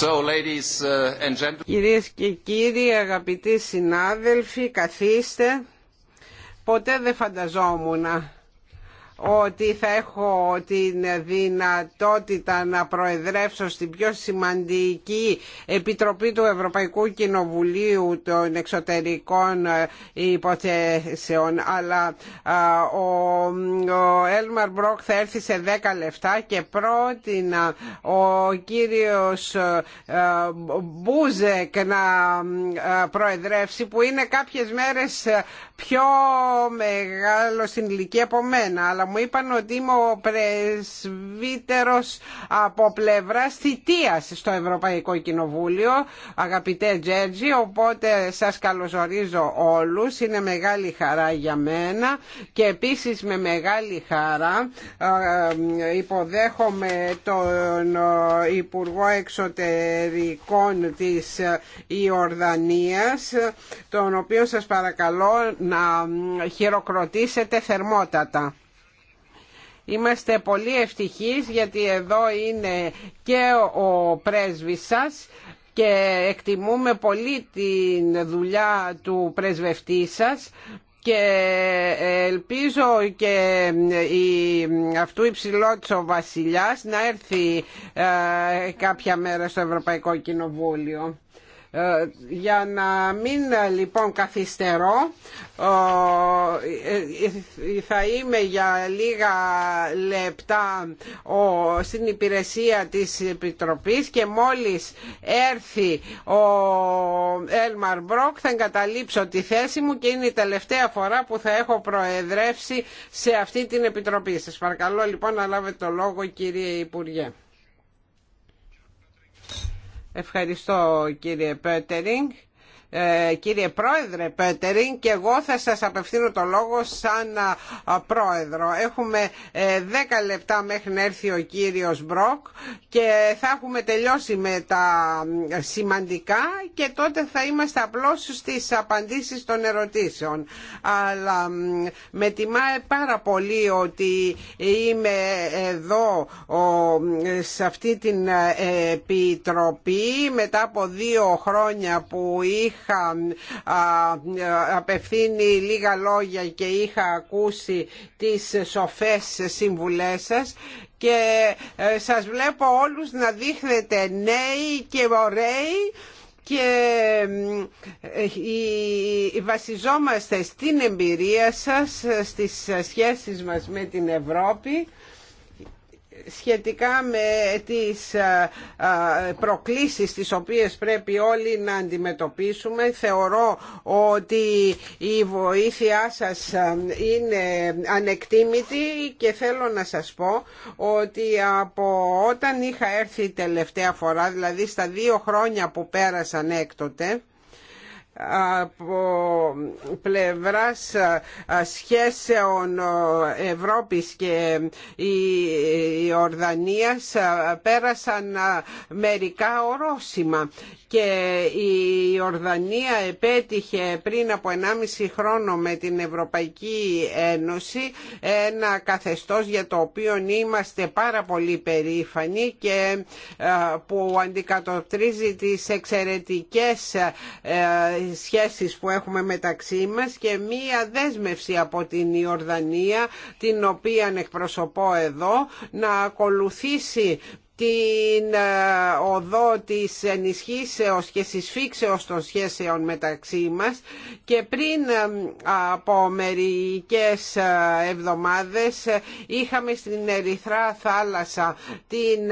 Uh, Κυρίες και κύριοι, αγαπητοί συνάδελφοι, καθίστε. Ποτέ δεν φανταζόμουν ότι θα έχω την δυνατότητα να προεδρεύσω στην πιο σημαντική Επιτροπή του Ευρωπαϊκού Κοινοβουλίου των Εξωτερικών ε, Υποθέσεων αλλά ε, ο Έλμαρ Μπρόκ θα έρθει σε 10 λεφτά και πρότεινα ο κύριος ε, Μπούζεκ να προεδρεύσει που είναι κάποιες μέρες πιο μεγάλο στην ηλικία από μένα αλλά μου είπαν ότι είμαι ο πρεσβύτερος από πλευρά θητείας στο Ευρωπαϊκό Κοινοβούλιο, αγαπητέ Τζέρτζι, οπότε σας καλωσορίζω όλους. Είναι μεγάλη χαρά για μένα και επίσης με μεγάλη χαρά υποδέχομαι τον Υπουργό Εξωτερικών της Ιορδανίας, τον οποίο σας παρακαλώ να χειροκροτήσετε θερμότατα. Είμαστε πολύ ευτυχείς γιατί εδώ είναι και ο πρέσβης σας και εκτιμούμε πολύ την δουλειά του πρεσβευτή σας και ελπίζω και η, αυτού υψηλότσο βασιλιάς να έρθει ε, κάποια μέρα στο Ευρωπαϊκό Κοινοβούλιο. Ε, για να μην λοιπόν καθυστερώ ε, θα είμαι για λίγα λεπτά στην υπηρεσία της Επιτροπής και μόλις έρθει ο Έλμαρ Μπρόκ θα εγκαταλείψω τη θέση μου και είναι η τελευταία φορά που θα έχω προεδρεύσει σε αυτή την Επιτροπή. Σας παρακαλώ λοιπόν να λάβετε το λόγο κύριε Υπουργέ. Ευχαριστώ κύριε Πέτερινγκ. Ε, κύριε Πρόεδρε Πέτεριν και εγώ θα σας απευθύνω το λόγο σαν Πρόεδρο. Έχουμε 10 ε, λεπτά μέχρι να έρθει ο κύριος Μπροκ και θα έχουμε τελειώσει με τα σημαντικά και τότε θα είμαστε απλώς στις απαντήσεις των ερωτήσεων. Αλλά με τιμάει πάρα πολύ ότι είμαι εδώ σε αυτή την ε, επιτροπή μετά από δύο χρόνια που είχα είχα απευθύνει λίγα λόγια και είχα ακούσει τις σοφές συμβουλές σας και ε, σας βλέπω όλους να δείχνετε νέοι και ωραίοι και ε, βασιζόμαστε στην εμπειρία σας στις σχέσεις μας με την Ευρώπη σχετικά με τις ε, ε, προκλήσεις τις οποίες πρέπει όλοι να αντιμετωπίσουμε. Θεωρώ ότι η βοήθειά σας ε, είναι ανεκτήμητη και θέλω να σας πω ότι από όταν είχα έρθει τελευταία φορά, δηλαδή στα δύο χρόνια που πέρασαν έκτοτε, από πλευράς ε, σχέσεων ε, Ευρώπης και ε, η Ορδανίας πέρασαν μερικά ορόσημα και η Ορδανία επέτυχε πριν από 1,5 χρόνο με την Ευρωπαϊκή Ένωση ένα καθεστώς για το οποίο είμαστε πάρα πολύ περήφανοι και ε, που αντικατοπτρίζει τις εξαιρετικές ε, σχέσεις που έχουμε μεταξύ μας και μία δέσμευση από την Ιορδανία την οποία εκπροσωπώ εδώ να ακολουθήσει την ε, οδό της ενισχύσεως και συσφίξεως των σχέσεων μεταξύ μας και πριν ε, από μερικές ε, εβδομάδες είχαμε στην Ερυθρά Θάλασσα την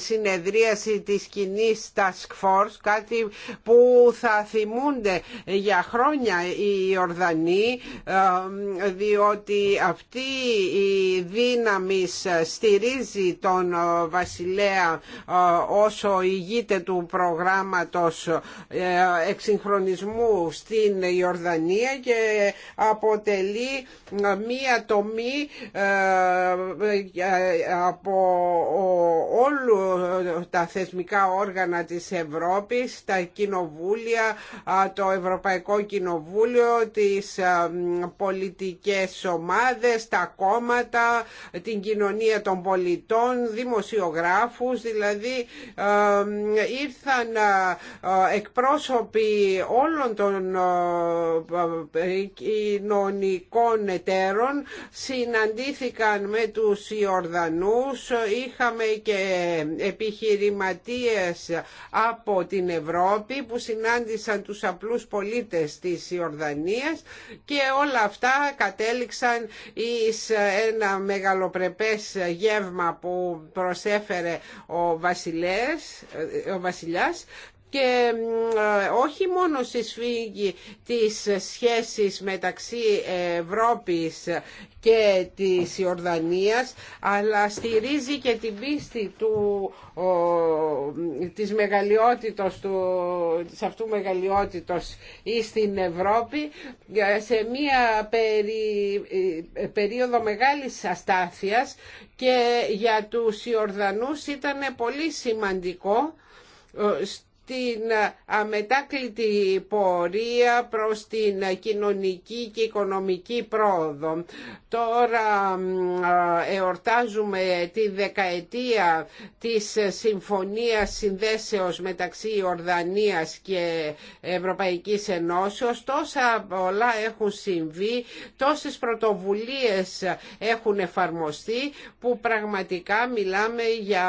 συνεδρίαση της κοινή Task Force κάτι που θα θυμούνται για χρόνια οι Ορδανοί διότι αυτή η δύναμη στηρίζει τον βασιλιά όσο ηγείται του προγράμματος ε, εξυγχρονισμού στην Ιορδανία και αποτελεί μία τομή ε, ε, από όλου τα θεσμικά όργανα της Ευρώπης, τα κοινοβούλια, το Ευρωπαϊκό Κοινοβούλιο, τις πολιτικές ομάδες, τα κόμματα, την κοινωνία των πολιτών, δημοσιογράφους αφούς δηλαδή ήρθαν ε, εκπρόσωποι όλων των ε, ε, κοινωνικών εταίρων, συναντήθηκαν με τους Ιορδανούς, είχαμε και επιχειρηματίες από την Ευρώπη που συνάντησαν τους απλούς πολίτες της Ιορδανίας και όλα αυτά κατέληξαν εις ένα μεγαλοπρεπές γεύμα που προσέφερε ο βασιλέας, ε, ο βασιλιάς και ε, όχι μόνο συσφίγγει τις σχέσεις μεταξύ Ευρώπης και της Ιορδανίας αλλά στηρίζει και την πίστη του, της μεγαλειότητος του, αυτού μεγαλειότητος ή στην Ευρώπη ε, σε μια ε, περίοδο μεγάλης αστάθειας και για τους Ιορδανούς ήταν πολύ σημαντικό την ε, αμετάκλητη πορεία προς την κοινωνική και οικονομική πρόοδο. Τώρα ε, εορτάζουμε τη δεκαετία της συμφωνίας συνδέσεως μεταξύ Ορδανίας και Ευρωπαϊκής Ενώσεως. Τόσα πολλά έχουν συμβεί, τόσες πρωτοβουλίες έχουν εφαρμοστεί που πραγματικά μιλάμε για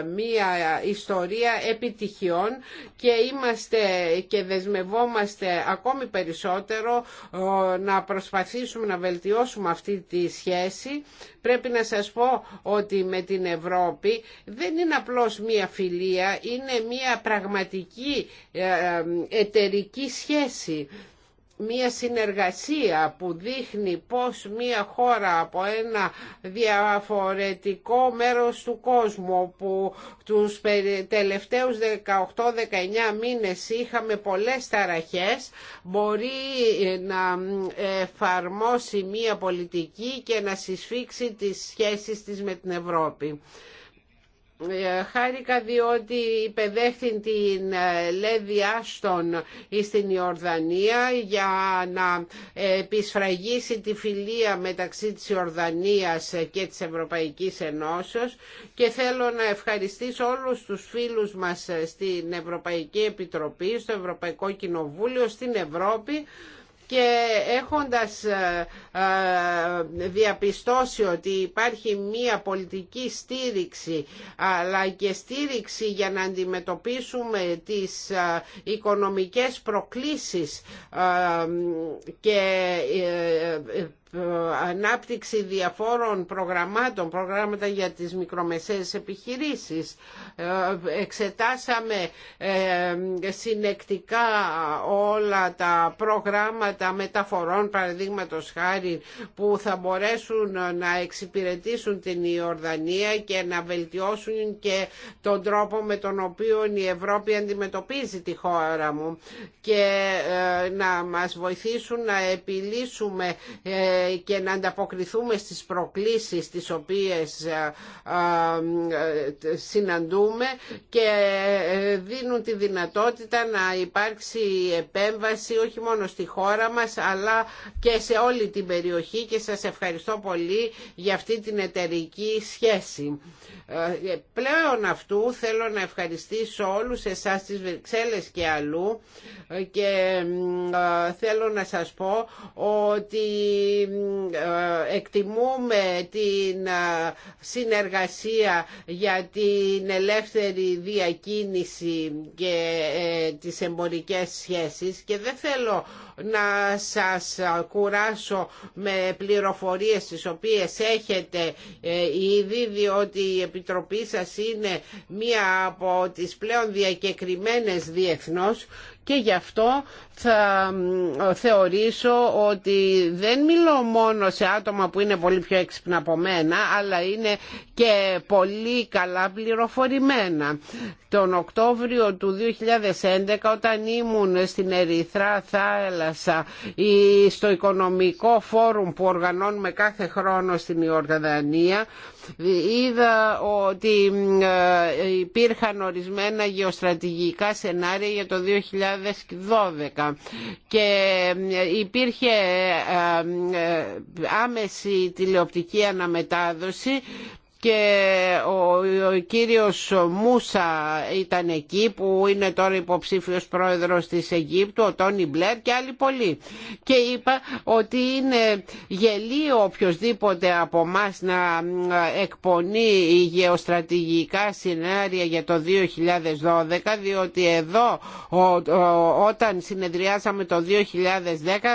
ε, μια ιστορία επιτυχιών και είμαστε και δεσμευόμαστε ακόμη περισσότερο ε, να προσπαθήσουμε να βελτιώσουμε αυτή τη σχέση. Πρέπει να σας πω ότι με την Ευρώπη δεν είναι απλώς μία φιλία, είναι μία πραγματική ε, ε, εταιρική σχέση μια συνεργασία που δείχνει πως μια χώρα από ένα διαφορετικό μέρος του κόσμου που τους τελευταίους 18-19 μήνες είχαμε πολλές ταραχές μπορεί να εφαρμόσει μια πολιτική και να συσφίξει τις σχέσεις της με την Ευρώπη. Ε, χάρηκα διότι υπεδέχθη την ε, Λέδη Άστον στην Ιορδανία για να ε, επισφραγίσει τη φιλία μεταξύ της Ιορδανίας και της Ευρωπαϊκής Ενώσεως και θέλω να ευχαριστήσω όλους τους φίλους μας στην Ευρωπαϊκή Επιτροπή, στο Ευρωπαϊκό Κοινοβούλιο, στην Ευρώπη και έχοντας ε, ε, διαπιστώσει ότι υπάρχει μία πολιτική στήριξη αλλά και στήριξη για να αντιμετωπίσουμε τις ε, οικονομικές προκλήσεις και ε, ανάπτυξη διαφόρων προγραμμάτων, προγράμματα για τις μικρομεσαίες επιχειρήσεις. Ε, εξετάσαμε ε, συνεκτικά όλα τα προγράμματα μεταφορών, παραδείγματος χάρη, που θα μπορέσουν να εξυπηρετήσουν την Ιορδανία και να βελτιώσουν και τον τρόπο με τον οποίο η Ευρώπη αντιμετωπίζει τη χώρα μου και να μας βοηθήσουν να επιλύσουμε και να ανταποκριθούμε στις προκλήσεις τις οποίες ε, ε, ε, συναντούμε και δίνουν τη δυνατότητα να υπάρξει επέμβαση όχι μόνο στη χώρα μας αλλά και σε όλη την περιοχή και σας ευχαριστώ πολύ για αυτή την εταιρική σχέση. Πλέον αυτού θέλω να ευχαριστήσω όλους εσάς τις Βρυξέλλες και αλλού και θέλω να σας πω ότι ε, εκτιμούμε την ε, συνεργασία για την ελεύθερη διακίνηση και ε, τις εμπορικές σχέσεις και δεν θέλω να σας κουράσω με πληροφορίες τις οποίες έχετε ήδη διότι η Επιτροπή σας είναι μία από τις πλέον διακεκριμένες διεθνώς και γι' αυτό θα θεωρήσω ότι δεν μιλώ μόνο σε άτομα που είναι πολύ πιο έξυπνα από μένα αλλά είναι και πολύ καλά πληροφορημένα. Τον Οκτώβριο του 2011 όταν ήμουν στην Ερυθρά Θάλασσα ή στο Οικονομικό Φόρουμ που οργανώνουμε κάθε χρόνο στην Ιορδανία Είδα ότι ε, υπήρχαν ορισμένα γεωστρατηγικά σενάρια για το 2012 και ε, υπήρχε ε, άμεση τηλεοπτική αναμετάδοση και ο κύριος Μούσα ήταν εκεί που είναι τώρα υποψήφιος πρόεδρος της Αιγύπτου, ο Τόνι Μπλερ και άλλοι πολλοί. Και είπα ότι είναι γελίο οποιοδήποτε από εμά να ε, εκπονεί γεωστρατηγικά σενάρια για το 2012 διότι εδώ όταν συνεδριάσαμε το 2010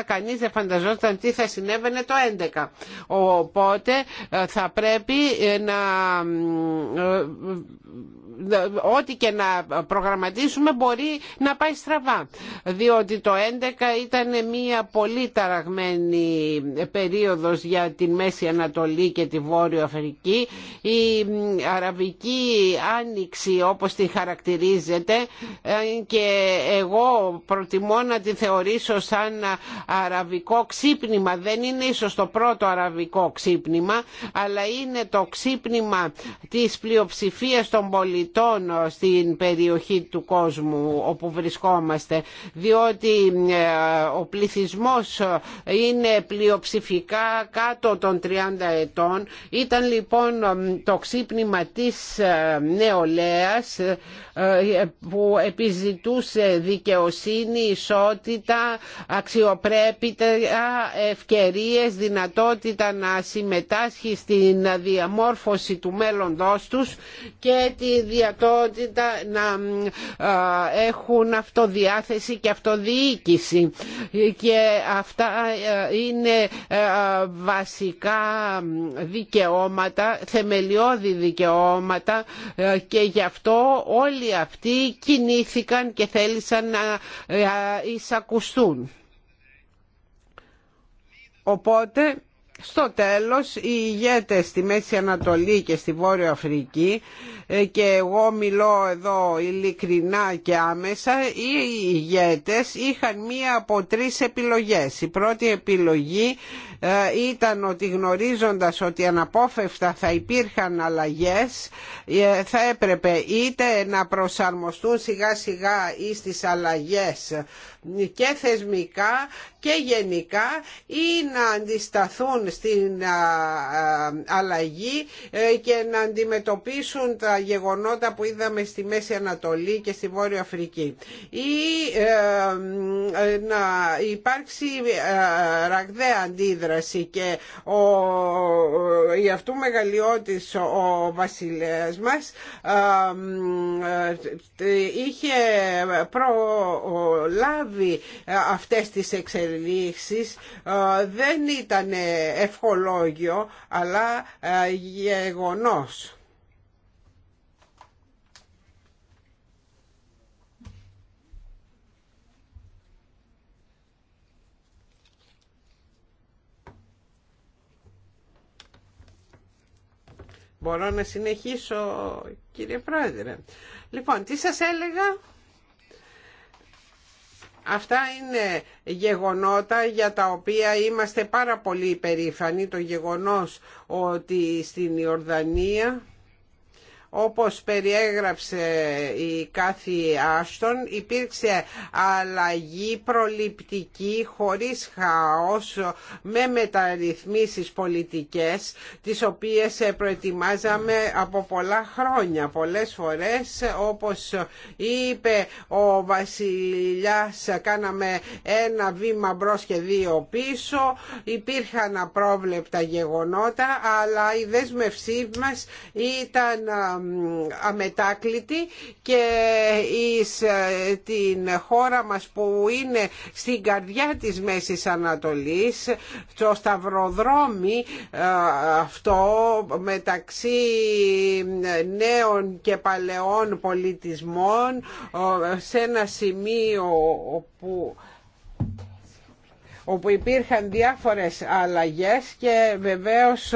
κανείς δεν φανταζόταν τι θα συνέβαινε το 2011. Οπότε ε, θα πρέπει ε, να α ό,τι και να προγραμματίσουμε μπορεί να πάει στραβά. Διότι το 2011 ήταν μια πολύ ταραγμένη περίοδος για την Μέση Ανατολή και τη Βόρειο Αφρική. Η Αραβική Άνοιξη όπως τη χαρακτηρίζεται ε, και εγώ προτιμώ να τη θεωρήσω σαν αραβικό ξύπνημα. Δεν είναι ίσως το πρώτο αραβικό ξύπνημα αλλά είναι το ξύπνημα της πλειοψηφίας των πολιτών πολιτών στην περιοχή του κόσμου όπου βρισκόμαστε διότι ε, ο πληθυσμός είναι πλειοψηφικά κάτω των 30 ετών ήταν λοιπόν το ξύπνημα της ε, νεολαίας ε, που επιζητούσε δικαιοσύνη, ισότητα, αξιοπρέπεια, ευκαιρίες, δυνατότητα να συμμετάσχει στην διαμόρφωση του μέλλοντός τους και τη δυνατότητα να έχουν αυτοδιάθεση και αυτοδιοίκηση και αυτά είναι βασικά δικαιώματα, θεμελιώδη δικαιώματα και γι' αυτό όλοι αυτοί κινήθηκαν και θέλησαν να εισακουστούν. Οπότε στο τέλος οι ηγέτες στη Μέση Ανατολή και στη Βόρεια Αφρική ε, και εγώ μιλώ εδώ ειλικρινά και άμεσα οι ηγέτες είχαν μία από τρεις επιλογές η πρώτη επιλογή ε, ήταν ότι γνωρίζοντας ότι αναπόφευτα θα υπήρχαν αλλαγές ε, θα έπρεπε είτε να προσαρμοστούν σιγά σιγά ή στις αλλαγές και θεσμικά και γενικά ή να αντισταθούν στην αλλαγή ε, και να αντιμετωπίσουν τα γεγονότα που είδαμε στη Μέση Ανατολή και στη Βόρεια Αφρική ή ε, να υπάρξει ε, ραγδαία αντίδραση και ο, η αυτού μεγαλειώτης ο βασιλέας μας είχε προλάβει αυτές τις εξελίξεις δεν ήταν ευχολόγιο αλλά ε, γεγονός. Μπορώ να συνεχίσω κύριε Πρόεδρε. Λοιπόν, τι σας έλεγα Αυτά είναι γεγονότα για τα οποία είμαστε πάρα πολύ υπερήφανοι. Το γεγονός ότι στην Ιορδανία όπως περιέγραψε η Κάθη Άστον υπήρξε αλλαγή προληπτική χωρίς χαός με μεταρρυθμίσεις πολιτικές τις οποίες προετοιμάζαμε από πολλά χρόνια πολλές φορές όπως είπε ο βασιλιάς κάναμε ένα βήμα μπρο και δύο πίσω υπήρχαν απρόβλεπτα γεγονότα αλλά η δέσμευσή μας ήταν αμετάκλητη και εις ε, την χώρα μας που είναι στην καρδιά της Μέσης Ανατολής το σταυροδρόμι ε, αυτό μεταξύ νέων και παλαιών πολιτισμών ε, σε ένα σημείο που όπου υπήρχαν διάφορες αλλαγές και βεβαίως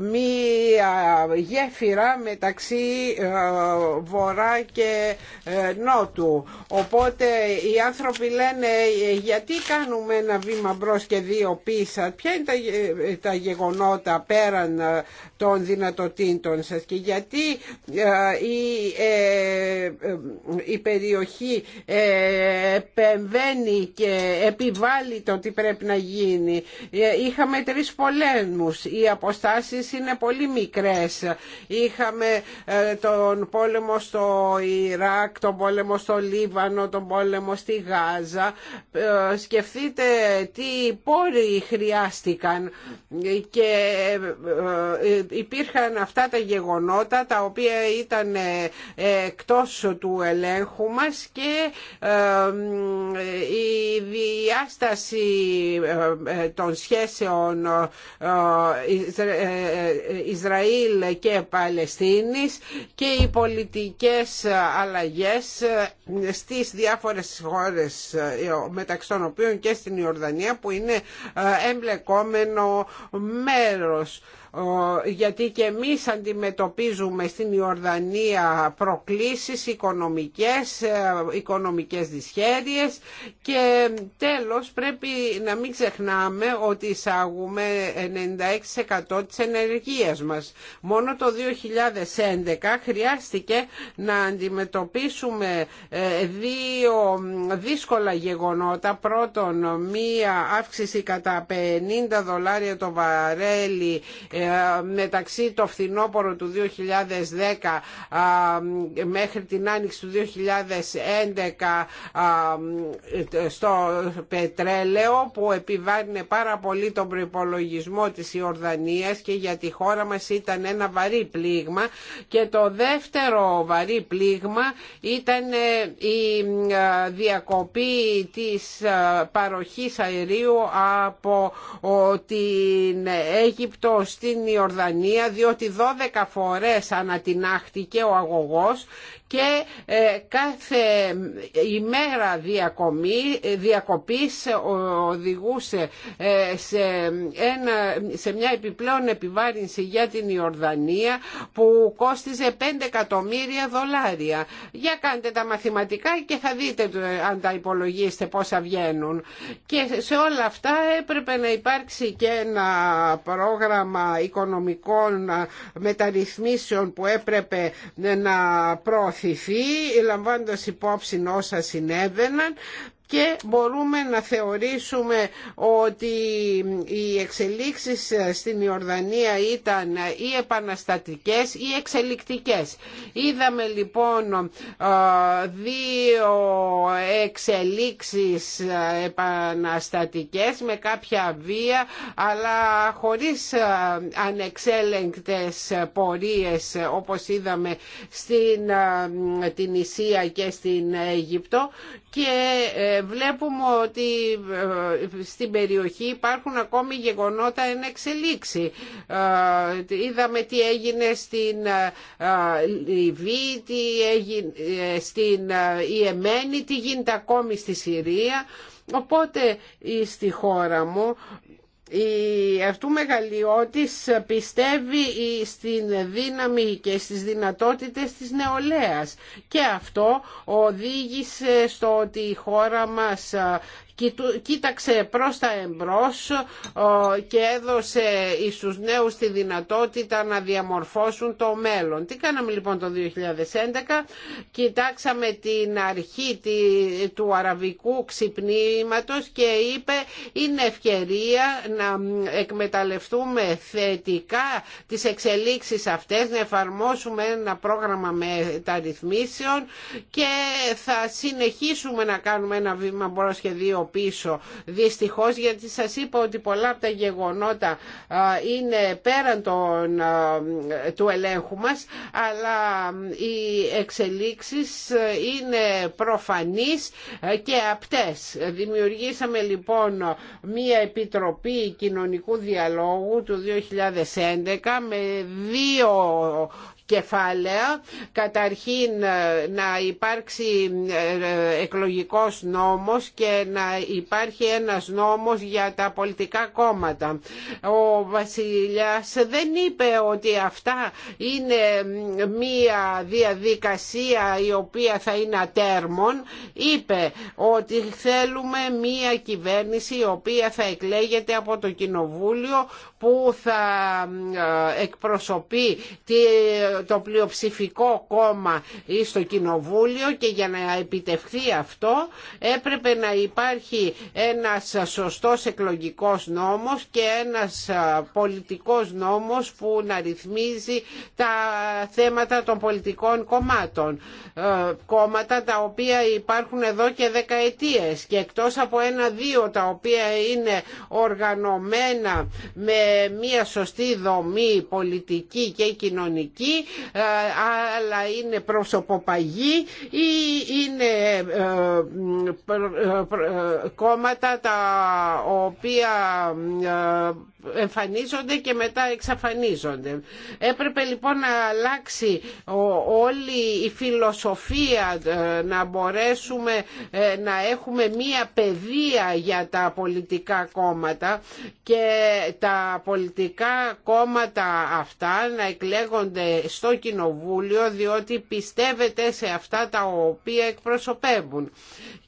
μία γέφυρα μεταξύ βορρά και ε, νότου. Οπότε οι άνθρωποι λένε γιατί κάνουμε ένα βήμα μπρο και δύο πίσω. Ποια είναι τα γεγονότα πέραν ε, των δυνατοτήτων σας και γιατί ε, η, η περιοχή ε, επεμβαίνει και επιβάλλει το τι πρέπει να γίνει. Ε, είχαμε τρεις πολέμους, οι αποστάσεις είναι πολύ μικρές. Είχαμε ε, τον πόλεμο στο Ιράκ, τον πόλεμο στο Λίβανο, τον πόλεμο στη Γάζα. Ε, σκεφτείτε τι πόροι χρειάστηκαν και υπήρχαν αυτά τα γεγονότα τα οποία ήταν εκτός του ελέγχου μας και η διάσταση ε, ε, των σχέσεων ε, Ισραήλ και Παλαιστίνης και οι πολιτικές αλλαγές στις διάφορες χώρες μεταξύ των οποίων και στην Ιορδανία που είναι εμπλεκόμενο μέρος γιατί και εμείς αντιμετωπίζουμε στην Ιορδανία προκλήσεις οικονομικές, ε, οικονομικές δυσχέρειες και τέλος πρέπει να μην ξεχνάμε ότι εισάγουμε 96% της ενεργείας μας. Μόνο το 2011 χρειάστηκε να αντιμετωπίσουμε ε, δύο δύσκολα γεγονότα. Πρώτον, μία αύξηση κατά 50 δολάρια το βαρέλι ε, ε, μεταξύ το φθινόπωρο του 2010 μέχρι την άνοιξη του 2011 στο πετρέλαιο που επιβάρυνε πάρα πολύ τον προπολογισμό της Ιορδανίας και για τη χώρα μας ήταν ένα βαρύ πλήγμα και το δεύτερο βαρύ πλήγμα ήταν ε, η ε, διακοπή της παροχής αερίου από την Αίγυπτο στην στην Ιορδανία διότι 12 φορές ανατινάχτηκε ο αγωγός και ε, κάθε ημέρα διακομή, διακοπής οδηγούσε ε, σε, σε μια επιπλέον επιβάρυνση για την Ιορδανία που κόστιζε 5 εκατομμύρια δολάρια. Για κάντε τα μαθηματικά και θα δείτε αν τα υπολογίσετε πόσα βγαίνουν. Και σε όλα αυτά έπρεπε να υπάρξει και ένα πρόγραμμα οικονομικών μεταρρυθμίσεων που έπρεπε να προωθεί λαμβάνοντα λαμβάνοντας υπόψη όσα συνέβαιναν και μπορούμε να θεωρήσουμε ότι οι εξελίξεις στην Ιορδανία ήταν ή επαναστατικές ή εξελικτικές. Είδαμε λοιπόν δύο εξελίξεις επαναστατικές με κάποια βία αλλά χωρίς ανεξέλεγκτες πορείες όπως είδαμε στην Ισία και στην Αίγυπτο και ε, βλέπουμε ότι ε, στην περιοχή υπάρχουν ακόμη γεγονότα εν εξελίξη. Ε, είδαμε τι έγινε στην Λιβύη, τι έγινε στην Ιεμένη, τι γίνεται ακόμη στη Συρία. Οπότε στη χώρα μου η αυτού μεγαλειώτης πιστεύει στην δύναμη και στις δυνατότητες της νεολαίας και αυτό οδήγησε στο ότι η χώρα μας κοίταξε προς τα εμπρός και έδωσε στους νέους τη δυνατότητα να διαμορφώσουν το μέλλον. Τι κάναμε λοιπόν το 2011, κοιτάξαμε την αρχή του αραβικού ξυπνήματος και είπε είναι ευκαιρία να εκμεταλλευτούμε θετικά τις εξελίξεις αυτές, να εφαρμόσουμε ένα πρόγραμμα μεταρρυθμίσεων και θα συνεχίσουμε να κάνουμε ένα βήμα μπρος και πίσω δυστυχώς γιατί σας είπα ότι πολλά από τα γεγονότα είναι πέραν του ελέγχου μας αλλά οι εξελίξεις είναι προφανείς και απτές. Δημιουργήσαμε λοιπόν μία επιτροπή κοινωνικού διαλόγου του 2011 με δύο κεφάλαια. Καταρχήν να υπάρξει ε, εκλογικός νόμος και να υπάρχει ένας νόμος για τα πολιτικά κόμματα. Ο Βασιλιάς δεν είπε ότι αυτά είναι μία διαδικασία η οποία θα είναι ατέρμον. Είπε ότι θέλουμε μία κυβέρνηση η οποία θα εκλέγεται από το Κοινοβούλιο που θα εκπροσωπεί το πλειοψηφικό κόμμα στο Κοινοβούλιο και για να επιτευχθεί αυτό έπρεπε να υπάρχει ένας σωστός εκλογικός νόμος και ένας πολιτικός νόμος που να ρυθμίζει τα θέματα των πολιτικών κομμάτων. Ε, κόμματα τα οποία υπάρχουν εδώ και δεκαετίες και εκτός από ένα-δύο τα οποία είναι οργανωμένα με μια σωστή δομή πολιτική και κοινωνική ε, αλλά είναι προσωποπαγή ή είναι ε, ε, κόμματα τα οποία εμφανίζονται και μετά εξαφανίζονται. Έπρεπε λοιπόν να αλλάξει όλη η φιλοσοφία να μπορέσουμε να έχουμε μία παιδεία για τα πολιτικά κόμματα και τα πολιτικά κόμματα αυτά να εκλέγονται στο Κοινοβούλιο διότι πιστεύετε σε αυτά τα οποία εκπροσωπεύουν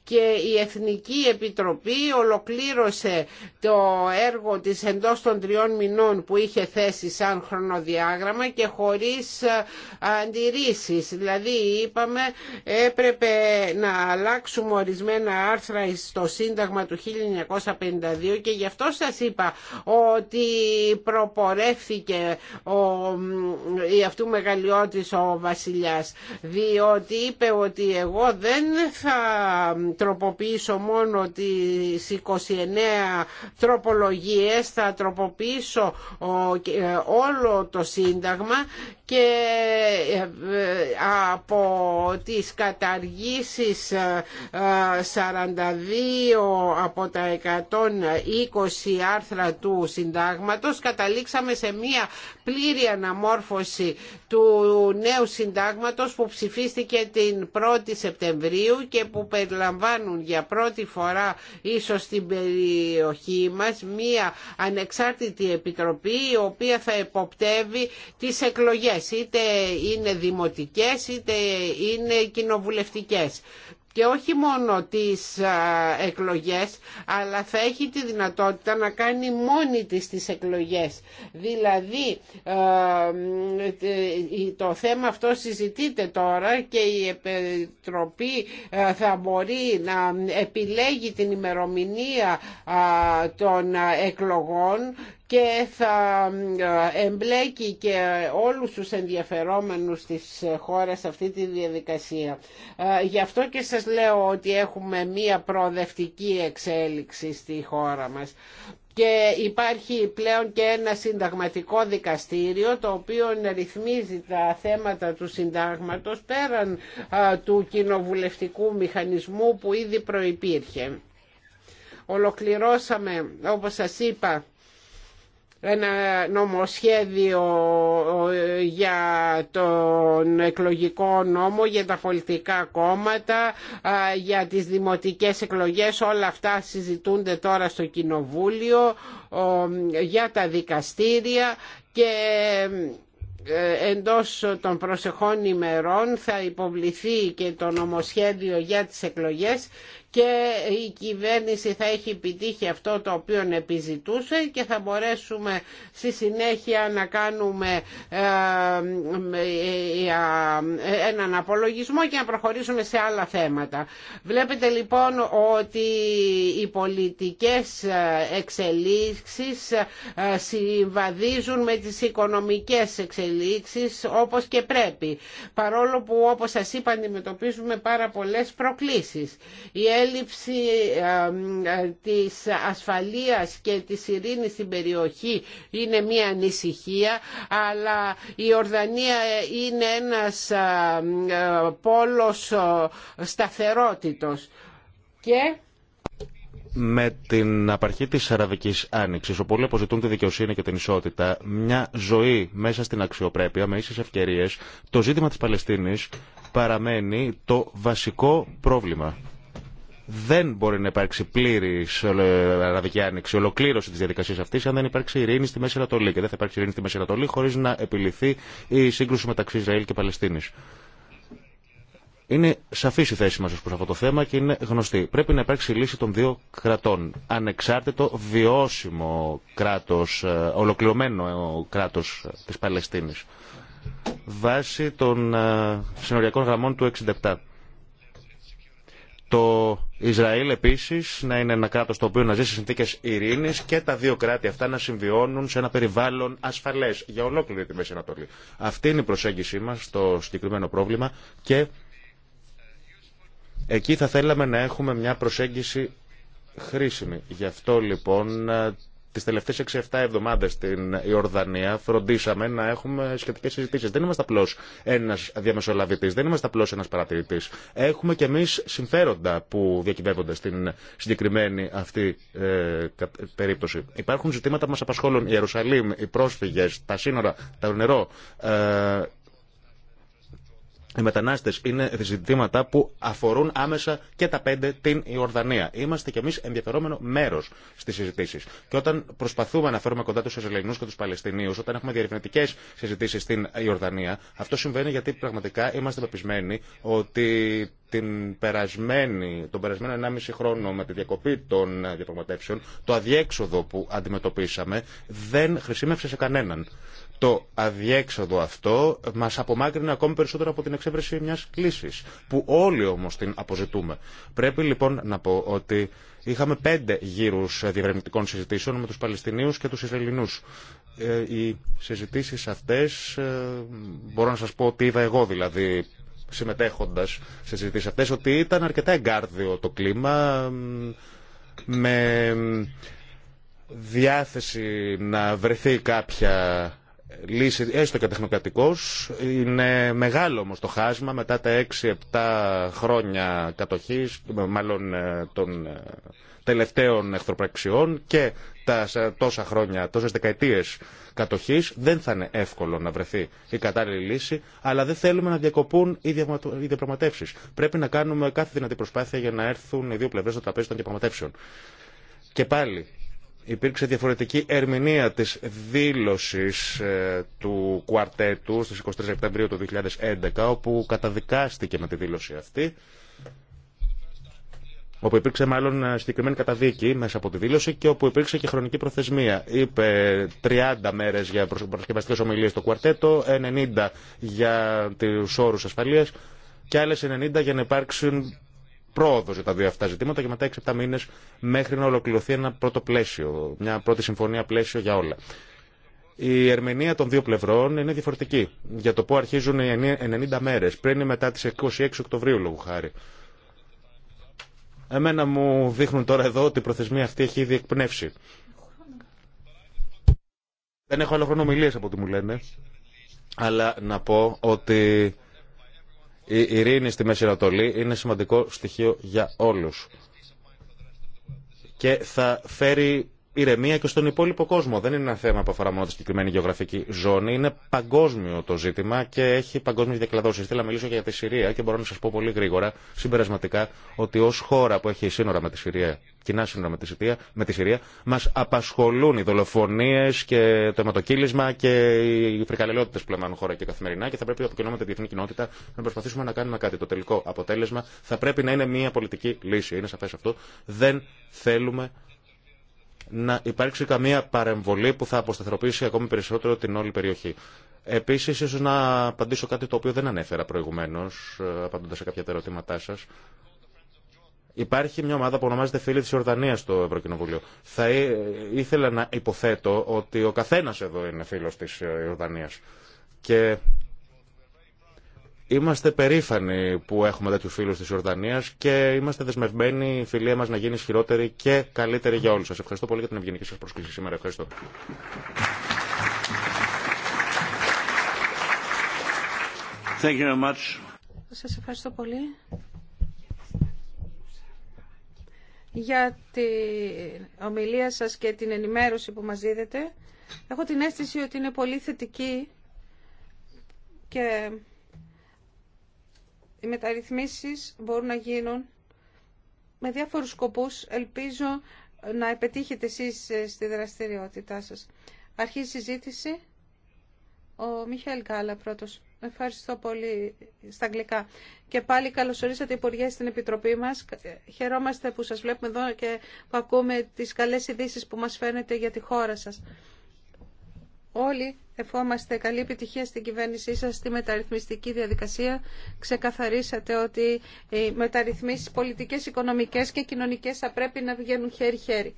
και η Εθνική Επιτροπή ολοκλήρωσε το έργο της εντός των τριών μηνών που είχε θέσει σαν χρονοδιάγραμμα και χωρίς ε, αντιρρήσεις. Δηλαδή είπαμε έπρεπε να αλλάξουμε ορισμένα άρθρα στο Σύνταγμα του 1952 και γι' αυτό σας είπα ότι προπορεύθηκε ο, η αυτού μεγαλειώτης ο βασιλιάς διότι είπε ότι εγώ δεν θα τροποποιήσω μόνο τις 29 τροπολογίες, θα τροποποιήσω ε, όλο το Σύνταγμα και ε, ε, από τις καταργήσεις 42 από τα 120 άρθρα του Συντάγματος καταλήξαμε σε μία πλήρη αναμόρφωση του νέου Συντάγματος που ψηφίστηκε την 1η Σεπτεμβρίου και που περιλαμβάνει για πρώτη φορά ίσως στην περιοχή μας μία ανεξάρτητη επιτροπή η οποία θα εποπτεύει τις εκλογές είτε είναι δημοτικές είτε είναι κοινοβουλευτικές και όχι μόνο τις εκλογές αλλά θα έχει τη δυνατότητα να κάνει μόνη της τις εκλογές. Δηλαδή ε, το θέμα αυτό συζητείται τώρα και η Επιτροπή θα μπορεί να επιλέγει την ημερομηνία των εκλογών και θα ε, εμπλέκει και όλους τους ενδιαφερόμενους της χώρας αυτή τη διαδικασία. Ε, γι' αυτό και σας λέω ότι έχουμε μία προοδευτική εξέλιξη στη χώρα μας και υπάρχει πλέον και ένα συνταγματικό δικαστήριο το οποίο ρυθμίζει τα θέματα του συντάγματος πέραν ε, του κοινοβουλευτικού μηχανισμού που ήδη προϋπήρχε. Ολοκληρώσαμε, όπως σας είπα, ένα νομοσχέδιο ε, για τον εκλογικό νόμο, για τα πολιτικά κόμματα, ε, για τις δημοτικές εκλογές. Όλα αυτά συζητούνται τώρα στο Κοινοβούλιο, για τα δικαστήρια και ε, εντός των προσεχών ημερών θα υποβληθεί και το νομοσχέδιο για τις εκλογές και η κυβέρνηση θα έχει επιτύχει αυτό το οποίο επιζητούσε και θα μπορέσουμε στη συνέχεια να κάνουμε ε, ε, ε, έναν απολογισμό και να προχωρήσουμε σε άλλα θέματα. Βλέπετε λοιπόν ότι οι πολιτικές εξελίξεις συμβαδίζουν με τις οικονομικές εξελίξεις όπως και πρέπει. Παρόλο που όπως σας είπα αντιμετωπίζουμε πάρα πολλές προκλήσεις έλλειψη ε, της ασφαλείας και της ειρήνης στην περιοχή είναι μια ανησυχία αλλά η Ορδανία είναι ένας ε, ε, πόλος σταθερότητος και με την απαρχή της Αραβικής Άνοιξης, όπου όλοι αποζητούν τη δικαιοσύνη και την ισότητα, μια ζωή μέσα στην αξιοπρέπεια, με ίσες ευκαιρίες, το ζήτημα της Παλαιστίνης παραμένει το βασικό πρόβλημα δεν μπορεί να υπάρξει πλήρη ε, αραβική άνοιξη, ολοκλήρωση τη διαδικασία αυτή, αν δεν υπάρξει ειρήνη στη Μέση Ανατολή. Και δεν θα υπάρξει ειρήνη στη Μέση Ανατολή χωρί να επιληθεί η σύγκρουση μεταξύ Ισραήλ και Παλαιστίνη. Είναι σαφή η θέση μα προ αυτό το θέμα και είναι γνωστή. Πρέπει να υπάρξει λύση των δύο κρατών. Ανεξάρτητο, βιώσιμο κράτο, ε, ολοκληρωμένο κράτο ε, τη Παλαιστίνη. Βάσει των συνοριακών γραμμών του 67. Το Ισραήλ επίση να είναι ένα κράτο το οποίο να ζει σε συνθήκε ειρήνη και τα δύο κράτη αυτά να συμβιώνουν σε ένα περιβάλλον ασφαλέ για ολόκληρη τη Μέση Ανατολή. Αυτή είναι η προσέγγιση μα στο συγκεκριμένο πρόβλημα και εκεί θα θέλαμε να έχουμε μια προσέγγιση χρήσιμη. Γι' αυτό λοιπόν τι τελευταίες 6-7 εβδομάδες στην Ιορδανία φροντίσαμε να έχουμε σχετικέ συζητήσει. Δεν είμαστε απλώ ένας διαμεσολαβητής, δεν είμαστε απλώ ένας παρατηρητής. Έχουμε κι εμείς συμφέροντα που διακυβεύονται στην συγκεκριμένη αυτή ε, περίπτωση. Υπάρχουν ζητήματα που μας απασχόλουν. Η Ιερουσαλήμ, οι πρόσφυγε, τα σύνορα, το νερό, ε, οι μετανάστε είναι ζητήματα που αφορούν άμεσα και τα πέντε την Ιορδανία. Είμαστε κι εμεί ενδιαφερόμενο μέρο στι συζητήσει. Και όταν προσπαθούμε να φέρουμε κοντά του Ισραηλινού και του Παλαιστινίου, όταν έχουμε διερευνητικέ συζητήσει στην Ιορδανία, αυτό συμβαίνει γιατί πραγματικά είμαστε πεπισμένοι ότι την περασμένη, τον περασμένο 1,5 χρόνο με τη διακοπή των διαπραγματεύσεων, το αδιέξοδο που αντιμετωπίσαμε δεν χρησιμεύσε σε κανέναν. Το αδιέξοδο αυτό μας απομάκρυνε ακόμη περισσότερο από την εξέβρεση μια κλίσης, που όλοι όμως την αποζητούμε. Πρέπει λοιπόν να πω ότι είχαμε πέντε γύρους διαβρεμητικών συζητήσεων με τους Παλαιστινίου και τους Ισραηλινούς. Ε, οι συζητήσεις αυτές, ε, μπορώ να σας πω ότι είδα εγώ δηλαδή συμμετέχοντα σε συζητήσει αυτέ, ότι ήταν αρκετά εγκάρδιο το κλίμα, με διάθεση να βρεθεί κάποια λύση, έστω και τεχνοκρατικώς, Είναι μεγάλο όμως το χάσμα μετά τα 6-7 χρόνια κατοχής, μάλλον ε, των ε, τελευταίων εχθροπραξιών και τα τόσα χρόνια, τόσες δεκαετίες κατοχής δεν θα είναι εύκολο να βρεθεί η κατάλληλη λύση, αλλά δεν θέλουμε να διακοπούν οι διαπραγματεύσεις. Πρέπει να κάνουμε κάθε δυνατή προσπάθεια για να έρθουν οι δύο πλευρές στο τραπέζι των διαπραγματεύσεων. Και πάλι, υπήρξε διαφορετική ερμηνεία της δήλωσης ε, του κουαρτέτου στις 23 Σεπτεμβρίου του 2011 όπου καταδικάστηκε με τη δήλωση αυτή όπου υπήρξε μάλλον ε, συγκεκριμένη καταδίκη μέσα από τη δήλωση και όπου υπήρξε και χρονική προθεσμία. Είπε 30 μέρες για προσκευαστικές ομιλίες στο κουαρτέτο, 90 για τους όρους ασφαλείας και άλλες 90 για να υπάρξουν πρόοδο για τα δύο αυτά ζητήματα και μετά 6-7 μήνε μέχρι να ολοκληρωθεί ένα πρώτο πλαίσιο, μια πρώτη συμφωνία πλαίσιο για όλα. Η ερμηνεία των δύο πλευρών είναι διαφορετική για το πού αρχίζουν οι 90 μέρε, πριν ή μετά τι 26 Οκτωβρίου, λόγου χάρη. Εμένα μου δείχνουν τώρα εδώ ότι η προθεσμία αυτή έχει ήδη εκπνεύσει. Δεν έχω άλλο χρόνο μιλίες από ό,τι μου λένε. Αλλά να πω ότι η ειρήνη στη Μέση Ανατολή είναι σημαντικό στοιχείο για όλους και θα φέρει ηρεμία και στον υπόλοιπο κόσμο. Δεν είναι ένα θέμα που αφορά μόνο τη συγκεκριμένη γεωγραφική ζώνη. Είναι παγκόσμιο το ζήτημα και έχει παγκόσμιε διακλαδώσει. Θέλω να μιλήσω και για τη Συρία και μπορώ να σα πω πολύ γρήγορα, συμπερασματικά, ότι ω χώρα που έχει σύνορα με τη Συρία, κοινά σύνορα με τη Συρία, Συρία μα απασχολούν οι δολοφονίε και το αιματοκύλισμα και οι φρικαλαιότητε που λαμβάνουν χώρα και καθημερινά και θα πρέπει από τη διεθνή κοινότητα να προσπαθήσουμε να κάνουμε κάτι. Το τελικό αποτέλεσμα θα πρέπει να είναι μια πολιτική λύση. Είναι σαφέ αυτό. Δεν θέλουμε να υπάρξει καμία παρεμβολή που θα αποσταθεροποιήσει ακόμη περισσότερο την όλη περιοχή. Επίση, ίσω να απαντήσω κάτι το οποίο δεν ανέφερα προηγουμένω, ε, απαντώντα σε κάποια τα ερωτήματά σα. Υπάρχει μια ομάδα που ονομάζεται Φίλοι τη Ιορδανία στο Ευρωκοινοβούλιο. Θα ε, ήθελα να υποθέτω ότι ο καθένα εδώ είναι φίλο τη Ιορδανία. Ε, Και Είμαστε περήφανοι που έχουμε τέτοιου φίλου τη Ιορδανία και είμαστε δεσμευμένοι η φιλία μα να γίνει ισχυρότερη και καλύτερη για όλου σα. Ευχαριστώ πολύ για την ευγενική σα προσκλήση σήμερα. Ευχαριστώ. Σα ευχαριστώ πολύ για την ομιλία σας και την ενημέρωση που μας δίδετε. Έχω την αίσθηση ότι είναι πολύ θετική και οι μεταρρυθμίσεις μπορούν να γίνουν με διάφορους σκοπούς. Ελπίζω να επιτύχετε εσείς ε, στη δραστηριότητά σας. Αρχίζει η συζήτηση. Ο Μιχαήλ Κάλα πρώτος. Ευχαριστώ πολύ στα αγγλικά. Και πάλι καλωσορίσατε Υπουργέ στην Επιτροπή μας. Ε, χαιρόμαστε που σας βλέπουμε εδώ και που ακούμε τις καλές ειδήσει που μας φαίνεται για τη χώρα σας. Όλοι ευχόμαστε καλή επιτυχία στην κυβέρνησή σας στη μεταρρυθμιστική διαδικασία. Ξεκαθαρίσατε ότι οι μεταρρυθμίσεις πολιτικές, οικονομικές και κοινωνικές θα πρέπει να βγαίνουν χέρι-χέρι.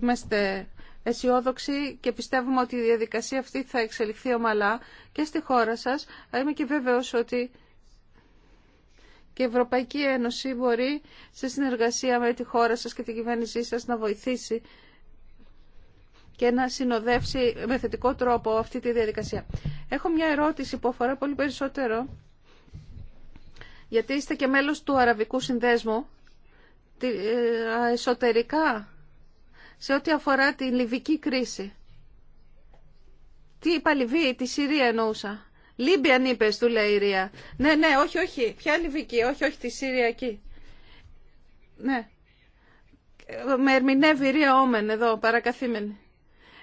Είμαστε αισιόδοξοι και πιστεύουμε ότι η διαδικασία αυτή θα εξελιχθεί ομαλά και στη χώρα σας. Είμαι και βέβαιος ότι και η Ευρωπαϊκή Ένωση μπορεί σε συνεργασία με τη χώρα σας και την κυβέρνησή σας να βοηθήσει και να συνοδεύσει με θετικό τρόπο αυτή τη διαδικασία. Έχω μια ερώτηση που αφορά πολύ περισσότερο, γιατί είστε και μέλος του Αραβικού Συνδέσμου, ε, εσωτερικά, σε ό,τι αφορά τη Λιβική κρίση. Τι είπα Λιβύη, τη Συρία εννοούσα. Λίμπιαν είπε, του λέει η Ρία. Ναι, ναι, όχι, όχι. Ποια Λιβική, όχι, όχι, τη Συριακή. Ναι. Ε, με ερμηνεύει η Ρία Όμεν εδώ, παρακαθήμενη.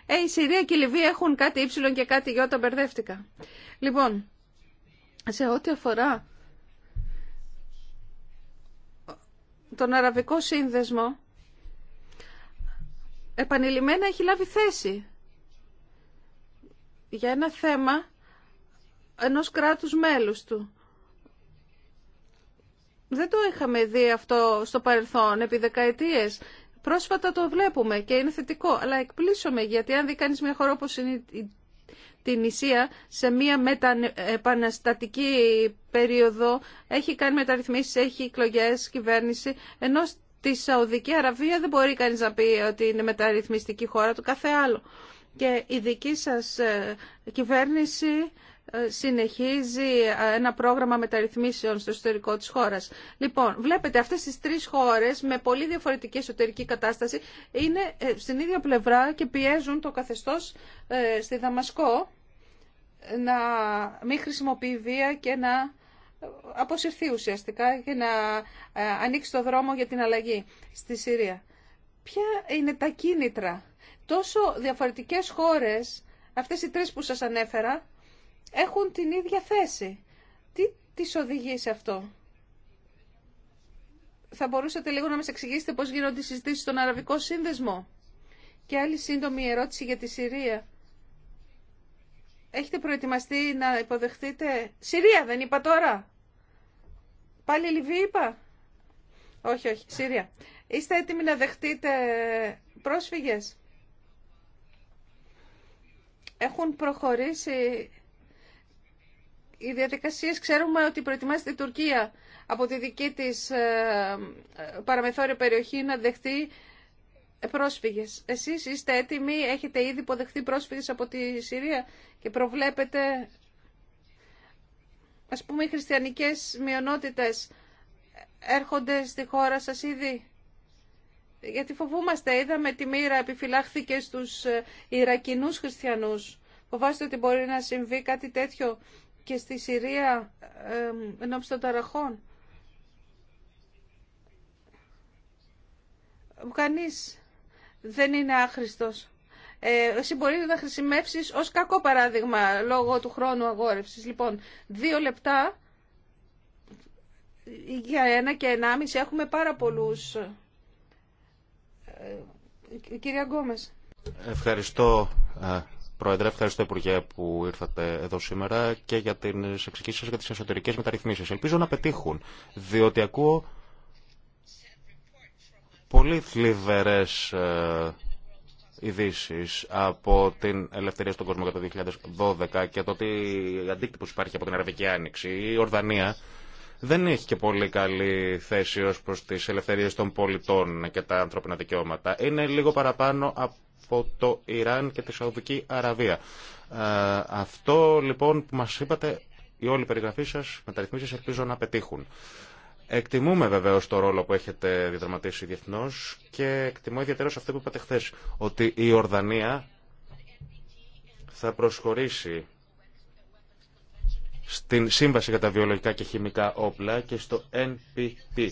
Ε, η Συρία και η Λιβύη έχουν κάτι Ι και κάτι Ι, μπερδεύτηκα. Λοιπόν, σε ό,τι αφορά τον Αραβικό Σύνδεσμο, επανειλημμένα έχει λάβει θέση για ένα θέμα ενός κράτους μέλους του. Δεν το είχαμε δει αυτό στο παρελθόν επί δεκαετίες Πρόσφατα το βλέπουμε και είναι θετικό, αλλά εκπλήσωμε γιατί αν δει κανείς μια χώρα όπως είναι την Ισία σε μια μεταεπαναστατική περίοδο έχει κάνει μεταρρυθμίσεις, έχει εκλογές, κυβέρνηση, ενώ στη Σαουδική Αραβία δεν μπορεί κανείς να πει ότι είναι μεταρρυθμιστική χώρα του κάθε άλλο. Και η δική σας ε, κυβέρνηση ε, συνεχίζει ε, ένα πρόγραμμα μεταρρυθμίσεων στο εσωτερικό της χώρας. Λοιπόν, βλέπετε αυτές τις τρεις χώρες με πολύ διαφορετική εσωτερική κατάσταση είναι ε, στην ίδια πλευρά και πιέζουν το καθεστώς στη Δαμασκό να μην χρησιμοποιεί βία και να αποσυρθεί ουσιαστικά και να ανοίξει το δρόμο για την αλλαγή στη Συρία. Ποια είναι τα κίνητρα. Τόσο διαφορετικές χώρες, αυτές οι τρεις που σας ανέφερα, έχουν την ίδια θέση. Τι τις οδηγεί σε αυτό. Θα μπορούσατε λίγο να μας εξηγήσετε πώς γίνονται οι συζητήσεις στον Αραβικό Σύνδεσμο. Και άλλη σύντομη ερώτηση για τη Συρία. Έχετε προετοιμαστεί να υποδεχτείτε... Συρία δεν είπα τώρα. Πάλι Λιβύη είπα. Όχι, όχι. Συρία. Είστε έτοιμοι να δεχτείτε πρόσφυγες. Έχουν προχωρήσει οι διαδικασίες ξέρουμε ότι προετοιμάζεται η Τουρκία από τη δική της ε, παραμεθόρια περιοχή να δεχτεί πρόσφυγες. Εσείς είστε έτοιμοι, έχετε ήδη υποδεχτεί πρόσφυγες από τη Συρία και προβλέπετε, ας πούμε, οι χριστιανικές μειονότητες έρχονται στη χώρα σας ήδη. Γιατί φοβούμαστε, είδαμε τη μοίρα επιφυλάχθηκε στους ε, Ιρακινούς χριστιανούς. Φοβάστε ότι μπορεί να συμβεί κάτι τέτοιο και στη Συρία ε, ενώπιση των ταραχών. Κανείς δεν είναι άχρηστος. Ε, εσύ μπορεί να χρησιμεύσεις ως κακό παράδειγμα λόγω του χρόνου αγόρευσης. Λοιπόν, δύο λεπτά για ένα και ενάμιση έχουμε πάρα πολλούς. Ε, κυρία Γκόμες. Ευχαριστώ ε, Πρόεδρε, ευχαριστώ Υπουργέ που ήρθατε εδώ σήμερα και για τι εξηγήσει σα για τι εσωτερικέ μεταρρυθμίσει. Ελπίζω να πετύχουν, διότι ακούω πολύ θλιβερέ ε, ειδήσει από την ελευθερία στον κόσμο για το 2012 και το ότι αντίκτυπο υπάρχει από την Αραβική Άνοιξη. Η Ορδανία δεν έχει και πολύ καλή θέση ω προ τι ελευθερίε των πολιτών και τα ανθρώπινα δικαιώματα. Είναι λίγο παραπάνω από από το Ιράν και τη Σαουδική Αραβία. Ε, αυτό λοιπόν που μας είπατε, η όλη περιγραφή σας, μεταρρυθμίσεις ελπίζω να πετύχουν. Εκτιμούμε βεβαίω το ρόλο που έχετε διαδραματίσει διεθνώ και εκτιμώ ιδιαίτερα αυτό που είπατε χθε, ότι η Ορδανία θα προσχωρήσει στην Σύμβαση για τα Βιολογικά και Χημικά Όπλα και στο NPT.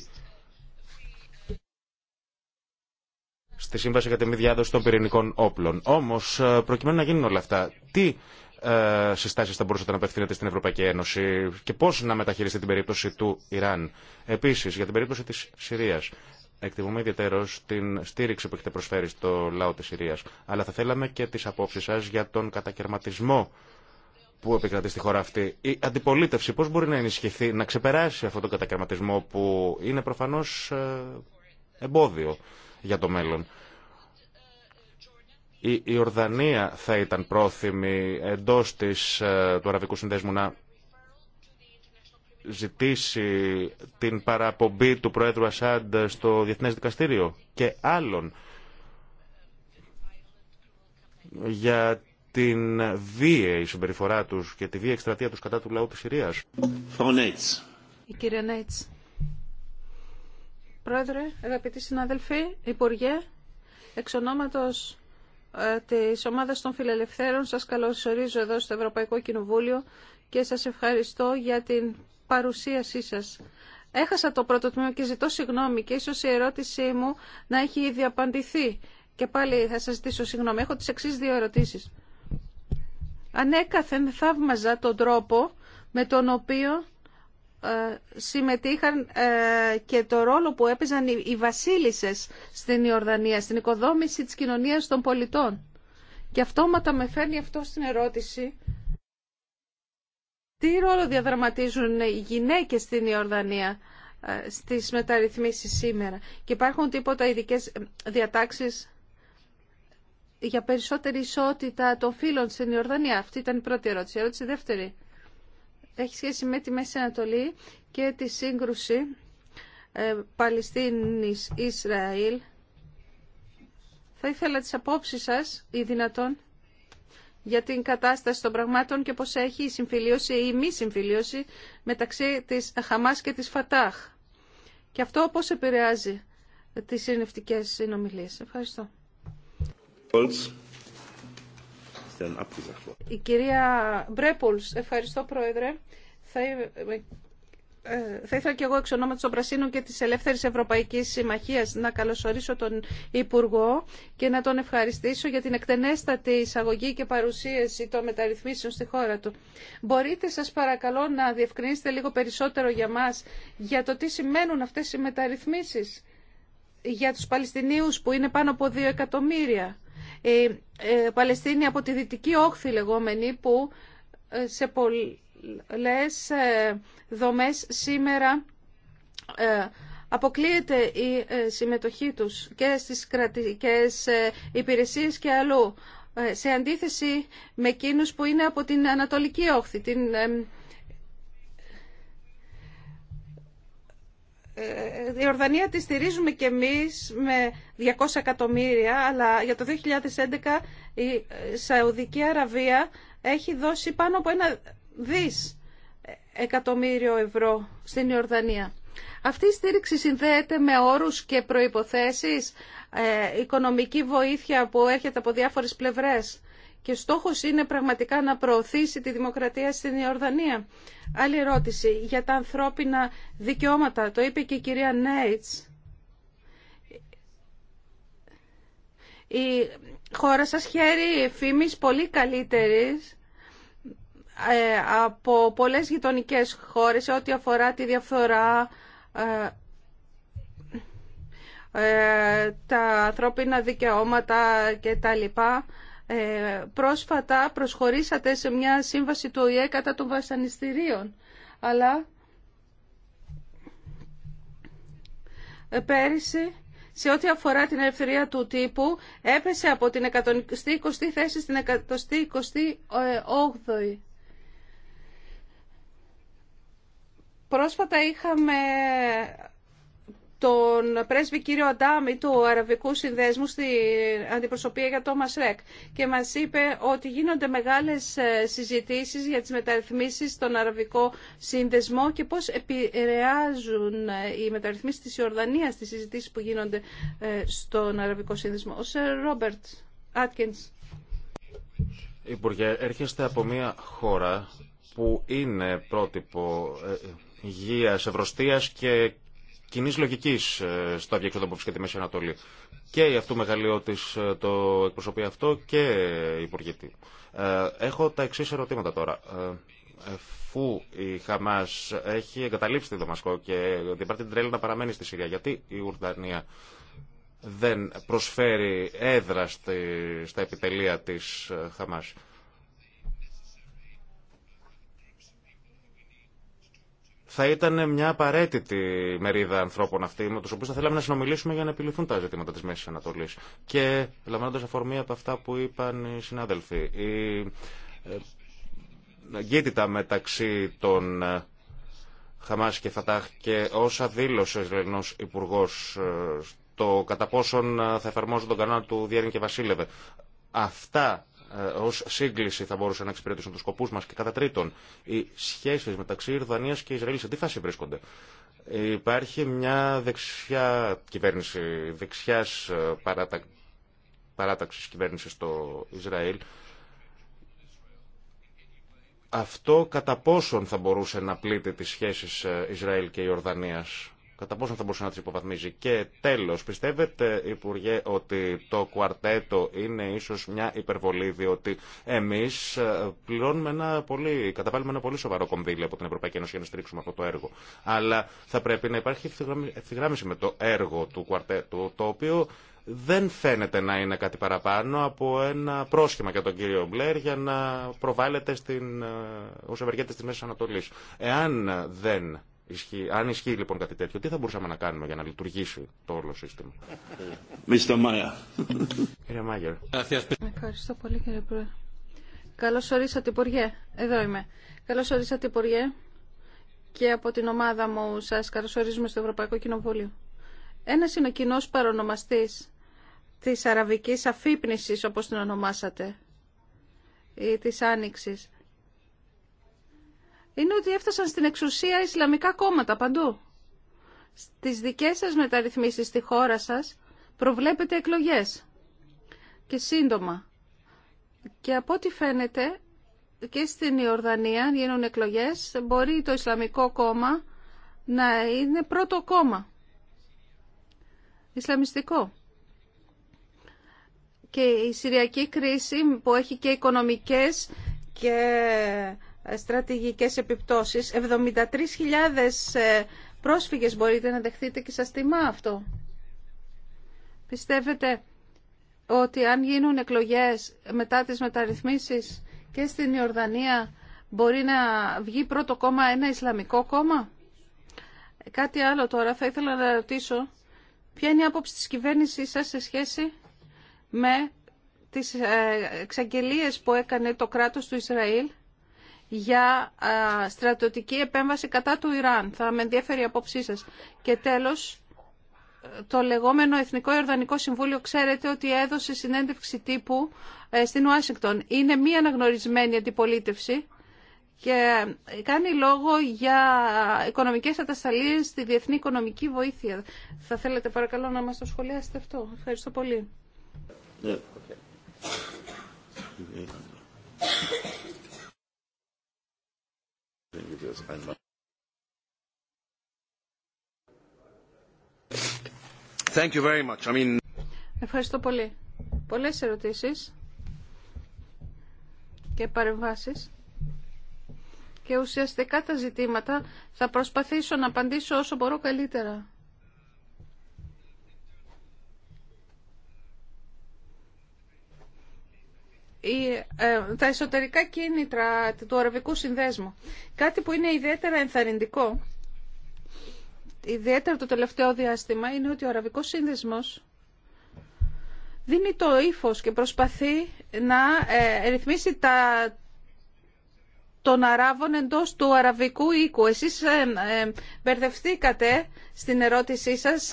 στη Σύμβαση για τη Μη Διάδοση των Πυρηνικών Όπλων. Όμω, ε, προκειμένου να γίνουν όλα αυτά, τι ε, συστάσει θα μπορούσατε να απευθύνετε στην Ευρωπαϊκή Ένωση και πώ να μεταχειριστεί την περίπτωση του Ιράν. Επίση, για την περίπτωση τη Συρία. Εκτιμούμε ιδιαίτερω την στήριξη που έχετε προσφέρει στο λαό τη Συρία. Αλλά θα θέλαμε και τι απόψει σα για τον κατακαιρματισμό που επικρατεί στη χώρα αυτή. Η αντιπολίτευση πώ μπορεί να ενισχυθεί, να ξεπεράσει αυτόν τον κατακαιρματισμό που είναι προφανώ ε, εμπόδιο για το μέλλον. Η Ιορδανία θα ήταν πρόθυμη εντός της, ε, του Αραβικού Συνδέσμου να ζητήσει την παραπομπή του Πρόεδρου Ασάντ στο Διεθνές Δικαστήριο και άλλων για την η συμπεριφορά τους και τη βία εκστρατεία τους κατά του λαού της Συρίας. Η κυρία Νέιτς. Πρόεδρε, αγαπητοί συναδελφοί, Υπουργέ, εξ ονόματος ε, της ομάδας των φιλελευθέρων σας καλωσορίζω εδώ στο Ευρωπαϊκό Κοινοβούλιο και σας ευχαριστώ για την παρουσίασή σας. Έχασα το πρώτο τμήμα και ζητώ συγγνώμη και ίσως η ερώτησή μου να έχει ήδη απαντηθεί. Και πάλι θα σας ζητήσω συγγνώμη. Έχω τις εξής δύο ερωτήσεις. Ανέκαθεν θαύμαζα τον τρόπο με τον οποίο ε, συμμετείχαν ε, και το ρόλο που έπαιζαν οι βασίλισσες στην Ιορδανία, στην οικοδόμηση της κοινωνίας των πολιτών. Και αυτόματα με φέρνει αυτό στην ερώτηση τι ρόλο διαδραματίζουν οι γυναίκες στην Ιορδανία ε, στις μεταρρυθμίσεις σήμερα και υπάρχουν τίποτα ειδικέ διατάξεις για περισσότερη ισότητα των φίλων στην Ιορδανία. Αυτή ήταν η πρώτη ερώτηση. ερώτηση δεύτερη έχει σχέση με τη Μέση Ανατολή και τη σύγκρουση ε, Παλαιστίνης-Ισραήλ. Θα ήθελα τις απόψεις σας, ή δυνατόν, για την κατάσταση των πραγμάτων και πώς έχει η συμφιλίωση ή η μη συμφιλίωση μεταξύ της Χαμάς και της Φατάχ. Και αυτό πώς επηρεάζει τις συνευτικές συνομιλίες. Ευχαριστώ δεν Η κυρία Μπρέπολς, ευχαριστώ Πρόεδρε. Θα, ε, θα ήθελα και εγώ εξ ονόματος των Πρασίνων και της Ελεύθερης Ευρωπαϊκής Συμμαχίας να καλωσορίσω τον Υπουργό και να τον ευχαριστήσω για την εκτενέστατη εισαγωγή και παρουσίαση των μεταρρυθμίσεων στη χώρα του. Μπορείτε σας παρακαλώ να διευκρινίσετε λίγο περισσότερο για μας για το τι σημαίνουν αυτές οι μεταρρυθμίσεις για τους Παλαιστινίους που είναι πάνω από 2 εκατομμύρια η ε, Παλαιστίνη από τη Δυτική Όχθη λεγόμενη που ε, σε πολλές ε, δομές σήμερα αποκλείεται η συμμετοχή τους και στις κρατικές υπηρεσίες και αλλού σε αντίθεση με εκείνους που είναι από την Ανατολική Όχθη, Ε, η Ορδανία τη στηρίζουμε και εμείς με 200 εκατομμύρια, αλλά για το 2011 η Σαουδική Αραβία έχει δώσει πάνω από ένα δις εκατομμύριο ευρώ στην Ιορδανία. Αυτή η στήριξη συνδέεται με όρους και προϋποθέσεις, ε, οικονομική βοήθεια που έρχεται από διάφορες πλευρές και στόχος είναι πραγματικά να προωθήσει τη δημοκρατία στην Ιορδανία. Άλλη ερώτηση για τα ανθρώπινα δικαιώματα. Το είπε και η κυρία Νέιτς. Η χώρα σας χαίρει φήμης πολύ καλύτερης ε, από πολλές γειτονικές χώρες σε ό,τι αφορά τη διαφθορά, ε, ε, τα ανθρώπινα δικαιώματα και τα λοιπά. Ε, πρόσφατα προσχωρήσατε σε μια σύμβαση του ΟΗΕ κατά των βασανιστήριων. Αλλά πέρυσι σε ό,τι αφορά την ελευθερία του τύπου έπεσε από την 120η θέση στην 128η. Ε, πρόσφατα είχαμε τον πρέσβη κύριο Αντάμι του Αραβικού Συνδέσμου στην αντιπροσωπεία για το Μασρέκ και μας είπε ότι γίνονται μεγάλες ε, συζητήσεις για τις μεταρρυθμίσεις στον Αραβικό Σύνδεσμο και πώς επηρεάζουν ε, οι μεταρρυθμίσεις της Ιορδανίας τις συζητήσεις που γίνονται ε, στον Αραβικό Σύνδεσμο. Ο Σερ Ρόμπερτ Άτκινς. Υπουργέ, έρχεστε από μια χώρα που είναι πρότυπο υγείας, ευρωστίας και κοινή λογική ε, στο αδιέξοδο που βρίσκεται η Μέση Ανατολή. Και η αυτού μεγαλειώτη ε, το εκπροσωπεί αυτό και η Υπουργή. Ε, έχω τα εξή ερωτήματα τώρα. εφού η Χαμά έχει εγκαταλείψει τη Δαμασκό και υπάρχει την τρέλα να παραμένει στη Συρία, γιατί η Ουρδανία δεν προσφέρει έδρα στα επιτελεία της Χαμάς. θα ήταν μια απαραίτητη μερίδα ανθρώπων αυτοί με του οποίου θα θέλαμε να συνομιλήσουμε για να επιληθούν τα ζητήματα τη Μέση Ανατολή. Και λαμβάνοντα αφορμή από αυτά που είπαν οι συνάδελφοι, η ε, γύτητα μεταξύ των ε, Χαμά και Φατάχ και όσα δήλωσε ο Υπουργό Υπουργός ε, το κατά πόσον θα εφαρμόζουν τον κανόνα του Διέρνη και Βασίλευε. Αυτά ε, ω σύγκληση θα μπορούσε να εξυπηρετήσουν του σκοπού μα. Και κατά τρίτον, οι σχέσει μεταξύ Ιρδανία και Ισραήλ σε τι φάση βρίσκονται. Υπάρχει μια δεξιά κυβέρνηση, δεξιά ε, παράτα... παράταξη κυβέρνηση στο Ισραήλ. Αυτό κατά πόσον θα μπορούσε να πλήττει τις σχέσεις ε, Ισραήλ και Ιορδανίας κατά πόσο θα μπορούσε να τι υποβαθμίζει. Και τέλο, πιστεύετε, Υπουργέ, ότι το κουαρτέτο είναι ίσω μια υπερβολή, διότι εμεί ε, πληρώνουμε ένα πολύ, καταβάλουμε ένα πολύ σοβαρό κονδύλι από την Ευρωπαϊκή Ένωση για να στηρίξουμε αυτό το έργο. Αλλά θα πρέπει να υπάρχει ευθυγράμμιση με το έργο του κουαρτέτου, το οποίο δεν φαίνεται να είναι κάτι παραπάνω από ένα πρόσχημα για τον κύριο Μπλερ για να προβάλλεται στην, ε, ως ευεργέτης της Μέσης Ανατολής. Εάν δεν αν ισχύει λοιπόν κάτι τέτοιο, τι θα μπορούσαμε να κάνουμε για να λειτουργήσει το όλο σύστημα. Κύριε Μάγερ. Ευχαριστώ πολύ κύριε Πρόεδρε. Καλώ ορίσατε, Υπουργέ. Εδώ είμαι. Καλώ ορίσατε, Υπουργέ. Και από την ομάδα μου σα καλωσορίζουμε στο Ευρωπαϊκό Κοινοβούλιο. Ένα είναι ο κοινό παρονομαστή τη αραβική αφύπνιση, όπω την ονομάσατε, ή τη άνοιξη είναι ότι έφτασαν στην εξουσία Ισλαμικά κόμματα παντού. Στις δικές σας μεταρρυθμίσεις στη χώρα σας προβλέπετε εκλογές και σύντομα. Και από ό,τι φαίνεται και στην Ιορδανία γίνουν εκλογές, μπορεί το Ισλαμικό κόμμα να είναι πρώτο κόμμα. Ισλαμιστικό. Και η Συριακή κρίση που έχει και οικονομικές και στρατηγικές επιπτώσεις. 73.000 ε, πρόσφυγες μπορείτε να δεχτείτε και σας τιμά αυτό. Πιστεύετε ότι αν γίνουν εκλογές μετά τις μεταρρυθμίσεις και στην Ιορδανία μπορεί να βγει πρώτο κόμμα ένα Ισλαμικό κόμμα. Κάτι άλλο τώρα θα ήθελα να ρωτήσω. Ποια είναι η άποψη της κυβέρνησής σας σε σχέση με τις ε, εξαγγελίες που έκανε το κράτος του Ισραήλ για στρατιωτική επέμβαση κατά του Ιράν. Θα με ενδιαφέρει η απόψή σας. Και τέλος, το λεγόμενο Εθνικό Ιορδανικό Συμβούλιο ξέρετε ότι έδωσε συνέντευξη τύπου ε, στην Ουάσιγκτον. Είναι μη αναγνωρισμένη αντιπολίτευση και ε, κάνει λόγο για οικονομικές ατασταλίες στη διεθνή οικονομική βοήθεια. Θα θέλετε παρακαλώ να μας το σχολιάσετε αυτό. Ευχαριστώ πολύ. Ναι einmal. Thank you very much. I mean... Ευχαριστώ πολύ. Πολλές ερωτήσεις και παρεμβάσεις και ουσιαστικά τα ζητήματα θα προσπαθήσω να απαντήσω όσο μπορώ καλύτερα. Ε, τα εσωτερικά κίνητρα του Αραβικού Συνδέσμου. Κάτι που είναι ιδιαίτερα ενθαρρυντικό, ιδιαίτερα το τελευταίο διάστημα, είναι ότι ο Αραβικός Σύνδεσμος δίνει το ύφο και προσπαθεί να ε, ρυθμίσει τα των Αράβων εντός του αραβικού οίκου. Εσείς ε, ε στην ερώτησή σας,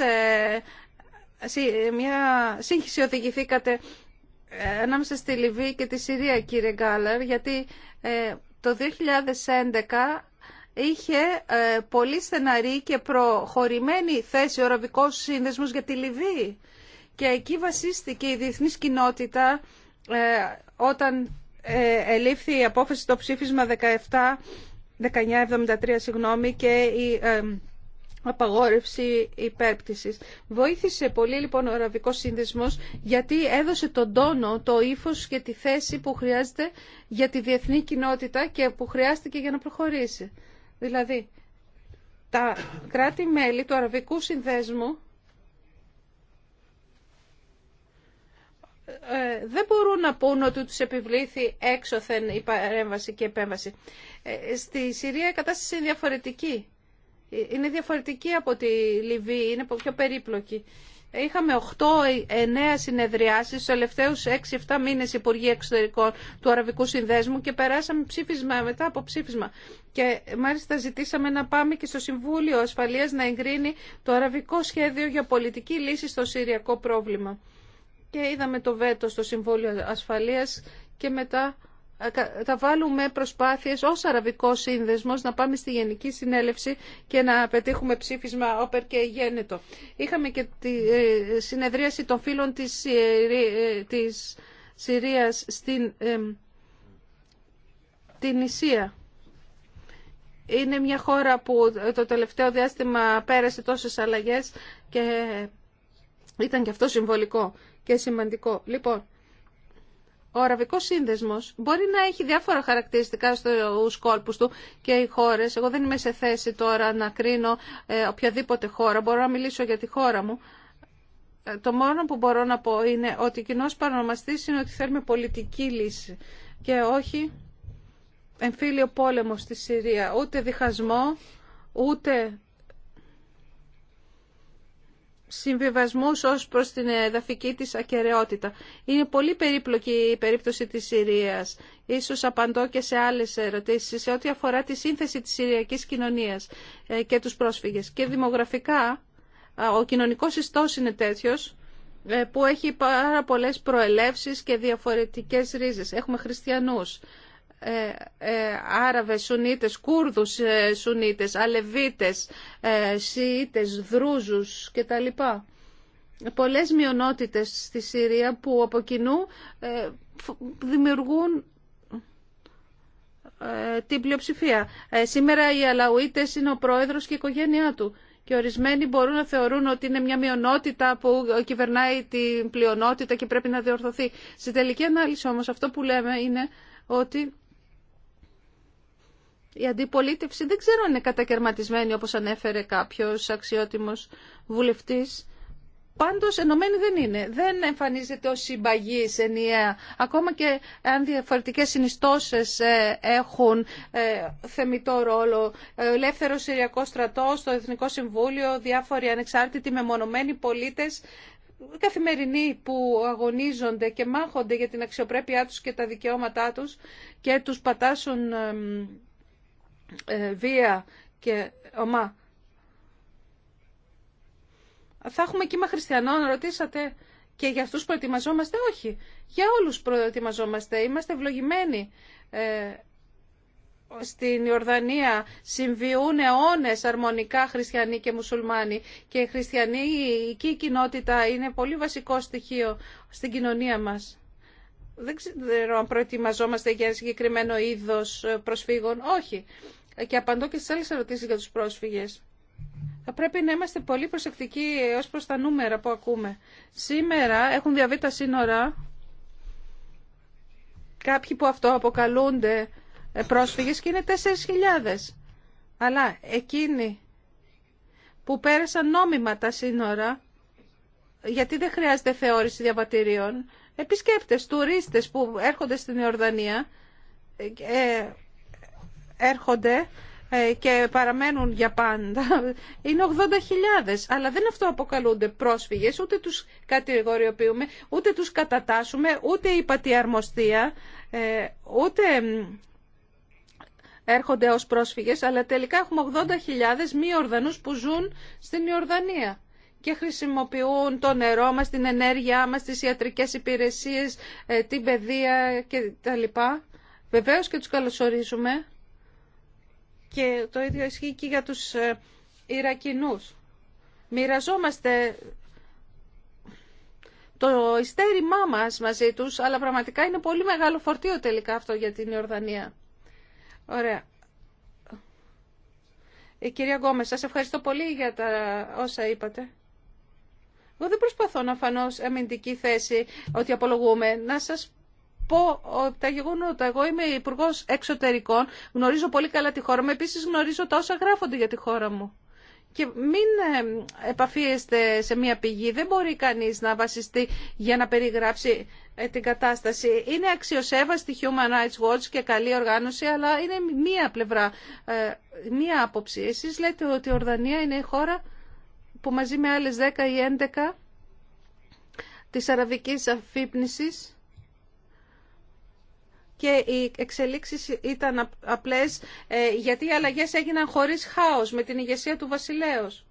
μια σύγχυση οδηγηθήκατε ε, ανάμεσα στη Λιβύη και τη Συρία, κύριε Γκάλερ, γιατί ε, το 2011 είχε ε, πολύ στεναρή και προχωρημένη θέση ο Αραβικός Σύνδεσμος για τη Λιβύη. Και εκεί βασίστηκε η διεθνής κοινότητα όταν ελήφθη η απόφαση το ψήφισμα 17, 1973 συγγνώμη, και η απαγόρευση υπέρπτυσης. Βοήθησε πολύ λοιπόν ο Αραβικός Σύνδεσμος γιατί έδωσε τον τόνο, το ύφος και τη θέση που χρειάζεται για τη διεθνή κοινότητα και που χρειάστηκε για να προχωρήσει. Δηλαδή, τα κράτη-μέλη του Αραβικού Συνδέσμου ε, δεν μπορούν να πούν ότι τους επιβλήθη έξωθεν η παρέμβαση και επέμβαση. Ε, στη Συρία η κατάσταση είναι διαφορετική είναι διαφορετική από τη Λιβύη, είναι πιο περίπλοκη. Είχαμε 8-9 συνεδριάσεις στου τελευταιου 6 6-7 μήνε Υπουργοί Εξωτερικών του Αραβικού Συνδέσμου και περάσαμε ψήφισμα μετά από ψήφισμα. Και μάλιστα ζητήσαμε να πάμε και στο Συμβούλιο Ασφαλείας να εγκρίνει το αραβικό σχέδιο για πολιτική λύση στο συριακό πρόβλημα. Και είδαμε το βέτο στο Συμβούλιο Ασφαλείας και μετά θα ε, βάλουμε προσπάθειες ως αραβικό Σύνδεσμος να πάμε στη Γενική Συνέλευση και να πετύχουμε ψήφισμα όπερ και γένετο. Είχαμε και τη ε, συνεδρίαση των φίλων της, ε, της Συρίας στην την Ισία. Είναι μια χώρα που το τελευταίο διάστημα πέρασε τόσες αλλαγές και ήταν και αυτό συμβολικό και σημαντικό. Λοιπόν, ο αραβικό σύνδεσμο μπορεί να έχει διάφορα χαρακτηριστικά στου κόλπου του και οι χώρε. Εγώ δεν είμαι σε θέση τώρα να κρίνω ε, οποιαδήποτε χώρα. Μπορώ να μιλήσω για τη χώρα μου. Ε, το μόνο που μπορώ να πω είναι ότι ο κοινό παρονομαστή είναι ότι θέλουμε πολιτική λύση και όχι εμφύλιο πόλεμο στη Συρία. Ούτε διχασμό, ούτε συμβιβασμούς ως προς την εδαφική της ακαιρεότητα. Είναι πολύ περίπλοκη η περίπτωση της Συρίας. Ίσως απαντώ και σε άλλες ερωτήσεις σε ό,τι αφορά τη σύνθεση της Συριακής κοινωνίας ε, και τους πρόσφυγες. Και δημογραφικά ο κοινωνικός ιστός είναι τέτοιος ε, που έχει πάρα πολλές προελεύσεις και διαφορετικές ρίζες. Έχουμε χριστιανούς, ε, ε, Άραβες, Σουνίτες, Κούρδους, ε, Σουνίτες, Αλεβίτες, Σιήτες, Δρούζους κτλ. Πολλές μειονότητες στη Συρία που από κοινού δημιουργούν την πλειοψηφία. Σήμερα οι Αλαουίτες είναι ο πρόεδρος και η οικογένειά του. Και ορισμένοι μπορούν να θεωρούν ότι είναι μια μειονότητα που κυβερνάει την πλειονότητα και πρέπει να διορθωθεί. Στη τελική ανάλυση όμως αυτό που λέμε είναι ότι η αντιπολίτευση δεν ξέρω αν είναι κατακαιρματισμένη όπως ανέφερε κάποιος αξιότιμος βουλευτής. Πάντως ενωμένη δεν είναι. Δεν εμφανίζεται ως συμπαγής ενιαία. Ακόμα και αν διαφορετικές συνιστώσεις ε, έχουν ε, θεμητό ρόλο. Ε, Ελεύθερο Συριακό στρατό, το Εθνικό Συμβούλιο, διάφοροι ανεξάρτητοι μεμονωμένοι πολίτες καθημερινοί που αγωνίζονται και μάχονται για την αξιοπρέπειά τους και τα δικαιώματά τους και τους πατάσουν ε, βία και ομά. Θα έχουμε κύμα χριστιανών, ρωτήσατε, και για αυτούς προετοιμαζόμαστε. Όχι, για όλους προετοιμαζόμαστε. Είμαστε ευλογημένοι. Ε, στην Ιορδανία συμβιούν αιώνε αρμονικά χριστιανοί και μουσουλμάνοι και η χριστιανική κοινότητα είναι πολύ βασικό στοιχείο στην κοινωνία μας. Δεν ξέρω αν προετοιμαζόμαστε για ένα συγκεκριμένο είδος προσφύγων. Όχι και απαντώ και στι άλλε ερωτήσει για τους πρόσφυγες. Θα πρέπει να είμαστε πολύ προσεκτικοί ω προ τα νούμερα που ακούμε. Σήμερα έχουν διαβεί τα σύνορα κάποιοι που αυτό αποκαλούνται ε, πρόσφυγες και είναι 4.000. Αλλά εκείνοι που πέρασαν νόμιμα τα σύνορα, γιατί δεν χρειάζεται θεώρηση διαβατηρίων, επισκέπτες, τουρίστες που έρχονται στην Ιορδανία, ε, έρχονται ε, και παραμένουν για πάντα είναι 80.000 αλλά δεν αυτό αποκαλούνται πρόσφυγες ούτε τους κατηγοριοποιούμε ούτε τους κατατάσσουμε ούτε η πατιαρμοστία ε, ούτε έρχονται ως πρόσφυγες αλλά τελικά έχουμε 80.000 μη Ιορδανούς που ζουν στην Ιορδανία και χρησιμοποιούν το νερό μας, την ενέργειά μας, τις ιατρικές υπηρεσίες, ε, την παιδεία κτλ. Βεβαίως και τους καλωσορίζουμε και το ίδιο ισχύει και για τους ε, Ιρακινούς. Μοιραζόμαστε το ειστέρημά μας μαζί τους, αλλά πραγματικά είναι πολύ μεγάλο φορτίο τελικά αυτό για την Ιορδανία. Ωραία. Ε, κυρία Γκόμες, σας ευχαριστώ πολύ για τα όσα είπατε. Εγώ δεν προσπαθώ να φανώ σε αμυντική θέση ότι απολογούμε. Να σας πω τα γεγονότα. Εγώ είμαι υπουργό εξωτερικών, γνωρίζω πολύ καλά τη χώρα μου, επίση γνωρίζω τα όσα γράφονται για τη χώρα μου. Και μην ε, επαφίεστε σε μία πηγή. Δεν μπορεί κανείς να βασιστεί για να περιγράψει ε, την κατάσταση. Είναι αξιοσέβαστη Human Rights Watch και καλή οργάνωση, αλλά είναι μία πλευρά, ε, μία άποψη. Εσείς λέτε ότι η Ορδανία είναι η χώρα που μαζί με άλλες 10 ή 11 της αραβικής αφύπνισης και οι εξελίξεις ήταν απλές ε, γιατί οι αλλαγές έγιναν χωρίς χάος με την ηγεσία του βασιλέως.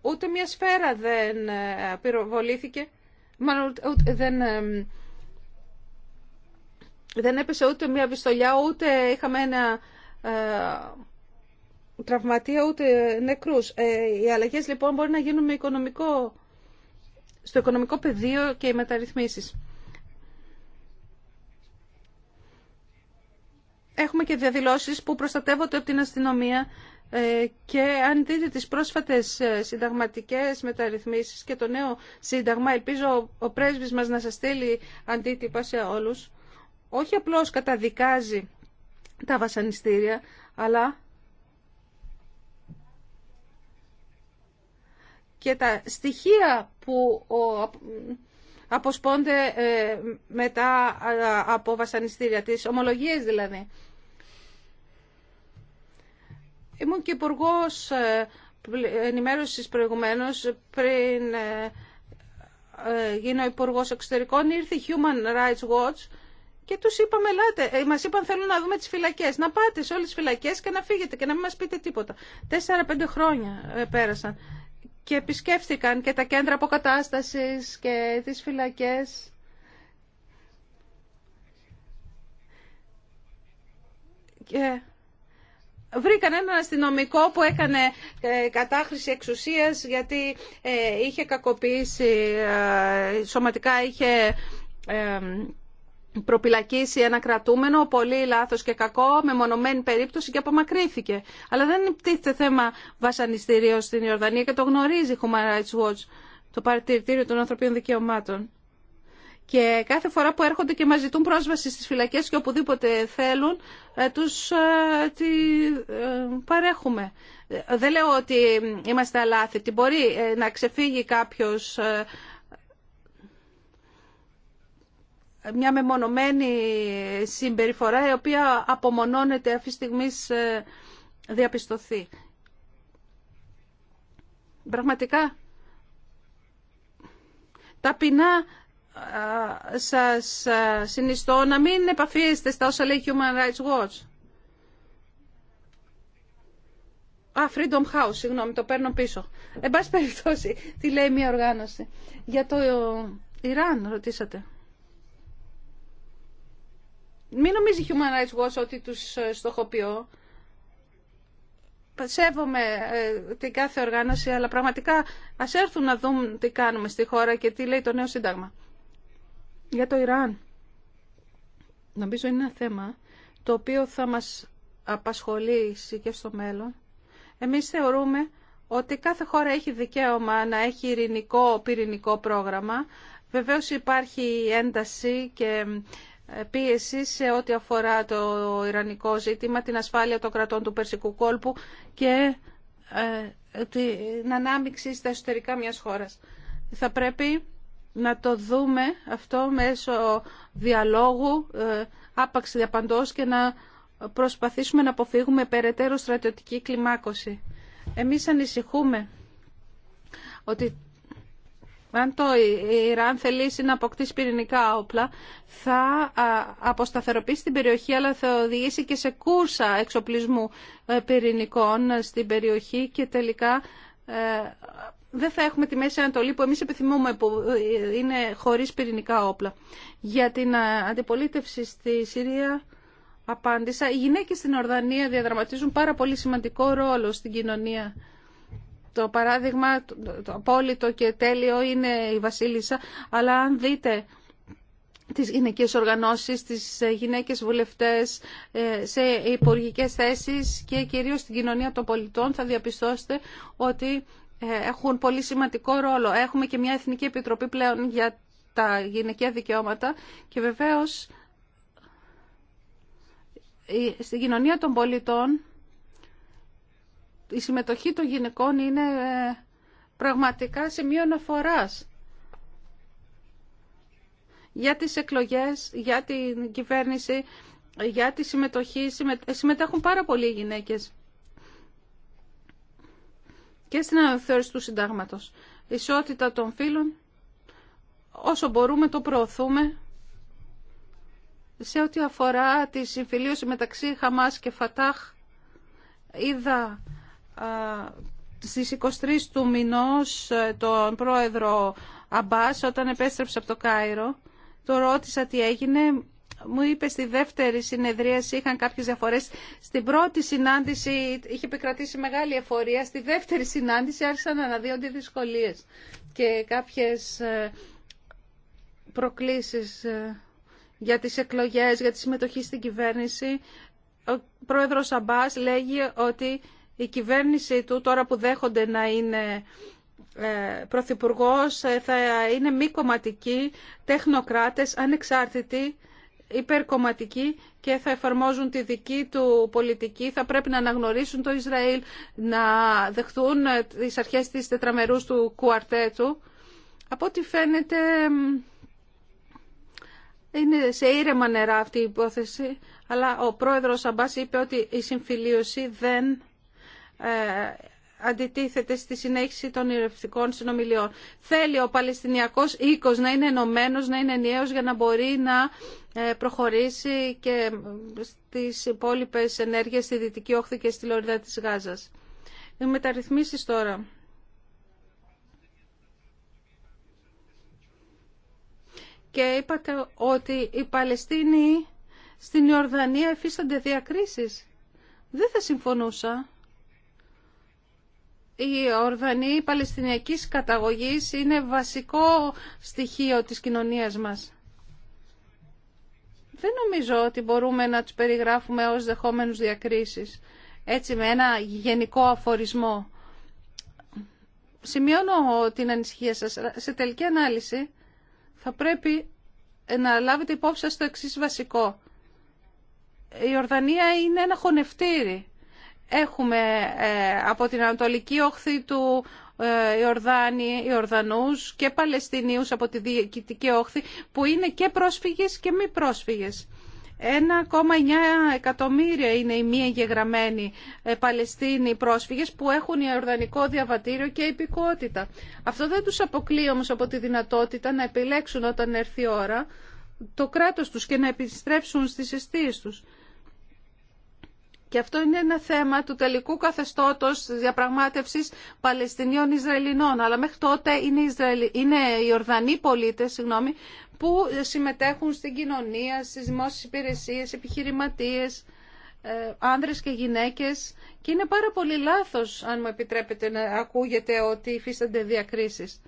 Ούτε μια σφαίρα δεν ε, πυροβολήθηκε, δεν, ε, δεν έπεσε ούτε μια βιστολιά, ούτε είχαμε ένα τραυματία ούτε νεκρούς. οι αλλαγές λοιπόν μπορεί να γίνουν με οικονομικό, στο οικονομικό πεδίο και οι μεταρρυθμίσεις. έχουμε και διαδηλώσεις που προστατεύονται από την αστυνομία ε, και αν δείτε τις πρόσφατες ε, συνταγματικές μεταρρυθμίσεις και το νέο σύνταγμα, ελπίζω ο πρέσβης μας να σας στείλει αντίτυπα σε όλους, όχι απλώς καταδικάζει τα βασανιστήρια, αλλά και τα στοιχεία που αποσπώνται ε, μετά ε, από βασανιστήρια, τις ομολογίες δηλαδή. Ήμουν και υπουργό ε, ενημέρωσης προηγουμένως πριν γίνω υπουργό εξωτερικών, ήρθε Human Rights Watch και τους είπαμε, ελάτε, μας είπαν θέλουν να δούμε τις φυλακές, να πάτε σε όλες τις φυλακές και να φύγετε και να μην μας πείτε τίποτα. Τέσσερα-πέντε χρόνια πέρασαν και επισκέφθηκαν και τα κέντρα αποκατάστασης και τις φυλακές. Και βρήκαν έναν αστυνομικό που έκανε ε, κατάχρηση εξουσίας γιατί ε, είχε κακοποιήσει, ε, σωματικά είχε προπυλακίσει ένα κρατούμενο, πολύ λάθος και κακό, με μονομένη περίπτωση και απομακρύθηκε. Αλλά δεν υπτίθεται θέμα βασανιστήριο στην Ιορδανία και το γνωρίζει η Human Rights Watch, το παρατηρητήριο των ανθρωπίνων δικαιωμάτων. Και κάθε φορά που έρχονται και μας ζητούν πρόσβαση στις φυλακές και οπουδήποτε θέλουν, ε, τους ε, τη ε, παρέχουμε. Δεν λέω ότι είμαστε αλάθητοι. Μπορεί να ξεφύγει κάποιος μια μεμονωμένη συμπεριφορά η οποία απομονώνεται αυτή τη στιγμή διαπιστωθεί. Πραγματικά ταπεινά σας συνιστώ να μην επαφίεστε στα όσα λέει Human Rights Watch. Α, Freedom House, συγγνώμη, το παίρνω πίσω. Εν πάση περιπτώσει, τι λέει μια οργάνωση. Για το Ιράν, ρωτήσατε. Μην νομίζει Human Rights Watch ότι τους ε, στοχοποιώ. Σέβομαι ε, την κάθε οργάνωση, αλλά πραγματικά ας έρθουν να δουν τι κάνουμε στη χώρα και τι λέει το νέο σύνταγμα. Για το Ιράν. Νομίζω είναι ένα θέμα το οποίο θα μας απασχολήσει και στο μέλλον. Εμείς θεωρούμε ότι κάθε χώρα έχει δικαίωμα να έχει ειρηνικό πυρηνικό πρόγραμμα. Βεβαίως υπάρχει ένταση και πίεση σε ό,τι αφορά το ιρανικό ζήτημα, την ασφάλεια των κρατών του Περσικού κόλπου και ε, την ανάμειξη στα εσωτερικά μιας χώρας. Θα πρέπει να το δούμε αυτό μέσω διαλόγου, ε, άπαξ διαπαντός και να προσπαθήσουμε να αποφύγουμε περαιτέρω στρατιωτική κλιμάκωση. Εμείς ανησυχούμε ότι αν το Ιράν θελήσει να αποκτήσει πυρηνικά όπλα, θα αποσταθεροποιήσει την περιοχή, αλλά θα οδηγήσει και σε κούρσα εξοπλισμού ε, πυρηνικών ε, στην περιοχή και τελικά ε, δεν θα έχουμε τη Μέση Ανατολή που εμείς επιθυμούμε που είναι χωρίς πυρηνικά όπλα. Για την αντιπολίτευση στη Συρία απάντησα. Οι γυναίκες στην Ορδανία διαδραματίζουν πάρα πολύ σημαντικό ρόλο στην κοινωνία το παράδειγμα το απόλυτο και τέλειο είναι η Βασίλισσα, αλλά αν δείτε τις γυναικές οργανώσεις, τις ε, γυναίκες βουλευτές ε, σε υπουργικές θέσεις και κυρίως στην κοινωνία των πολιτών θα διαπιστώσετε ότι ε, έχουν πολύ σημαντικό ρόλο. Έχουμε και μια Εθνική Επιτροπή πλέον για τα γυναικεία δικαιώματα και βεβαίως στην κοινωνία των πολιτών η συμμετοχή των γυναικών είναι ε, πραγματικά σημείο αναφορά για τις εκλογές, για την κυβέρνηση, για τη συμμετοχή. Συμμετέχουν πάρα πολλοί οι γυναίκες και στην αναθεώρηση του συντάγματος. Ισότητα των φίλων, όσο μπορούμε το προωθούμε σε ό,τι αφορά τη συμφιλίωση μεταξύ Χαμάς και Φατάχ. Είδα στις 23 του μηνός ε, τον πρόεδρο Αμπάς όταν επέστρεψε από το Κάιρο το ρώτησα τι έγινε μου είπε στη δεύτερη συνεδρίαση είχαν κάποιες διαφορές στην πρώτη συνάντηση είχε επικρατήσει μεγάλη εφορία στη δεύτερη συνάντηση άρχισαν να αναδύονται δυσκολίες και κάποιες ε, προκλήσεις ε, για τις εκλογές, για τη συμμετοχή στην κυβέρνηση ο πρόεδρος Αμπάς λέγει ότι η κυβέρνηση του, τώρα που δέχονται να είναι ε, πρωθυπουργός, ε, θα είναι μη κομματικοί, τεχνοκράτες, ανεξάρτητοι, υπερκομματικοί και θα εφαρμόζουν τη δική του πολιτική. Θα πρέπει να αναγνωρίσουν το Ισραήλ, να δεχτούν ε, τις αρχές της τετραμερούς του κουαρτέτου. Από ό,τι φαίνεται είναι σε ήρεμα νερά αυτή η υπόθεση, αλλά ο πρόεδρος Αμπάς είπε ότι η συμφιλίωση δεν ε, αντιτίθεται στη συνέχιση των ηρευτικών συνομιλιών. Θέλει ο Παλαιστινιακός οίκος να είναι ενωμένο, να είναι ενιαίος για να μπορεί να ε, προχωρήσει και στις υπόλοιπε ενέργειες στη Δυτική Όχθη και στη Λωρίδα της Γάζας. Οι μεταρρυθμίσεις τώρα. Και είπατε ότι οι Παλαιστίνοι στην Ιορδανία εφίστανται διακρίσεις. Δεν θα συμφωνούσα οι Ορδανοί Παλαιστινιακής καταγωγής είναι βασικό στοιχείο της κοινωνίας μας. Δεν νομίζω ότι μπορούμε να τους περιγράφουμε ως δεχόμενους διακρίσεις, έτσι με ένα γενικό αφορισμό. Σημειώνω την ανησυχία σας. Σε τελική ανάλυση θα πρέπει να λάβετε υπόψη σας το εξής βασικό. Η Ορδανία είναι ένα χωνευτήρι Έχουμε ε, από την Ανατολική Όχθη του ε, Ιορδάνη, Ιορδανούς και Παλαιστινίους από τη Διοικητική Όχθη που είναι και πρόσφυγες και μη πρόσφυγες. 1,9 εκατομμύρια είναι οι μη εγγεγραμμένοι ε, Παλαιστίνοι πρόσφυγες που έχουν ιορδανικό διαβατήριο και υπηκότητα. Αυτό δεν τους αποκλεί όμως από τη δυνατότητα να επιλέξουν όταν έρθει η ώρα το κράτος τους και να επιστρέψουν στις αιστείες τους. Και αυτό είναι ένα θέμα του τελικού καθεστώτος διαπραγμάτευσης Παλαιστινίων-Ισραηλινών. Αλλά μέχρι τότε είναι, οι Ορδανοί πολίτες συγγνώμη, που συμμετέχουν στην κοινωνία, στις δημόσιες υπηρεσίες, επιχειρηματίες, ε, άνδρες και γυναίκες. Και είναι πάρα πολύ λάθος, αν μου επιτρέπετε, να ακούγεται ότι υφίστανται διακρίσεις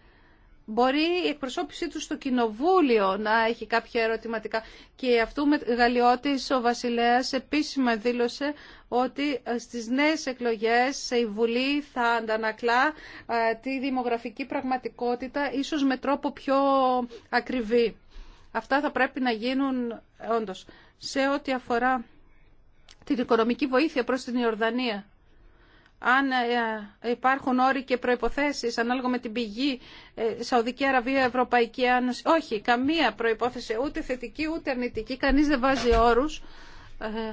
μπορεί η εκπροσώπησή του στο κοινοβούλιο να έχει κάποια ερωτηματικά. Και αυτού με Γαλλιώτης ο Βασιλέας επίσημα δήλωσε ότι ε, στις νέες εκλογές η Βουλή θα αντανακλά ε, τη δημογραφική πραγματικότητα ίσως με τρόπο πιο ακριβή. Αυτά θα πρέπει να γίνουν ε, όντως. Σε ό,τι αφορά την οικονομική βοήθεια προς την Ιορδανία αν ε, υπάρχουν όροι και προϋποθέσεις ανάλογα με την πηγή ε, Σαουδική Αραβία, Ευρωπαϊκή Ένωση. Όχι, καμία προϋπόθεση, ούτε θετική ούτε αρνητική. Κανείς δεν βάζει όρους. Ε,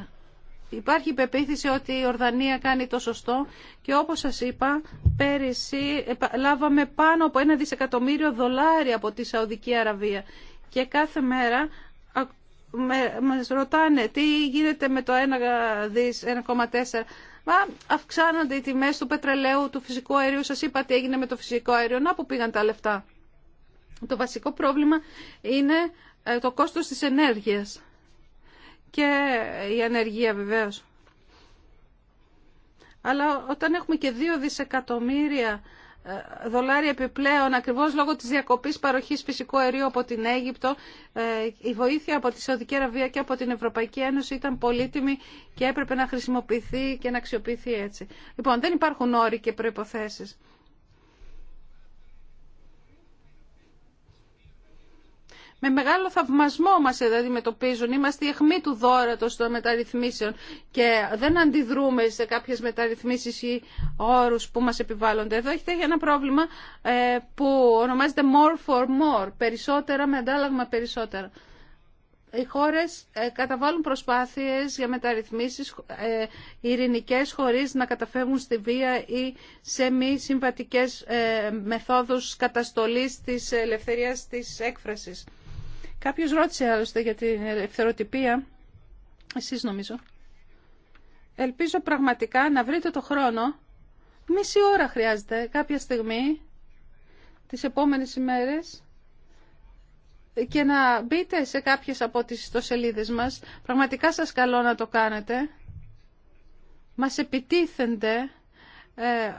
υπάρχει υπεποίθηση ότι η Ορδανία κάνει το σωστό και όπως σας είπα, πέρυσι λάβαμε πάνω από ένα δισεκατομμύριο δολάρια από τη Σαουδική Αραβία και κάθε μέρα μας ρωτάνε τι γίνεται με το 1,4 Μα αυξάνονται οι τιμές του πετρελαίου, του φυσικού αερίου. Σας είπα τι έγινε με το φυσικό αέριο. Να που πήγαν τα λεφτά. Το βασικό πρόβλημα είναι ε, το κόστος της ενέργειας και η ανεργία βεβαίως. Αλλά όταν έχουμε και δύο δισεκατομμύρια ε, δολάρια επιπλέον ακριβώς λόγω της διακοπής παροχής φυσικού αερίου από την Αίγυπτο. Ε, η βοήθεια από τη Σαουδική Αραβία και από την Ευρωπαϊκή Ένωση ήταν πολύτιμη και έπρεπε να χρησιμοποιηθεί και να αξιοποιηθεί έτσι. Λοιπόν, δεν υπάρχουν όροι και προϋποθέσεις. με μεγάλο θαυμασμό μας αντιμετωπίζουν. Είμαστε η αιχμή του δόρατος των μεταρρυθμίσεων και δεν αντιδρούμε σε κάποιες μεταρρυθμίσεις ή όρους που μας επιβάλλονται. Εδώ έχετε ένα πρόβλημα ε, που ονομάζεται more for more, περισσότερα με αντάλλαγμα περισσότερα. Οι χώρες ε, καταβάλουν προσπάθειες για μεταρρυθμίσεις ε, ειρηνικές χωρίς να καταφεύγουν στη βία ή σε μη συμβατικές μεθόδους καταστολής της ελευθερίας της έκφρασης. Κάποιος ρώτησε άλλωστε για την ελευθεροτυπία, εσείς νομίζω. Ελπίζω πραγματικά να βρείτε το χρόνο, μισή ώρα χρειάζεται κάποια στιγμή, τις επόμενες ημέρες, και να μπείτε σε κάποιες από τις ιστοσελίδες μας. Πραγματικά σας καλώ να το κάνετε. Μας επιτίθενται, ε,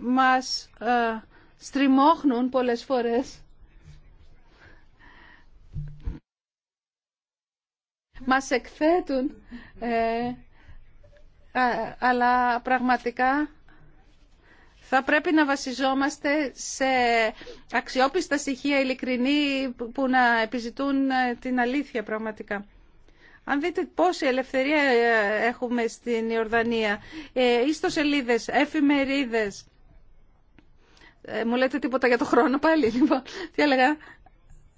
μας... Ε, στριμώχνουν πολλές φορές. Μας εκθέτουν, ε, αλλά πραγματικά θα πρέπει να βασιζόμαστε σε αξιόπιστα στοιχεία ειλικρινή που να επιζητούν ε, την αλήθεια πραγματικά. Αν δείτε πόση ελευθερία ε, έχουμε στην Ιορδανία, ε, ιστοσελίδες, εφημερίδες, ε, μου λέτε τίποτα για το χρόνο πάλι, λοιπόν. Τι έλεγα.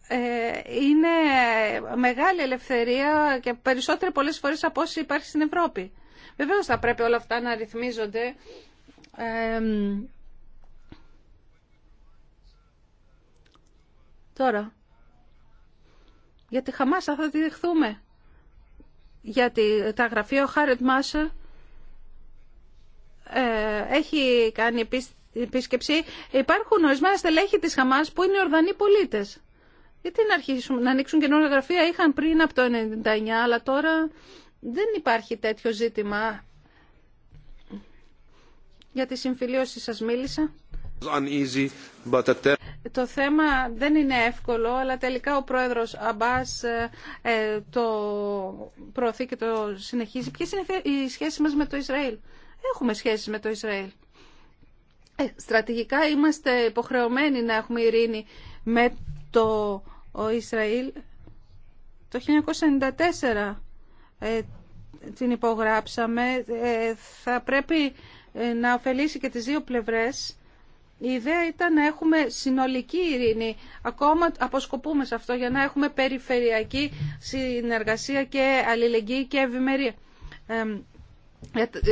Ε, είναι μεγάλη ελευθερία και περισσότερο πολλές φορές από όσοι υπάρχει στην Ευρώπη. Βεβαίως θα πρέπει όλα αυτά να ρυθμίζονται. τώρα, γιατί Χαμάσα θα τη δεχθούμε. Γιατί τα γραφεία ο Χάρετ Μάσερ ε, έχει κάνει επίση επίσκεψη, υπάρχουν ορισμένα στελέχη της Χαμάς που είναι Ορδανοί πολίτες. Γιατί να αρχίσουν να ανοίξουν καινούργια γραφεία, είχαν πριν από το 1999, αλλά τώρα δεν υπάρχει τέτοιο ζήτημα. Για τη συμφιλίωση σας μίλησα. Το θέμα δεν είναι εύκολο, αλλά τελικά ο πρόεδρος Αμπάς ε, ε, το προωθεί και το συνεχίζει. Ποιες είναι οι σχέσεις μας με το Ισραήλ. Έχουμε σχέσεις με το Ισραήλ. Ε, στρατηγικά είμαστε υποχρεωμένοι να έχουμε ειρήνη με το Ισραήλ. Το 1994 ε, την υπογράψαμε. Ε, θα πρέπει να ωφελήσει και τις δύο πλευρές. Η ιδέα ήταν να έχουμε συνολική ειρήνη. Ακόμα αποσκοπούμε σε αυτό για να έχουμε περιφερειακή συνεργασία και αλληλεγγύη και ευημερία ε,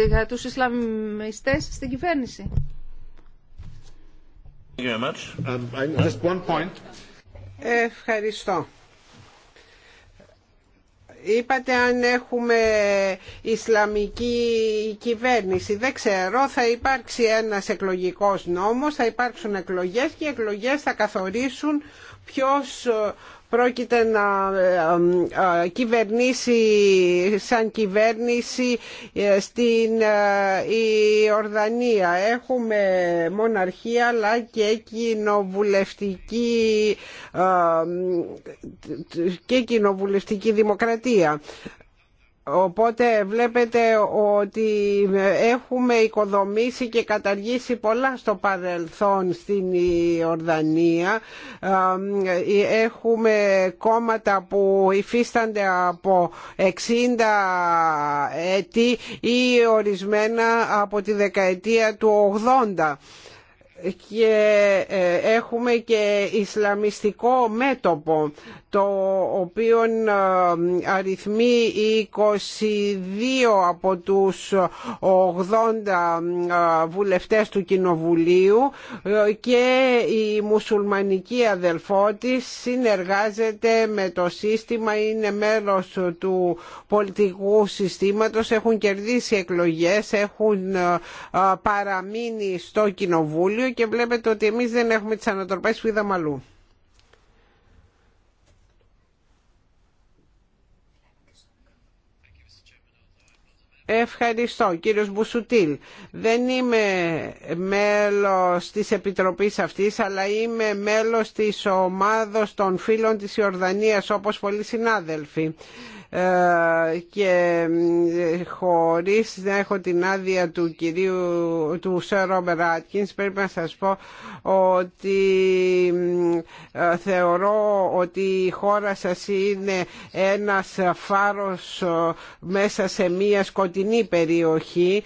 για τους Ισλαμιστές στην κυβέρνηση. Um, Ευχαριστώ. Είπατε αν έχουμε Ισλαμική κυβέρνηση. Δεν ξέρω, θα υπάρξει ένας εκλογικός νόμος, θα υπάρξουν εκλογές και οι εκλογές θα καθορίσουν ποιος πρόκειται να ε, ε, ε, κυβερνήσει σαν κυβέρνηση στην Ιορδανία Ορδανία. Έχουμε μοναρχία αλλά και κοινοβουλευτική και κοινοβουλευτική δημοκρατία. Οπότε βλέπετε ότι έχουμε οικοδομήσει και καταργήσει πολλά στο παρελθόν στην Ιορδανία. Ε, έχουμε κόμματα που υφίστανται από 60 έτη ή ορισμένα από τη δεκαετία του 80 και ε, έχουμε και ισλαμιστικό μέτωπο το οποίο ε, αριθμεί 22 από τους 80 ε, βουλευτές του Κοινοβουλίου ε, και η μουσουλμανική αδελφό συνεργάζεται με το σύστημα, είναι μέλος του πολιτικού συστήματος, έχουν κερδίσει εκλογές, έχουν παραμείνει στο Κοινοβούλιο και βλέπετε ότι εμείς δεν έχουμε τις ανατροπές που είδαμε αλλού. Ευχαριστώ κύριος Μπουσουτήλ. Δεν είμαι μέλος της Επιτροπής αυτής αλλά είμαι μέλος της ομάδος των φίλων της Ιορδανίας όπως πολλοί συνάδελφοι. Ε, και ε, χωρίς να έχω την άδεια του κυρίου του Σερ Ρόμπερ Άτκινς πρέπει να σας πω ότι ε, θεωρώ ότι η χώρα σας είναι ένας φάρος μέσα σε μια σκοτεινή περιοχή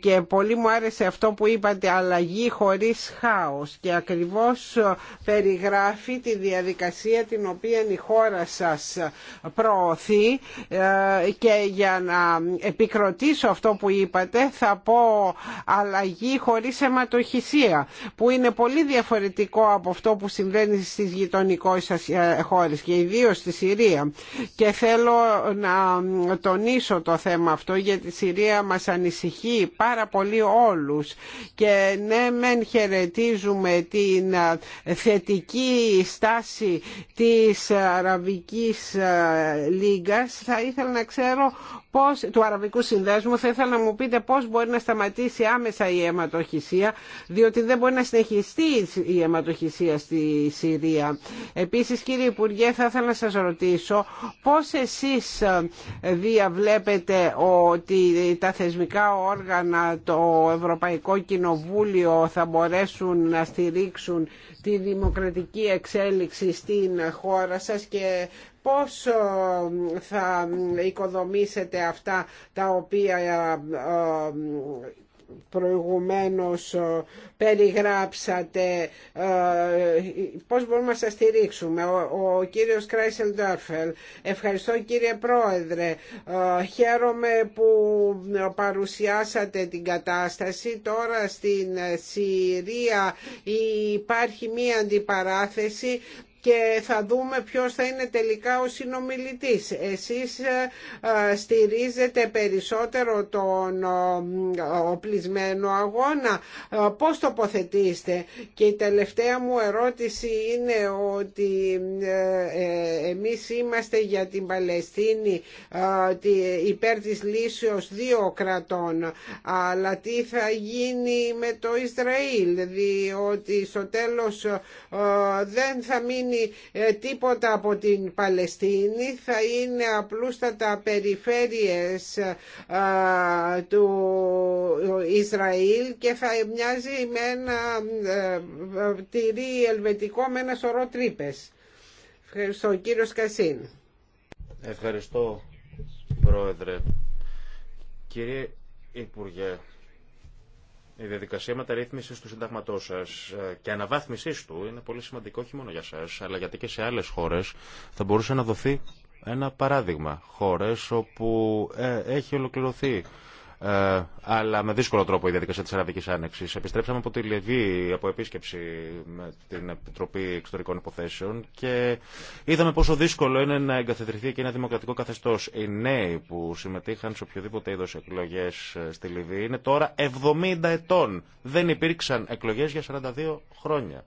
και πολύ μου άρεσε αυτό που είπατε αλλαγή χωρίς χάος και ακριβώς περιγράφει τη διαδικασία την οποία η χώρα σας προωθεί ε, και για να επικροτήσω αυτό που είπατε θα πω αλλαγή χωρίς αιματοχυσία που είναι πολύ διαφορετικό από αυτό που συμβαίνει στις γειτονικές ε, χώρες και ιδίως στη Συρία και θέλω να τονίσω το θέμα αυτό γιατί η Συρία μας ανησυχεί πάρα πολύ όλους και ναι μεν χαιρετίζουμε την ε, θετική στάση της Αραβικής Λίγκα σας θα ήθελα να ξέρω πώς, του Αραβικού Συνδέσμου θα ήθελα να μου πείτε πώς μπορεί να σταματήσει άμεσα η αιματοχυσία διότι δεν μπορεί να συνεχιστεί η αιματοχυσία στη Συρία. Επίσης κύριε Υπουργέ θα ήθελα να σας ρωτήσω πώς εσείς ε, διαβλέπετε ότι τα θεσμικά όργανα το Ευρωπαϊκό Κοινοβούλιο θα μπορέσουν να στηρίξουν τη δημοκρατική εξέλιξη στην χώρα σας και πώς θα οικοδομήσετε αυτά τα οποία ε, ε, προηγουμένως ε, περιγράψατε πώς μπορούμε να σας στηρίξουμε ο, ο κύριος Κράισελ Ντόρφελ ευχαριστώ κύριε Πρόεδρε χαίρομαι που παρουσιάσατε την κατάσταση τώρα στην Συρία υπάρχει μία αντιπαράθεση και θα δούμε ποιος θα είναι τελικά ο συνομιλητής. Εσείς ε, στηρίζετε περισσότερο τον οπλισμένο αγώνα. Ε, πώς τοποθετήστε. Και η τελευταία μου ερώτηση είναι ότι ε, εμείς είμαστε για την Παλαιστίνη υπέρ της λύσεως δύο κρατών. Αλλά τι θα γίνει με το Ισραήλ, διότι στο τέλος δεν θα μείνει ε, τίποτα από την Παλαιστίνη θα είναι απλούστατα περιφέρειες ε, του Ισραήλ και θα μοιάζει με ένα ε, τυρί ελβετικό με ένα σωρό τρύπες. Ευχαριστώ. Κύριο Κασίν. Ευχαριστώ, Πρόεδρε. Κύριε Υπουργέ, η διαδικασία μεταρρύθμισης του συνταγματό σα ε, και αναβάθμισής του είναι πολύ σημαντικό όχι μόνο για σας, αλλά γιατί και σε άλλες χώρες θα μπορούσε να δοθεί ένα παράδειγμα. Χώρες όπου ε, έχει ολοκληρωθεί ε, αλλά με δύσκολο τρόπο η διαδικασία τη Αραβική Άνοιξη. Επιστρέψαμε από τη Λιβύη από επίσκεψη με την Επιτροπή Εξωτερικών Υποθέσεων και είδαμε πόσο δύσκολο είναι να εγκαθιδρυθεί και ένα δημοκρατικό καθεστώ. Οι νέοι που συμμετείχαν σε οποιοδήποτε είδο εκλογέ ε, στη Λιβύη είναι τώρα 70 ετών. Δεν υπήρξαν εκλογέ για 42 χρόνια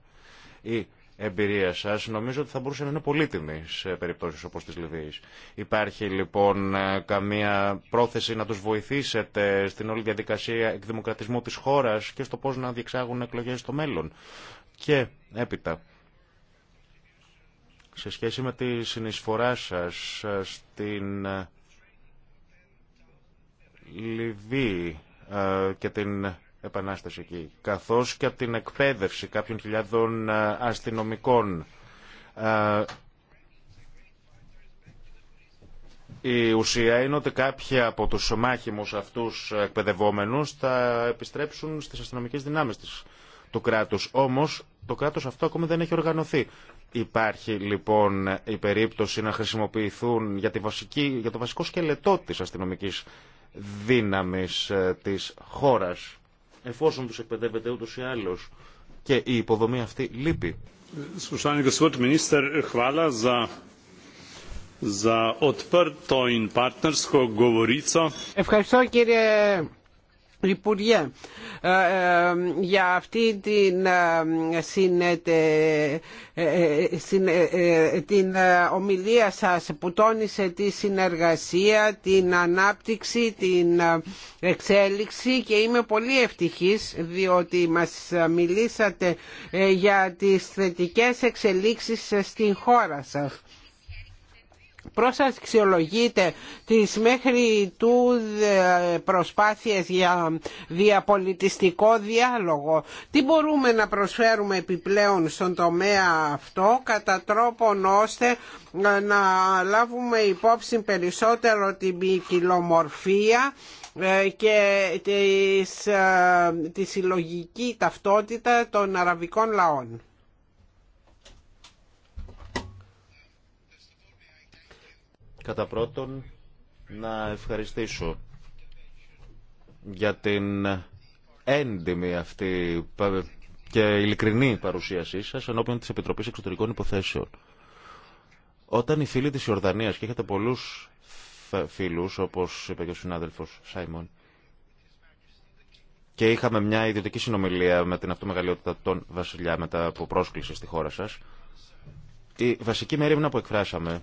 εμπειρία σα, νομίζω ότι θα μπορούσε να είναι πολύτιμη σε περιπτώσεις όπως τη Λιβύης. Υπάρχει λοιπόν ε, καμία πρόθεση να τους βοηθήσετε στην όλη διαδικασία εκδημοκρατισμού της χώρας και στο πώς να διεξάγουν εκλογές στο μέλλον. Και έπειτα, σε σχέση με τη συνεισφορά σας ε, στην ε, Λιβύη και την επανάσταση εκεί, καθώς και από την εκπαίδευση κάποιων χιλιάδων ε, αστυνομικών. Ε, η ουσία είναι ότι κάποιοι από τους μάχημους αυτούς εκπαιδευόμενους θα επιστρέψουν στις αστυνομικές δυνάμεις της, του κράτους. Όμως το κράτος αυτό ακόμη δεν έχει οργανωθεί. Υπάρχει λοιπόν η περίπτωση να χρησιμοποιηθούν για, βασική, για το βασικό σκελετό της αστυνομικής δύναμης ε, της χώρας εφόσον τους εκπαιδεύεται ούτως ή άλλως και η υποδομή αυτή λείπει. Ευχαριστώ κύριε Υπουργέ ε, ε, για αυτή την, ε, την ομιλία σας που τόνισε τη συνεργασία, την ανάπτυξη, την εξέλιξη και είμαι πολύ ευτυχής διότι μας μιλήσατε για τις θετικές εξελίξεις στην χώρα σας. Πώς αξιολογείτε τις μέχρι του προσπάθειες για διαπολιτιστικό διάλογο. Τι μπορούμε να προσφέρουμε επιπλέον στον τομέα αυτό κατά τρόπον ώστε να λάβουμε υπόψη περισσότερο την ποικιλομορφία ε, και ε, τη συλλογική ταυτότητα των αραβικών λαών. Κατά πρώτον, να ευχαριστήσω για την έντιμη αυτή και ειλικρινή παρουσίασή σας ενώπιον της Επιτροπής Εξωτερικών Υποθέσεων. Όταν οι φίλοι της Ιορδανίας, και έχετε πολλούς φίλους, όπως είπε και ο συνάδελφος Σάιμον, και είχαμε μια ιδιωτική συνομιλία με την αυτομεγαλειότητα των βασιλιά μετά από πρόσκληση στη χώρα σας, η βασική μερίμνα που εκφράσαμε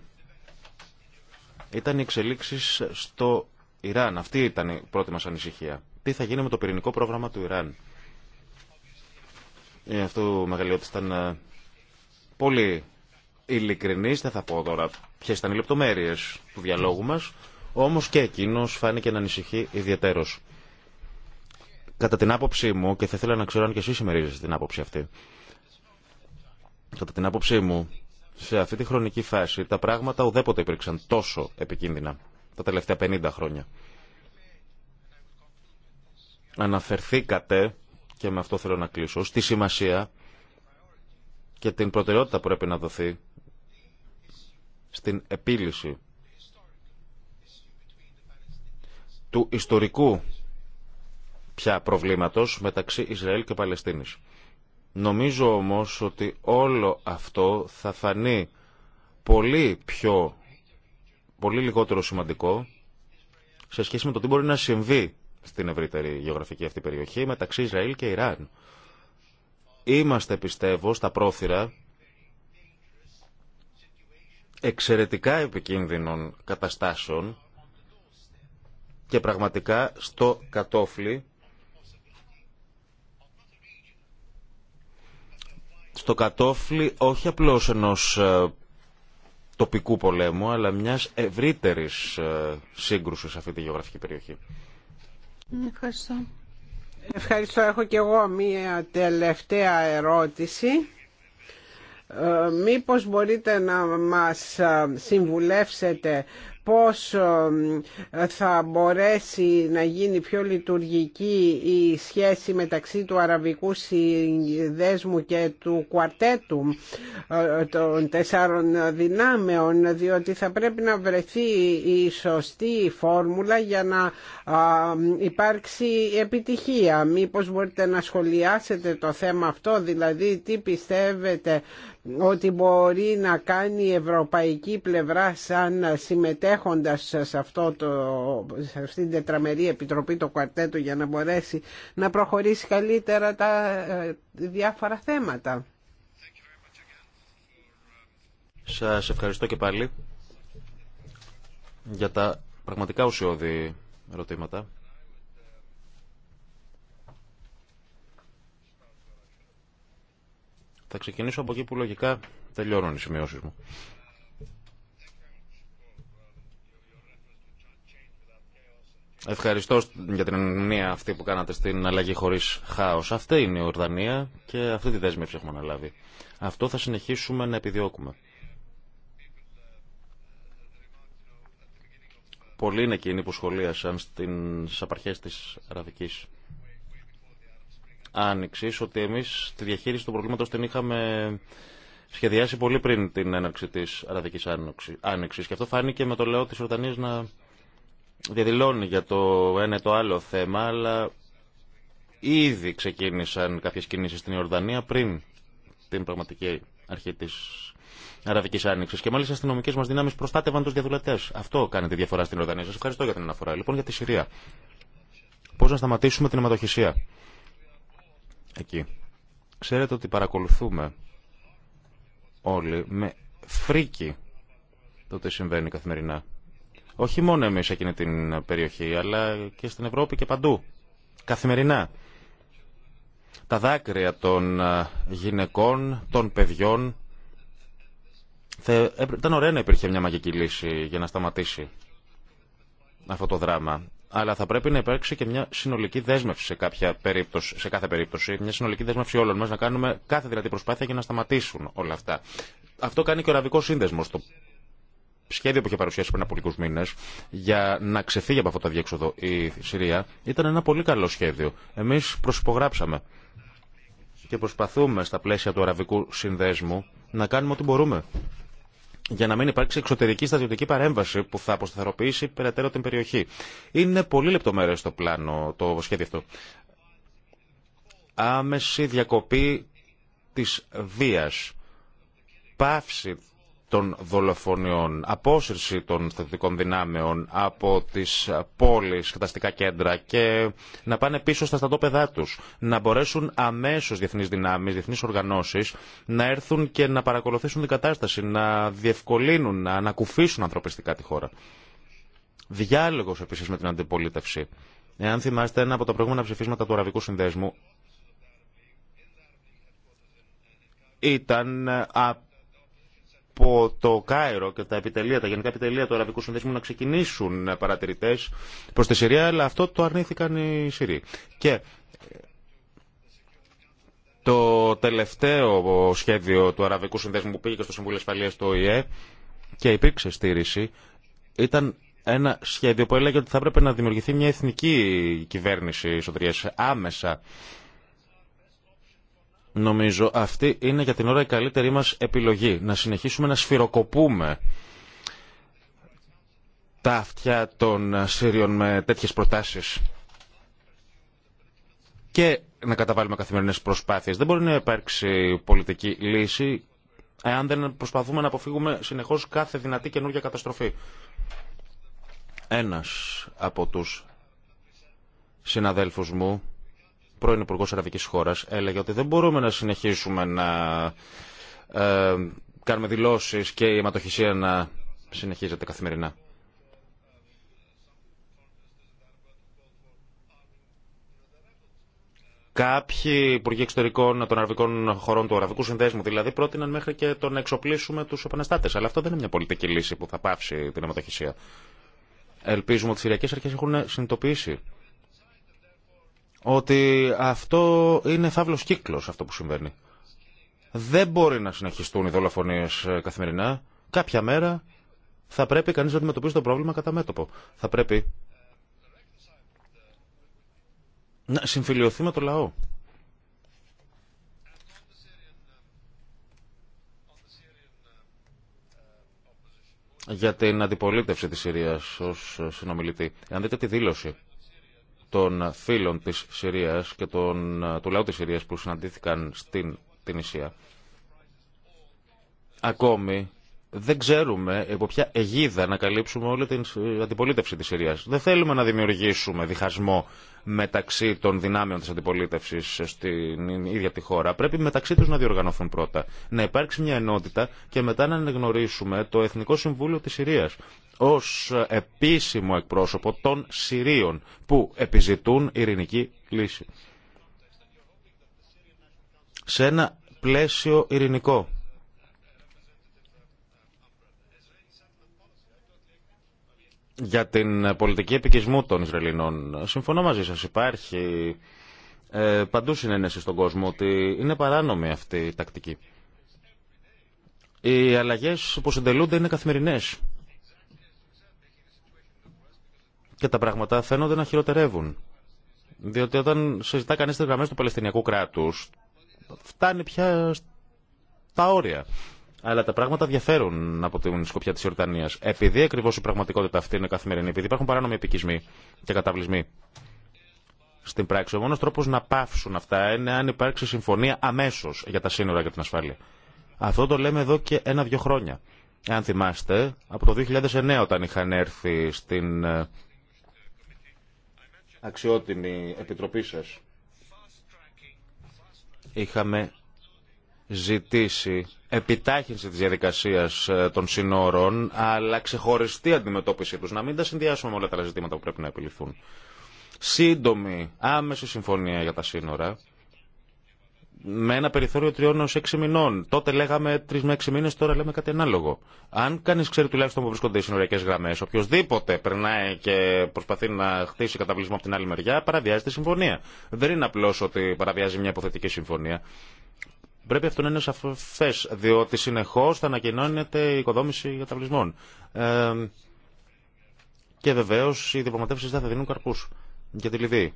ήταν οι εξελίξει στο Ιράν. Αυτή ήταν η πρώτη μα ανησυχία. Τι θα γίνει με το πυρηνικό πρόγραμμα του Ιράν. Ε, αυτό μεγαλειώτη ήταν ε, πολύ ειλικρινή, δεν θα πω τώρα Ποιε ήταν οι λεπτομέρειε του διαλόγου μα, όμω και εκείνο φάνηκε να ανησυχεί ιδιαίτερος. Κατά την άποψή μου, και θα ήθελα να ξέρω αν και εσεί συμμερίζεστε την άποψη αυτή, κατά την άποψή μου, σε αυτή τη χρονική φάση τα πράγματα ουδέποτε υπήρξαν τόσο επικίνδυνα τα τελευταία 50 χρόνια. Αναφερθήκατε, και με αυτό θέλω να κλείσω, στη σημασία και την προτεραιότητα που πρέπει να δοθεί στην επίλυση του ιστορικού πια προβλήματος μεταξύ Ισραήλ και Παλαιστίνης. Νομίζω όμως ότι όλο αυτό θα φανεί πολύ πιο, πολύ λιγότερο σημαντικό σε σχέση με το τι μπορεί να συμβεί στην ευρύτερη γεωγραφική αυτή περιοχή μεταξύ Ισραήλ και Ιράν. Είμαστε, πιστεύω, στα πρόθυρα εξαιρετικά επικίνδυνων καταστάσεων και πραγματικά στο κατόφλι στο κατόφλι όχι απλώς ενός ε, τοπικού πολέμου, αλλά μιας ευρύτερης ε, σύγκρουσης σε αυτή τη γεωγραφική περιοχή. Ευχαριστώ. Ευχαριστώ. Έχω και εγώ μία τελευταία ερώτηση. Ε, μήπως μπορείτε να μας ε, συμβουλεύσετε πώς ε, θα μπορέσει να γίνει πιο λειτουργική η σχέση μεταξύ του Αραβικού Συνδέσμου και του Κουαρτέτου ε, των τεσσάρων δυνάμεων διότι θα πρέπει να βρεθεί η σωστή φόρμουλα για να υπάρξει επιτυχία. Μήπως μπορείτε να σχολιάσετε το θέμα αυτό, δηλαδή τι πιστεύετε ότι μπορεί να κάνει η ευρωπαϊκή πλευρά σαν συμμετέχοντας σε, αυτό το, σε αυτήν την τετραμερή επιτροπή το κουαρτέτο για να μπορέσει να προχωρήσει καλύτερα τα ε, διάφορα θέματα. Σας ευχαριστώ και πάλι για τα πραγματικά ουσιώδη ερωτήματα. Θα ξεκινήσω από εκεί που λογικά τελειώνουν οι σημειώσει μου. Ευχαριστώ για την ερμηνεία αυτή που κάνατε στην αλλαγή χωρί χάο. Αυτή είναι η Ορδανία και αυτή τη δέσμευση έχουμε αναλάβει. Αυτό θα συνεχίσουμε να επιδιώκουμε. Πολλοί είναι εκείνοι που σχολίασαν στι απαρχέ τη Αραβική Άνοιξη ότι εμεί τη διαχείριση του προβλήματο την είχαμε σχεδιάσει πολύ πριν την έναρξη τη Αραβική Άνοιξη. και αυτό φάνηκε με το λαό τη Ορδανία να διαδηλώνει για το ένα το άλλο θέμα αλλά ήδη ξεκίνησαν κάποιε κίνησει στην Ιορδανία πριν την πραγματική αρχή τη Αραβική Άνοιξη. Και μάλιστα οι αστυνομικέ μα δυνάμει προστάτευαν του διαδηλωτέ. Αυτό κάνει τη διαφορά στην Ορδανία. Σα ευχαριστώ για την αναφορά. Λοιπόν, για τη Συρία. Πώ να σταματήσουμε την αιματοχυσία εκεί. Ξέρετε ότι παρακολουθούμε όλοι με φρίκι το τι συμβαίνει καθημερινά. Όχι μόνο εμείς εκείνη την περιοχή, αλλά και στην Ευρώπη και παντού. Καθημερινά. Τα δάκρυα των γυναικών, των παιδιών. Θε... Ε, ήταν ωραία να υπήρχε μια μαγική λύση για να σταματήσει αυτό το δράμα αλλά θα πρέπει να υπάρξει και μια συνολική δέσμευση σε, κάποια περίπτωση, σε κάθε περίπτωση, μια συνολική δέσμευση όλων μα να κάνουμε κάθε δυνατή προσπάθεια για να σταματήσουν όλα αυτά. Αυτό κάνει και ο αραβικό σύνδεσμο το σχέδιο που είχε παρουσιάσει πριν από λίγου μήνε για να ξεφύγει από αυτό το διέξοδο η Συρία ήταν ένα πολύ καλό σχέδιο. Εμεί προσυπογράψαμε και προσπαθούμε στα πλαίσια του Αραβικού Συνδέσμου να κάνουμε ό,τι μπορούμε για να μην υπάρξει εξωτερική στρατιωτική παρέμβαση που θα αποσταθεροποιήσει περαιτέρω την περιοχή. Είναι πολύ λεπτομέρειε το πλάνο, το σχέδιο αυτό. Άμεση διακοπή της βίας. Πάυση των δολοφονιών, απόσυρση των στρατιωτικών δυνάμεων από τις πόλεις, αστικά κέντρα και να πάνε πίσω στα στρατόπεδά τους, να μπορέσουν αμέσως διεθνείς δυνάμεις, διεθνείς οργανώσεις να έρθουν και να παρακολουθήσουν την κατάσταση, να διευκολύνουν, να ανακουφίσουν ανθρωπιστικά τη χώρα. Διάλογος επίσης με την αντιπολίτευση. Εάν θυμάστε ένα από τα προηγούμενα ψηφίσματα του Αραβικού Συνδέσμου, ήταν από το Κάιρο και τα επιτελεία, τα γενικά επιτελεία του Αραβικού Συνδέσμου να ξεκινήσουν παρατηρητέ προ τη Συρία, αλλά αυτό το αρνήθηκαν οι Σύριοι. Και ε, το τελευταίο σχέδιο του Αραβικού Συνδέσμου που πήγε και στο Συμβούλιο Ασφαλεία του ΟΗΕ και υπήρξε στήριξη ήταν ένα σχέδιο που έλεγε ότι θα έπρεπε να δημιουργηθεί μια εθνική κυβέρνηση εσωτερική άμεσα Νομίζω αυτή είναι για την ώρα η καλύτερη μας επιλογή. Να συνεχίσουμε να σφυροκοπούμε τα αυτιά των Σύριων με τέτοιες προτάσεις και να καταβάλουμε καθημερινές προσπάθειες. Δεν μπορεί να υπάρξει πολιτική λύση εάν δεν προσπαθούμε να αποφύγουμε συνεχώς κάθε δυνατή καινούργια καταστροφή. Ένας από τους συναδέλφους μου πρώην Υπουργό Αραβική χώρα έλεγε ότι δεν μπορούμε να συνεχίσουμε να ε, κάνουμε δηλώσει και η αιματοχυσία να συνεχίζεται καθημερινά. Κάποιοι υπουργοί εξωτερικών των αραβικών χωρών του Αραβικού Συνδέσμου δηλαδή πρότειναν μέχρι και το να εξοπλίσουμε του επαναστάτε. Αλλά αυτό δεν είναι μια πολιτική λύση που θα πάψει την αιματοχυσία. Ελπίζουμε ότι οι Συριακέ Αρχέ έχουν συνειδητοποιήσει ότι αυτό είναι θαύλο κύκλο αυτό που συμβαίνει. Δεν μπορεί να συνεχιστούν οι δολοφονίε ε, καθημερινά. Κάποια μέρα θα πρέπει κανείς να αντιμετωπίσει το πρόβλημα κατά μέτωπο. Θα πρέπει να συμφιλειωθεί με το λαό. Για την αντιπολίτευση της Συρίας ως ε, συνομιλητή. Αν δείτε τη δήλωση των φίλων της Συρίας και των, του λαού της Συρίας που συναντήθηκαν στην την Ισία. Ακόμη δεν ξέρουμε από ποια αιγίδα να καλύψουμε όλη την αντιπολίτευση της Συρίας. Δεν θέλουμε να δημιουργήσουμε διχασμό μεταξύ των δυνάμεων της αντιπολίτευσης στην ίδια τη χώρα. Πρέπει μεταξύ τους να διοργανωθούν πρώτα. Να υπάρξει μια ενότητα και μετά να αναγνωρίσουμε το Εθνικό Συμβούλιο της Συρίας ως επίσημο εκπρόσωπο των Συρίων που επιζητούν ειρηνική λύση. Σε ένα πλαίσιο ειρηνικό. Για την πολιτική επικισμού των Ισραηλινών. Συμφωνώ μαζί σας, υπάρχει ε, παντού συνένεση στον κόσμο ότι είναι παράνομη αυτή η τακτική. Οι αλλαγές που συντελούνται είναι καθημερινές. και τα πράγματα φαίνονται να χειροτερεύουν. Διότι όταν συζητά κανεί τι γραμμές του Παλαιστινιακού κράτου, φτάνει πια στα όρια. Αλλά τα πράγματα διαφέρουν από την σκοπιά τη Ιορτανία. Επειδή ακριβώ η πραγματικότητα αυτή είναι καθημερινή, επειδή υπάρχουν παράνομοι επικισμοί και καταβλισμοί στην πράξη, ο μόνο τρόπο να πάυσουν αυτά είναι αν υπάρξει συμφωνία αμέσω για τα σύνορα και την ασφάλεια. Αυτό το λέμε εδώ και ένα-δύο χρόνια. Αν θυμάστε, από το 2009 όταν είχαν έρθει στην ε, αξιότιμη επιτροπή σας. Είχαμε ζητήσει επιτάχυνση της διαδικασίας ε, των συνόρων, αλλά ξεχωριστή αντιμετώπιση τους, να μην τα συνδυάσουμε με όλα τα ζητήματα που πρέπει να επιληθούν. Σύντομη, άμεση συμφωνία για τα σύνορα, με ένα περιθώριο τριών ω έξι μηνών. Τότε λέγαμε τρει με έξι μήνε, τώρα λέμε κάτι ανάλογο. Αν κανεί ξέρει τουλάχιστον που βρίσκονται οι συνοριακέ γραμμέ, οποιοδήποτε περνάει και προσπαθεί να χτίσει καταβλισμό από την άλλη μεριά, παραβιάζει τη συμφωνία. Δεν είναι απλώ ότι παραβιάζει μια υποθετική συμφωνία. Πρέπει αυτό να είναι σαφέ, διότι συνεχώ θα ανακοινώνεται η οικοδόμηση καταβλισμών. Ε, και βεβαίω οι διπλωματεύσει δεν θα δίνουν καρπού για τη Λιβύη.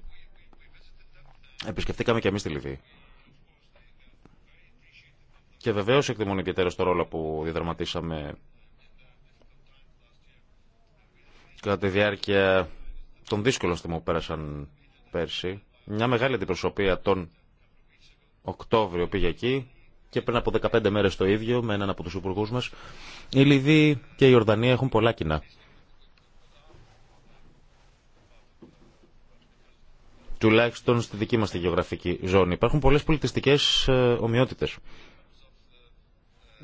Επισκεφτήκαμε και εμεί τη Λιβύη. Και βεβαίω εκτιμούν ιδιαίτερα στο ρόλο που διαδραματίσαμε κατά τη διάρκεια των δύσκολων στιγμών που πέρασαν πέρσι. Μια μεγάλη αντιπροσωπεία τον Οκτώβριο πήγε εκεί και πριν από 15 μέρες το ίδιο με έναν από τους υπουργού μας. Η Λιβύη και η Ιορδανία έχουν πολλά κοινά. Τουλάχιστον στη δική μας τη γεωγραφική ζώνη. Υπάρχουν πολλές πολιτιστικέ ε, ομοιότητες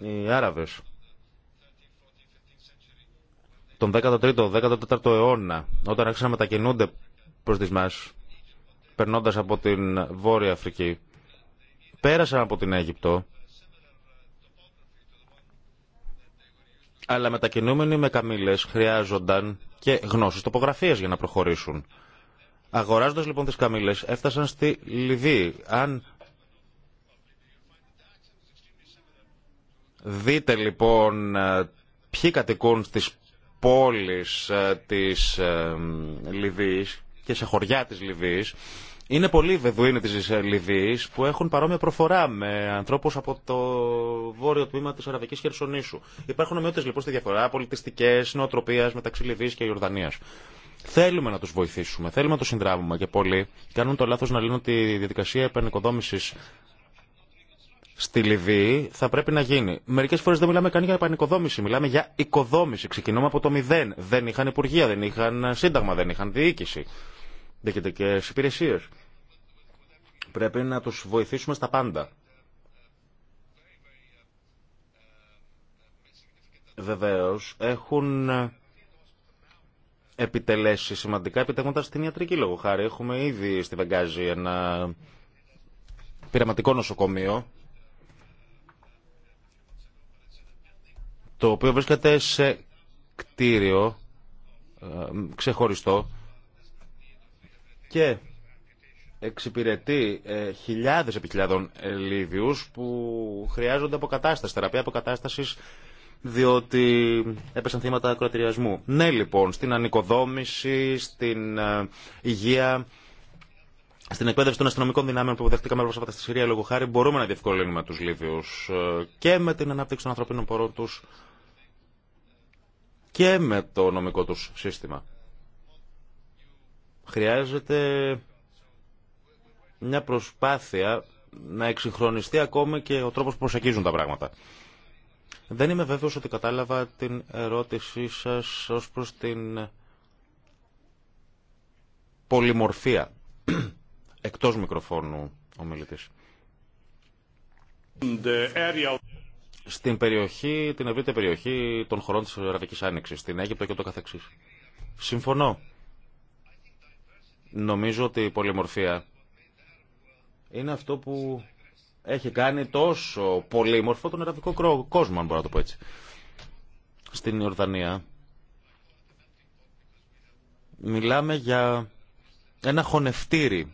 οι Άραβες τον 13ο-14ο αιώνα όταν άρχισαν να μετακινούνται προς τις μας περνώντας από την Βόρεια Αφρική πέρασαν από την Αίγυπτο αλλά μετακινούμενοι με καμήλες χρειάζονταν και γνώσεις τοπογραφίας για να προχωρήσουν. Αγοράζοντας λοιπόν τις καμήλες έφτασαν στη Λιβύη. Αν Δείτε λοιπόν ε, ποιοι κατοικούν στις πόλεις ε, της ε, Λιβύης και σε χωριά της Λιβύης. Είναι πολλοί Βεδουίνοι της Λιβύης που έχουν παρόμοια προφορά με ανθρώπους από το βόρειο τμήμα της Αραβικής Χερσονήσου. Υπάρχουν ομοιότητες λοιπόν στη διαφορά πολιτιστικές, νοοτροπίας μεταξύ Λιβύης και Ιορδανίας. Θέλουμε να του βοηθήσουμε, θέλουμε να του συνδράμουμε και πολλοί κάνουν το λάθο να λένε τη διαδικασία επανοικοδόμηση στη Λιβύη θα πρέπει να γίνει. Μερικέ φορέ δεν μιλάμε καν για επανοικοδόμηση, μιλάμε για οικοδόμηση. Ξεκινούμε από το μηδέν. Δεν είχαν υπουργεία, δεν είχαν σύνταγμα, δεν είχαν διοίκηση, και υπηρεσίε. Πρέπει να του βοηθήσουμε στα πάντα. Βεβαίω, έχουν επιτελέσει σημαντικά επιτεύγματα στην ιατρική λόγω χάρη. Έχουμε ήδη στη Βεγγάζη ένα πειραματικό νοσοκομείο το οποίο βρίσκεται σε κτίριο ε, ξεχωριστό και εξυπηρετεί ε, χιλιάδες επί χιλιάδων Λίβιους που χρειάζονται αποκατάσταση, θεραπεία αποκατάστασης διότι έπεσαν θύματα ακροτηριασμού. Ναι λοιπόν, στην ανοικοδόμηση, στην ε, υγεία, στην εκπαίδευση των αστυνομικών δυνάμεων που δεχτήκαμε από στη Συρία λόγω χάρη μπορούμε να διευκολύνουμε τους Λίβιους ε, και με την ανάπτυξη των ανθρωπίνων πόρων τους και με το νομικό τους σύστημα. Χρειάζεται μια προσπάθεια να εξυγχρονιστεί ακόμη και ο τρόπος που προσεγγίζουν τα πράγματα. Δεν είμαι βέβαιος ότι κατάλαβα την ερώτησή σας ως προς την πολυμορφία εκτός μικροφώνου ομιλητής στην περιοχή, την ευρύτερη περιοχή των χωρών της Αραβικής Άνοιξης, στην Αίγυπτο και το καθεξής. Συμφωνώ. Νομίζω ότι η πολυμορφία είναι αυτό που έχει κάνει τόσο πολύμορφο τον αραβικό κόσμο, αν μπορώ να το πω έτσι. Στην Ιορδανία μιλάμε για ένα χωνευτήρι,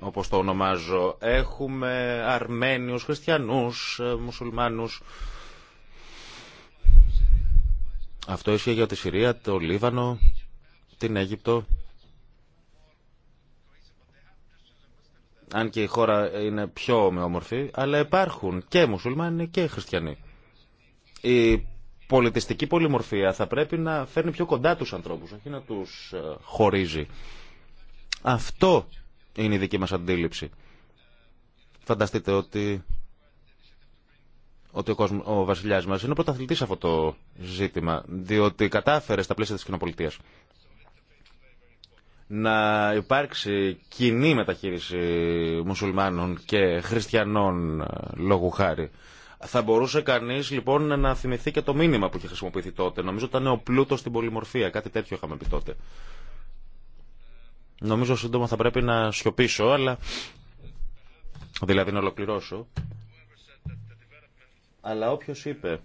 όπως το ονομάζω. Έχουμε Αρμένιους, Χριστιανούς, ε, Μουσουλμάνους. Αυτό ισχύει για τη Συρία, το Λίβανο, την Αίγυπτο. Αν και η χώρα είναι πιο ομοιόμορφη, αλλά υπάρχουν και μουσουλμάνοι και χριστιανοί. Η πολιτιστική πολυμορφία θα πρέπει να φέρνει πιο κοντά τους ανθρώπους, όχι να τους ε, χωρίζει. Αυτό είναι η δική μας αντίληψη. Φανταστείτε ότι, ότι ο, κόσμος, ο βασιλιάς μας είναι ο πρωταθλητής αυτό το ζήτημα, διότι κατάφερε στα πλαίσια της κοινοπολιτείας να υπάρξει κοινή μεταχείριση μουσουλμάνων και χριστιανών ε, λόγου χάρη. Θα μπορούσε κανεί λοιπόν να θυμηθεί και το μήνυμα που είχε χρησιμοποιηθεί τότε. Νομίζω ήταν ο πλούτο στην πολυμορφία. Κάτι τέτοιο είχαμε πει τότε. Νομίζω σύντομα θα πρέπει να σιωπήσω, αλλά δηλαδή να ολοκληρώσω. Αλλά όποιο είπε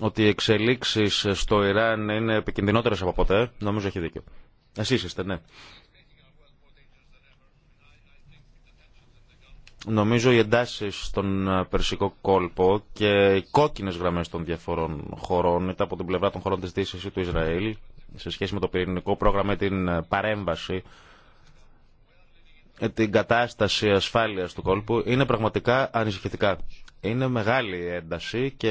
ότι οι εξελίξεις στο Ιράν είναι επικινδυνότερε από ποτέ, νομίζω έχει δίκιο. Εσείς είστε, ναι. Νομίζω οι εντάσεις στον Περσικό κόλπο και οι κόκκινες γραμμές των διαφορών χωρών, είτε από την πλευρά των χωρών τη Δύση ή του Ισραήλ, σε σχέση με το πυρηνικό πρόγραμμα την ε, παρέμβαση ε, την κατάσταση ασφάλειας του κόλπου είναι πραγματικά ανησυχητικά. Είναι μεγάλη η ένταση και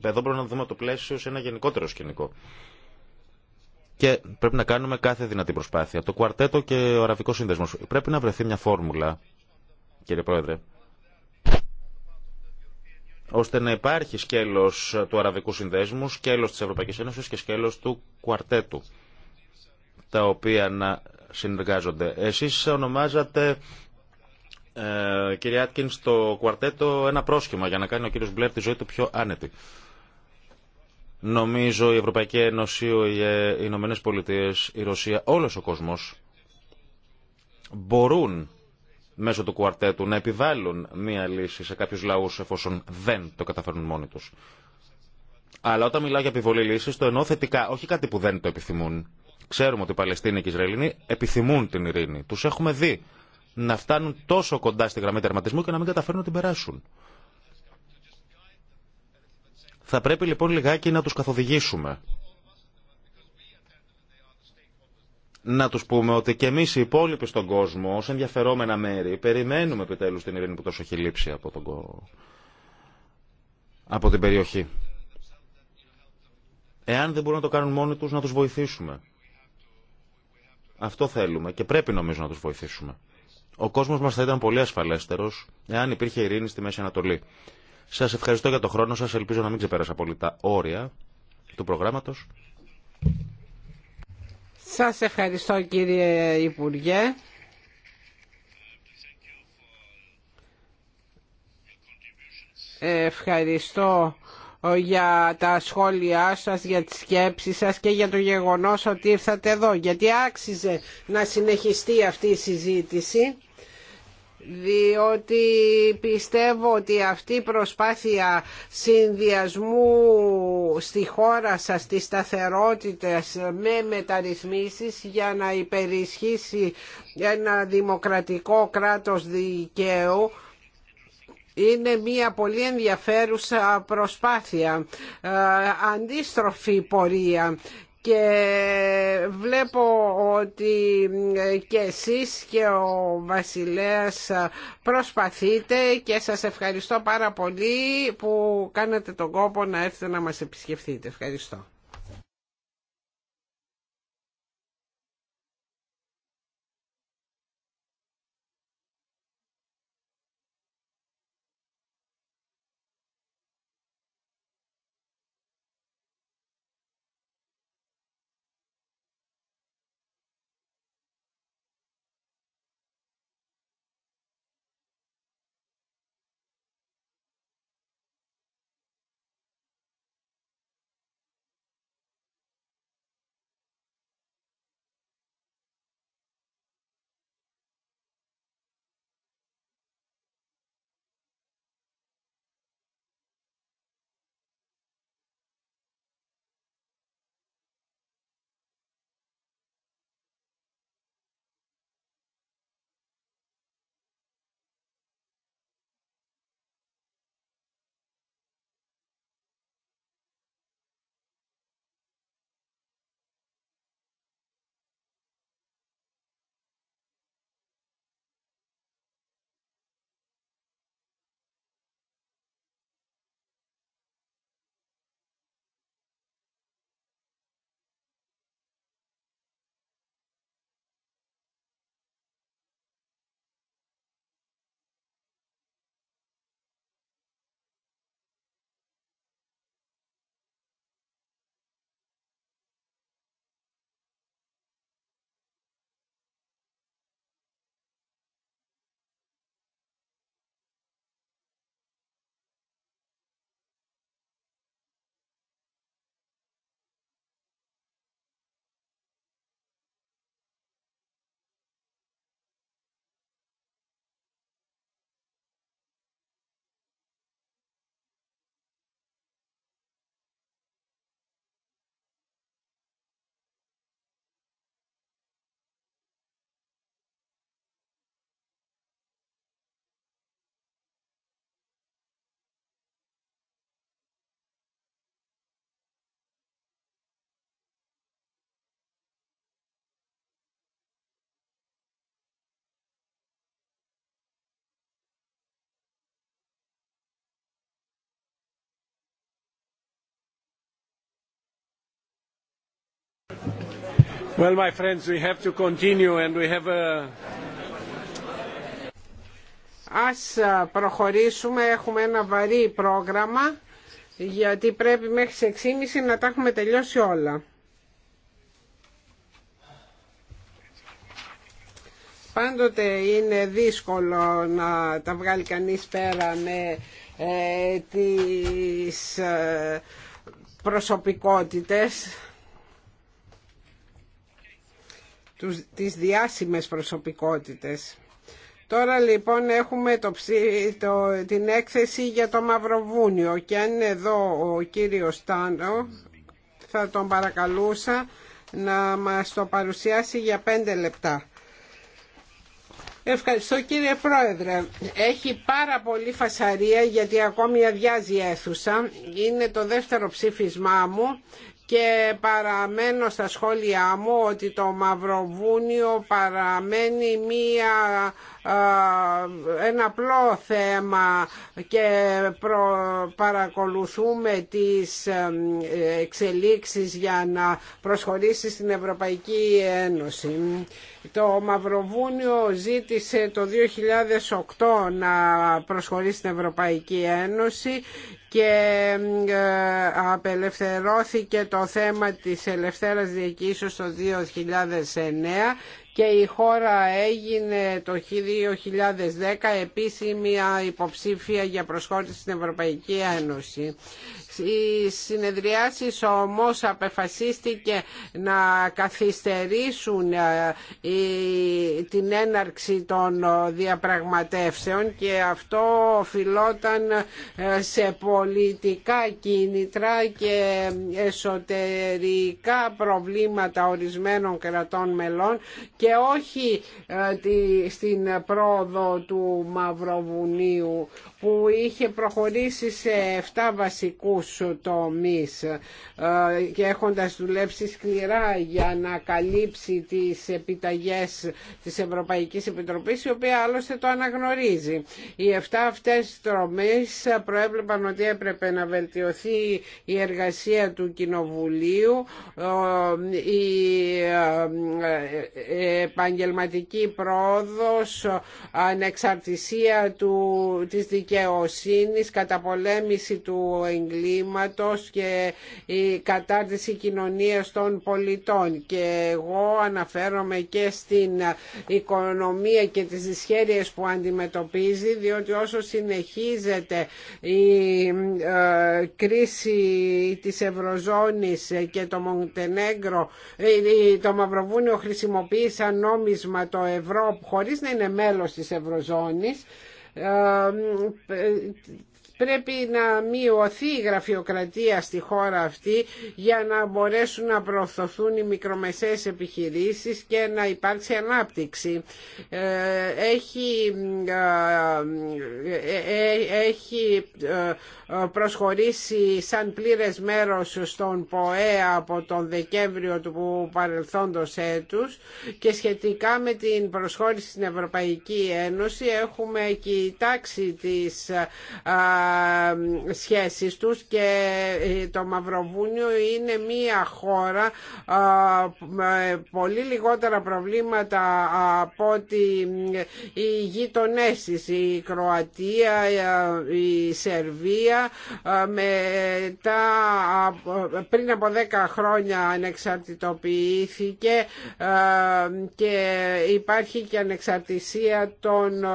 εδώ μπορούμε να δούμε το πλαίσιο σε ένα γενικότερο σκηνικό. Και πρέπει να κάνουμε κάθε δυνατή προσπάθεια. Το κουαρτέτο και ο Αραβικός Σύνδεσμος. Πρέπει να βρεθεί μια φόρμουλα, κύριε Πρόεδρε, ώστε να υπάρχει σκέλος του Αραβικού Συνδέσμου, σκέλος της Ευρωπαϊκής Ένωσης και σκέλος του Κουαρτέτου, τα οποία να συνεργάζονται. Εσείς ονομάζατε, ε, κύριε στο Κουαρτέτο ένα πρόσχημα για να κάνει ο κύριος Μπλερ τη ζωή του πιο άνετη. Νομίζω η Ευρωπαϊκή Ένωση, οι Ηνωμένε Πολιτείε, η Ρωσία, όλος ο κόσμος μπορούν μέσω του κουαρτέτου να επιβάλλουν μία λύση σε κάποιου λαού εφόσον δεν το καταφέρνουν μόνοι τους. Αλλά όταν μιλάω για επιβολή λύση, το εννοώ θετικά, όχι κάτι που δεν το επιθυμούν. Ξέρουμε ότι οι Παλαιστίνοι και οι Ισραηλοί επιθυμούν την ειρήνη. Του έχουμε δει να φτάνουν τόσο κοντά στη γραμμή τερματισμού και να μην καταφέρουν να την περάσουν. Θα πρέπει λοιπόν λιγάκι να του καθοδηγήσουμε να τους πούμε ότι και εμείς οι υπόλοιποι στον κόσμο, ως ενδιαφερόμενα μέρη, περιμένουμε επιτέλου την ειρήνη που τόσο έχει λείψει από, τον... από την περιοχή. Εάν δεν μπορούν να το κάνουν μόνοι τους, να τους βοηθήσουμε. Αυτό θέλουμε και πρέπει νομίζω να τους βοηθήσουμε. Ο κόσμος μας θα ήταν πολύ ασφαλέστερος εάν υπήρχε ειρήνη στη Μέση Ανατολή. Σας ευχαριστώ για το χρόνο σας, ελπίζω να μην ξεπέρασα πολύ τα όρια του προγράμματος. Σας ευχαριστώ κύριε Υπουργέ. Ευχαριστώ ε, για τα σχόλιά σας, για τις σκέψεις σας και για το γεγονός ότι ήρθατε εδώ, γιατί άξιζε να συνεχιστεί αυτή η συζήτηση διότι πιστεύω ότι αυτή η προσπάθεια συνδυασμού στη χώρα σας της σταθερότητας με μεταρρυθμίσεις για να υπερισχύσει ένα δημοκρατικό κράτος δικαίου είναι μια πολύ ενδιαφέρουσα προσπάθεια, ε, αντίστροφη πορεία και βλέπω ότι και εσείς και ο Βασιλέας προσπαθείτε και σας ευχαριστώ πάρα πολύ που κάνετε τον κόπο να έρθετε να μας επισκεφθείτε. Ευχαριστώ. Well, my friends, we have to continue and we have a... Ας προχωρήσουμε, έχουμε ένα βαρύ πρόγραμμα γιατί πρέπει μέχρι τις 6.30 να τα έχουμε τελειώσει όλα. Πάντοτε είναι δύσκολο να τα βγάλει κανείς πέρα με ε, τις ε, προσωπικότητες τους, τις διάσημες προσωπικότητες. Τώρα λοιπόν έχουμε το, την έκθεση για το Μαυροβούνιο και αν είναι εδώ ο κύριος Τάνο θα τον παρακαλούσα να μας το παρουσιάσει για πέντε λεπτά. Ευχαριστώ κύριε Πρόεδρε. Έχει πάρα πολύ φασαρία γιατί ακόμη αδειάζει η αίθουσα. Είναι το δεύτερο ψήφισμά μου και παραμένω στα σχόλιά μου ότι το Μαυροβούνιο παραμένει μία, ένα απλό θέμα και παρακολουθούμε τις ε, εξελίξεις για να προσχωρήσει στην Ευρωπαϊκή Ένωση. Το Μαυροβούνιο ζήτησε το 2008 να προσχωρήσει στην Ευρωπαϊκή Ένωση και ε, απελευθερώθηκε το θέμα της ελευθέρας διοικήσεως το 2009 και η χώρα έγινε το 2010 επίσημη υποψήφια για προσχώρηση στην Ευρωπαϊκή Ένωση. Οι συνεδριάσει όμως απεφασίστηκε να καθυστερήσουν ε, την έναρξη των ε, διαπραγματεύσεων και αυτό οφειλόταν ε, σε πολιτικά κίνητρα και εσωτερικά προβλήματα ορισμένων κρατών μελών και όχι στην πρόοδο του Μαυροβουνίου που είχε προχωρήσει σε 7 βασικούς τομείς ε, και έχοντας δουλέψει σκληρά για να καλύψει τις επιταγές της Ευρωπαϊκής Επιτροπής η οποία άλλωστε το αναγνωρίζει. Οι 7 αυτές τομείς προέβλεπαν ότι έπρεπε να βελτιωθεί η εργασία του Κοινοβουλίου, ε, η ε, επαγγελματική πρόοδος, ανεξαρτησία του, της δικαιοσύνης Κατα καταπολέμηση του εγκλήματος και η κατάρτιση κοινωνίας των πολιτών. Και εγώ αναφέρομαι και στην οικονομία και τις δυσχέρειες που αντιμετωπίζει, διότι όσο συνεχίζεται η ε, κρίση της Ευρωζώνης και το Μοντενέγκρο, ε, το Μαυροβούνιο χρησιμοποίησαν νόμισμα το ευρώ χωρίς να είναι μέλος της Ευρωζώνης ε, ε Πρέπει να μειωθεί η γραφειοκρατία στη χώρα αυτή για να μπορέσουν να προωθωθούν οι μικρομεσαίες επιχειρήσεις και να υπάρξει ανάπτυξη. Ε, έχει, ε, ε, έχει προσχωρήσει σαν πλήρες μέρος στον ΠΟΕ από τον Δεκέμβριο του παρελθόντος έτους και σχετικά με την προσχώρηση στην Ευρωπαϊκή Ένωση έχουμε κοιτάξει τις σχέσεις τους και ε, το Μαυροβούνιο είναι μία χώρα με πολύ λιγότερα προβλήματα από ότι ε, οι γειτονές η Κροατία, ε, η Σερβία μετά πριν από 10 χρόνια ανεξαρτητοποιήθηκε και υπάρχει και ανεξαρτησία των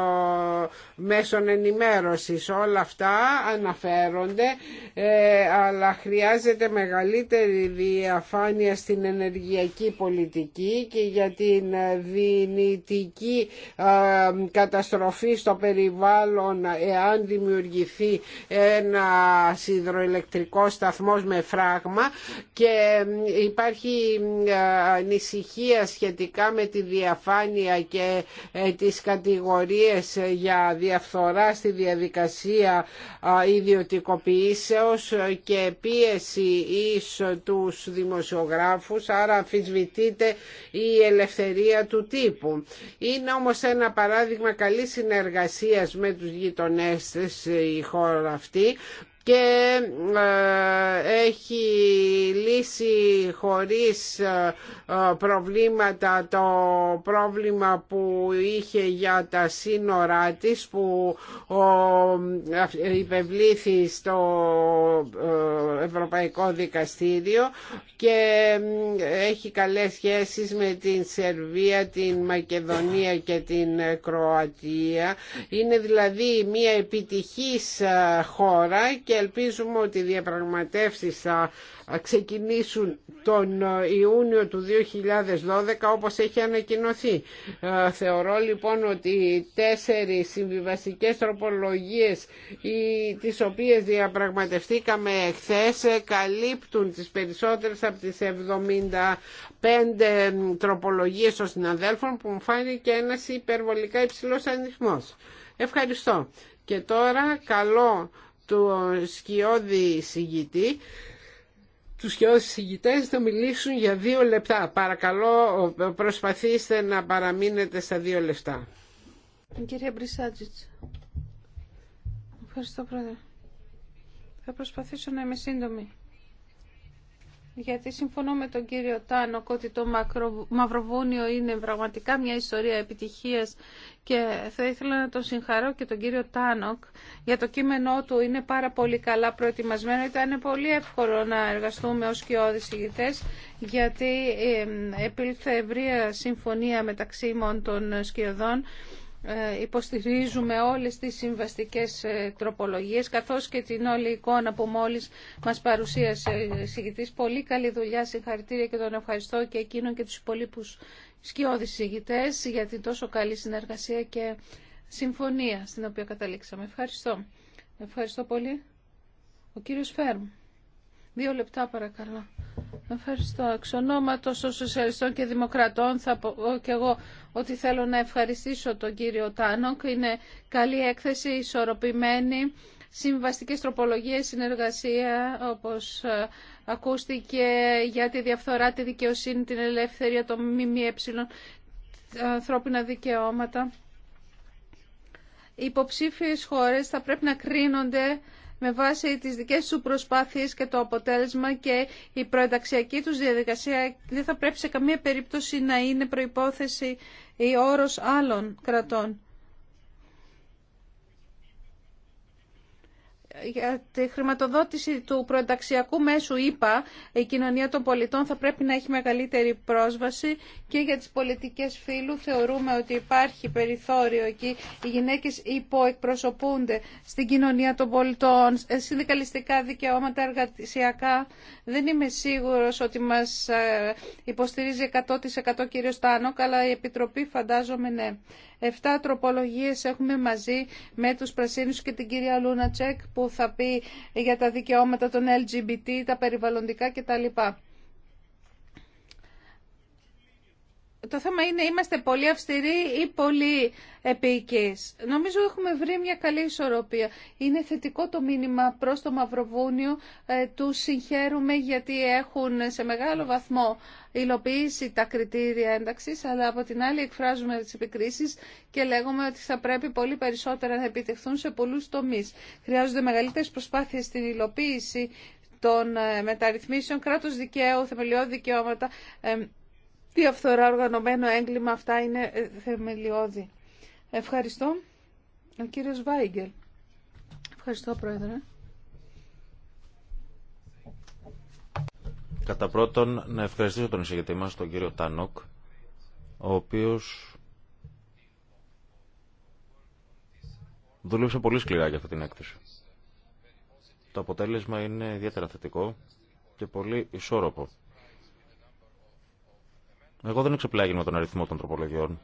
μέσων ενημέρωσης όλα αυτά αναφέρονται ε, αλλά χρειάζεται μεγαλύτερη διαφάνεια στην ενεργειακή πολιτική και για την δυνητική ε, καταστροφή στο περιβάλλον εάν δημιουργηθεί ένα σιδροελεκτρικό σταθμός με φράγμα και υπάρχει ε, ανησυχία σχετικά με τη διαφάνεια και τις κατηγορίες για διαφθορά στη διαδικασία ιδιωτικοποιήσεως και πίεση εις τους δημοσιογράφους, άρα αφισβητείται η ελευθερία του τύπου. Είναι όμως ένα παράδειγμα καλής συνεργασίας με τους γειτονές της ε, η χώρα αυτή και ε, έχει λύσει χωρίς ε, ε, προβλήματα το πρόβλημα που είχε για τα σύνορά της που υπευλήθη στο Ευρωπαϊκό Δικαστήριο και έχει καλές σχέσεις με την Σερβία, την Μακεδονία και την Κροατία. Είναι δηλαδή μια επιτυχής χώρα και Ελπίζουμε ότι οι διαπραγματεύσεις θα ξεκινήσουν τον Ιούνιο του 2012 όπως έχει ανακοινωθεί. Ε, θεωρώ λοιπόν ότι οι τέσσερις συμβιβαστικές τροπολογίες τις οποίες διαπραγματευτήκαμε χθε καλύπτουν τις περισσότερες από τις 75 τροπολογίες των συναδέλφων που μου φάνηκε ένας υπερβολικά υψηλός αριθμός. Ευχαριστώ. Και τώρα καλό του σκιώδη συγητή τους και συγητές θα μιλήσουν για δύο λεπτά. Παρακαλώ προσπαθήστε να παραμείνετε στα δύο λεπτά. Κύριε Μπρισάτζιτς, ευχαριστώ πρόεδρε. Θα προσπαθήσω να είμαι σύντομη γιατί συμφωνώ με τον κύριο Τάνοκ ότι το Μαυροβούνιο είναι πραγματικά μια ιστορία επιτυχίας και θα ήθελα να τον συγχαρώ και τον κύριο Τάνοκ για το κείμενό του είναι πάρα πολύ καλά προετοιμασμένο. Ήταν πολύ εύκολο να εργαστούμε ως και ηγητές γιατί επήλθε ευρεία συμφωνία μεταξύ των σκιωδών ε, υποστηρίζουμε όλες τις συμβαστικές ε, τροπολογίες καθώς και την όλη εικόνα που μόλις μας παρουσίασε συγητής. Πολύ καλή δουλειά, συγχαρητήρια και τον ευχαριστώ και εκείνον και τους υπολείπους σκιώδης συγητές για την τόσο καλή συνεργασία και συμφωνία στην οποία καταλήξαμε. Ευχαριστώ. Ευχαριστώ πολύ. Ο κύριος Φέρμ. Δύο λεπτά παρακαλώ. Ευχαριστώ. Εξ των Σοσιαλιστών και Δημοκρατών θα πω και εγώ ότι θέλω να ευχαριστήσω τον κύριο Τάνοκ. Είναι καλή έκθεση, ισορροπημένη, συμβαστικές τροπολογίες, συνεργασία, όπως ε, ακούστηκε για τη διαφθορά, τη δικαιοσύνη, την ελευθερία των ΜΜΕ, τα ανθρώπινα δικαιώματα. Οι υποψήφιες χώρες θα πρέπει να κρίνονται με βάση τις δικές σου προσπάθειες και το αποτέλεσμα και η προενταξιακή τους διαδικασία δεν θα πρέπει σε καμία περίπτωση να είναι προϋπόθεση ή όρος άλλων κρατών. για τη χρηματοδότηση του προενταξιακού μέσου ΙΠΑ η κοινωνία των πολιτών θα πρέπει να έχει μεγαλύτερη πρόσβαση και για τις πολιτικές φύλου θεωρούμε ότι υπάρχει περιθώριο εκεί. Οι γυναίκες υποεκπροσωπούνται στην κοινωνία των πολιτών, συνδικαλιστικά δικαιώματα, εργασιακά. Δεν είμαι σίγουρος ότι μας ε, υποστηρίζει 100% κύριο Στάνοκ, αλλά η Επιτροπή φαντάζομαι ναι. Εφτά τροπολογίες έχουμε μαζί με τους Πρασίνους και την κυρία Λούνα Τσεκ που θα πει για τα δικαιώματα των LGBT, τα περιβαλλοντικά κτλ. το θέμα είναι είμαστε πολύ αυστηροί ή πολύ επίκης. Νομίζω έχουμε βρει μια καλή ισορροπία. Είναι θετικό το μήνυμα προς το Μαυροβούνιο. Ε, του συγχαίρουμε γιατί έχουν σε μεγάλο βαθμό υλοποιήσει τα κριτήρια ένταξης, αλλά από την άλλη εκφράζουμε τις επικρίσεις και λέγουμε ότι θα πρέπει πολύ περισσότερα να επιτευχθούν σε πολλούς τομείς. Χρειάζονται μεγαλύτερες προσπάθειες στην υλοποίηση των ε, μεταρρυθμίσεων, κράτος δικαίου, θεμελιώδη δικαιώματα, ε, αυθορά οργανωμένο έγκλημα, αυτά είναι ε, θεμελιώδη. Ευχαριστώ. Ο κύριος Βάιγκελ. Ευχαριστώ, Πρόεδρε. Κατά πρώτον, να ευχαριστήσω τον εισηγητή μας, τον κύριο Τάνοκ, ο οποίος δούλεψε πολύ σκληρά για αυτή την έκθεση. Το αποτέλεσμα είναι ιδιαίτερα θετικό και πολύ ισόρροπο. Εγώ δεν εξεπλάγει με τον αριθμό των τροπολογιών.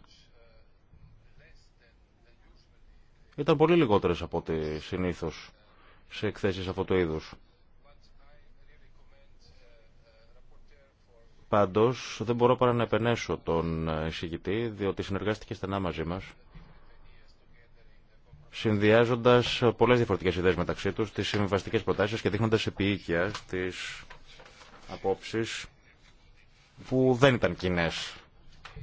Ήταν πολύ λιγότερες από ό,τι συνήθως σε εκθέσεις αυτού του είδους. Πάντως δεν μπορώ παρά να επενέσω τον εισηγητή, διότι συνεργάστηκε στενά μαζί μας, συνδυάζοντας πολλές διαφορετικές ιδέες μεταξύ τους, τις συμβαστικές προτάσεις και δείχνοντας επίοικια τις απόψεις που δεν ήταν κοινέ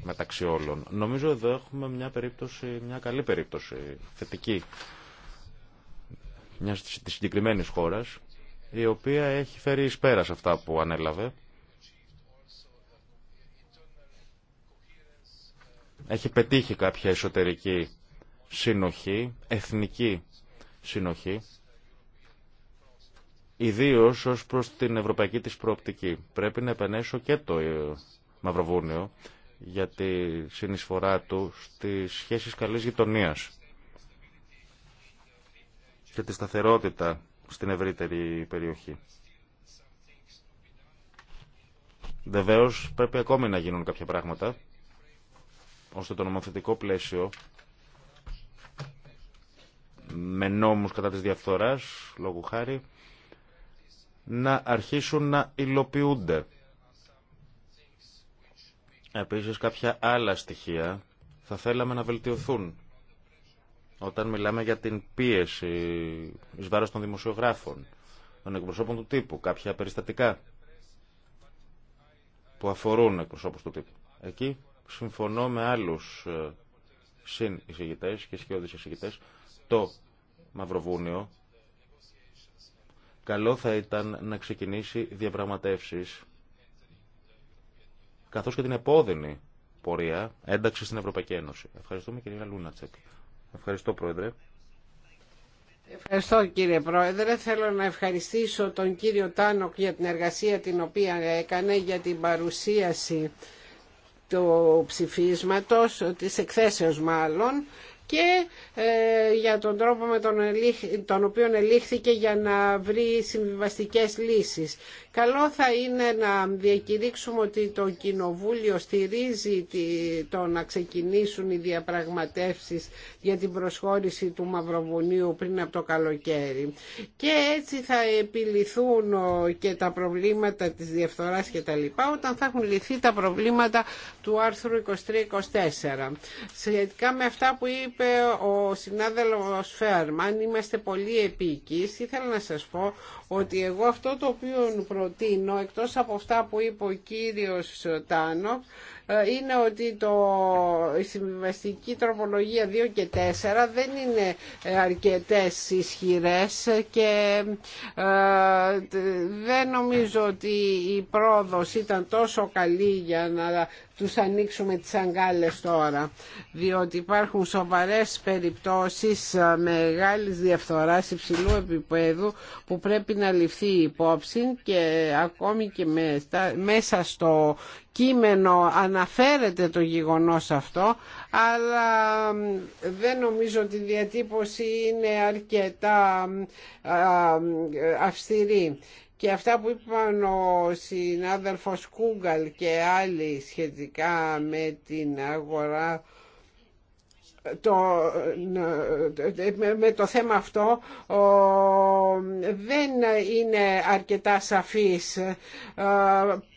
μεταξύ όλων. Νομίζω εδώ έχουμε μια περίπτωση, μια καλή περίπτωση, θετική, μια της συγκεκριμένη χώρας, η οποία έχει φέρει εις σε αυτά που ανέλαβε. Έχει πετύχει κάποια εσωτερική συνοχή, εθνική συνοχή, ιδίω ω προ την ευρωπαϊκή τη προοπτική. Πρέπει να επενέσω και το ε, Μαυροβούνιο για τη συνεισφορά του στι σχέσει καλή γειτονία και τη σταθερότητα στην ευρύτερη περιοχή. Βεβαίω πρέπει ακόμη να γίνουν κάποια πράγματα ώστε το νομοθετικό πλαίσιο με νόμους κατά της διαφθοράς, λόγου χάρη, να αρχίσουν να υλοποιούνται. Επίσης κάποια άλλα στοιχεία θα θέλαμε να βελτιωθούν. Όταν μιλάμε για την πίεση εις βάρος των δημοσιογράφων, των εκπροσώπων του τύπου, κάποια περιστατικά που αφορούν εκπροσώπους του τύπου. Εκεί συμφωνώ με άλλους ε, συν εισηγητές και σχεδόν εισηγητές. Το Μαυροβούνιο καλό θα ήταν να ξεκινήσει διαπραγματεύσεις καθώς και την επόδυνη πορεία ένταξη στην Ευρωπαϊκή Ένωση. Ευχαριστούμε κυρία Λούνατσεκ. Ευχαριστώ Πρόεδρε. Ευχαριστώ κύριε Πρόεδρε. Θέλω να ευχαριστήσω τον κύριο Τάνοκ για την εργασία την οποία έκανε για την παρουσίαση του ψηφίσματος, της εκθέσεως μάλλον και ε, για τον τρόπο με τον, οποίο ελήχθηκε για να βρει συμβιβαστικές λύσεις. Καλό θα είναι να διακηρύξουμε ότι το Κοινοβούλιο στηρίζει το να ξεκινήσουν οι διαπραγματεύσεις για την προσχώρηση του Μαυροβουνίου πριν από το καλοκαίρι. Και έτσι θα επιληθούν και τα προβλήματα της διαφθοράς και τα λοιπά όταν θα έχουν λυθεί τα προβλήματα του άρθρου 23-24. Σχετικά με αυτά που είπε ο συνάδελφος Φέρμαν, είμαστε πολύ επίκης, ήθελα να σας πω ότι εγώ αυτό το οποίο προτείνω, εκτός από αυτά που είπε ο κύριος Τάνο, είναι ότι το, η συμβιβαστική τροπολογία 2 και 4 δεν είναι αρκετές ισχυρές και ε, δεν νομίζω ότι η πρόοδος ήταν τόσο καλή για να τους ανοίξουμε τις αγκάλες τώρα διότι υπάρχουν σοβαρές περιπτώσεις ε, μεγάλης διαφθοράς υψηλού επίπεδου που πρέπει να ληφθεί υπόψη και ακόμη και μέσα στο κείμενο αναφέρεται το γεγονός αυτό αλλά δεν νομίζω ότι η διατύπωση είναι αρκετά αυστηρή και αυτά που είπαν ο συνάδελφος Κούγκαλ και άλλοι σχετικά με την αγορά το, με το θέμα αυτό δεν είναι αρκετά σαφής. Ε,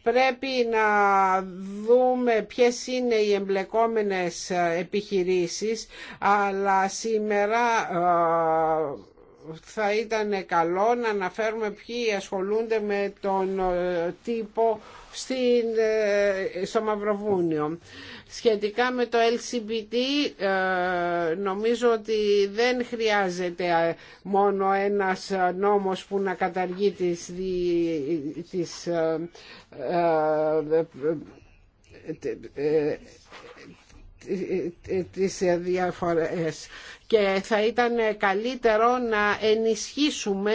πρέπει να δούμε ποιες είναι οι εμπλεκόμενες επιχειρήσεις, αλλά σήμερα ε, θα ήταν καλό να αναφέρουμε ποιοι ασχολούνται με τον ε, τύπο στην, στο Μαυροβούνιο. Σχετικά με το LCBT ε, νομίζω ότι δεν χρειάζεται ε, μόνο ένας ε, νόμος που να καταργεί τις, τις διαφορές και θα ήταν καλύτερο να ενισχύσουμε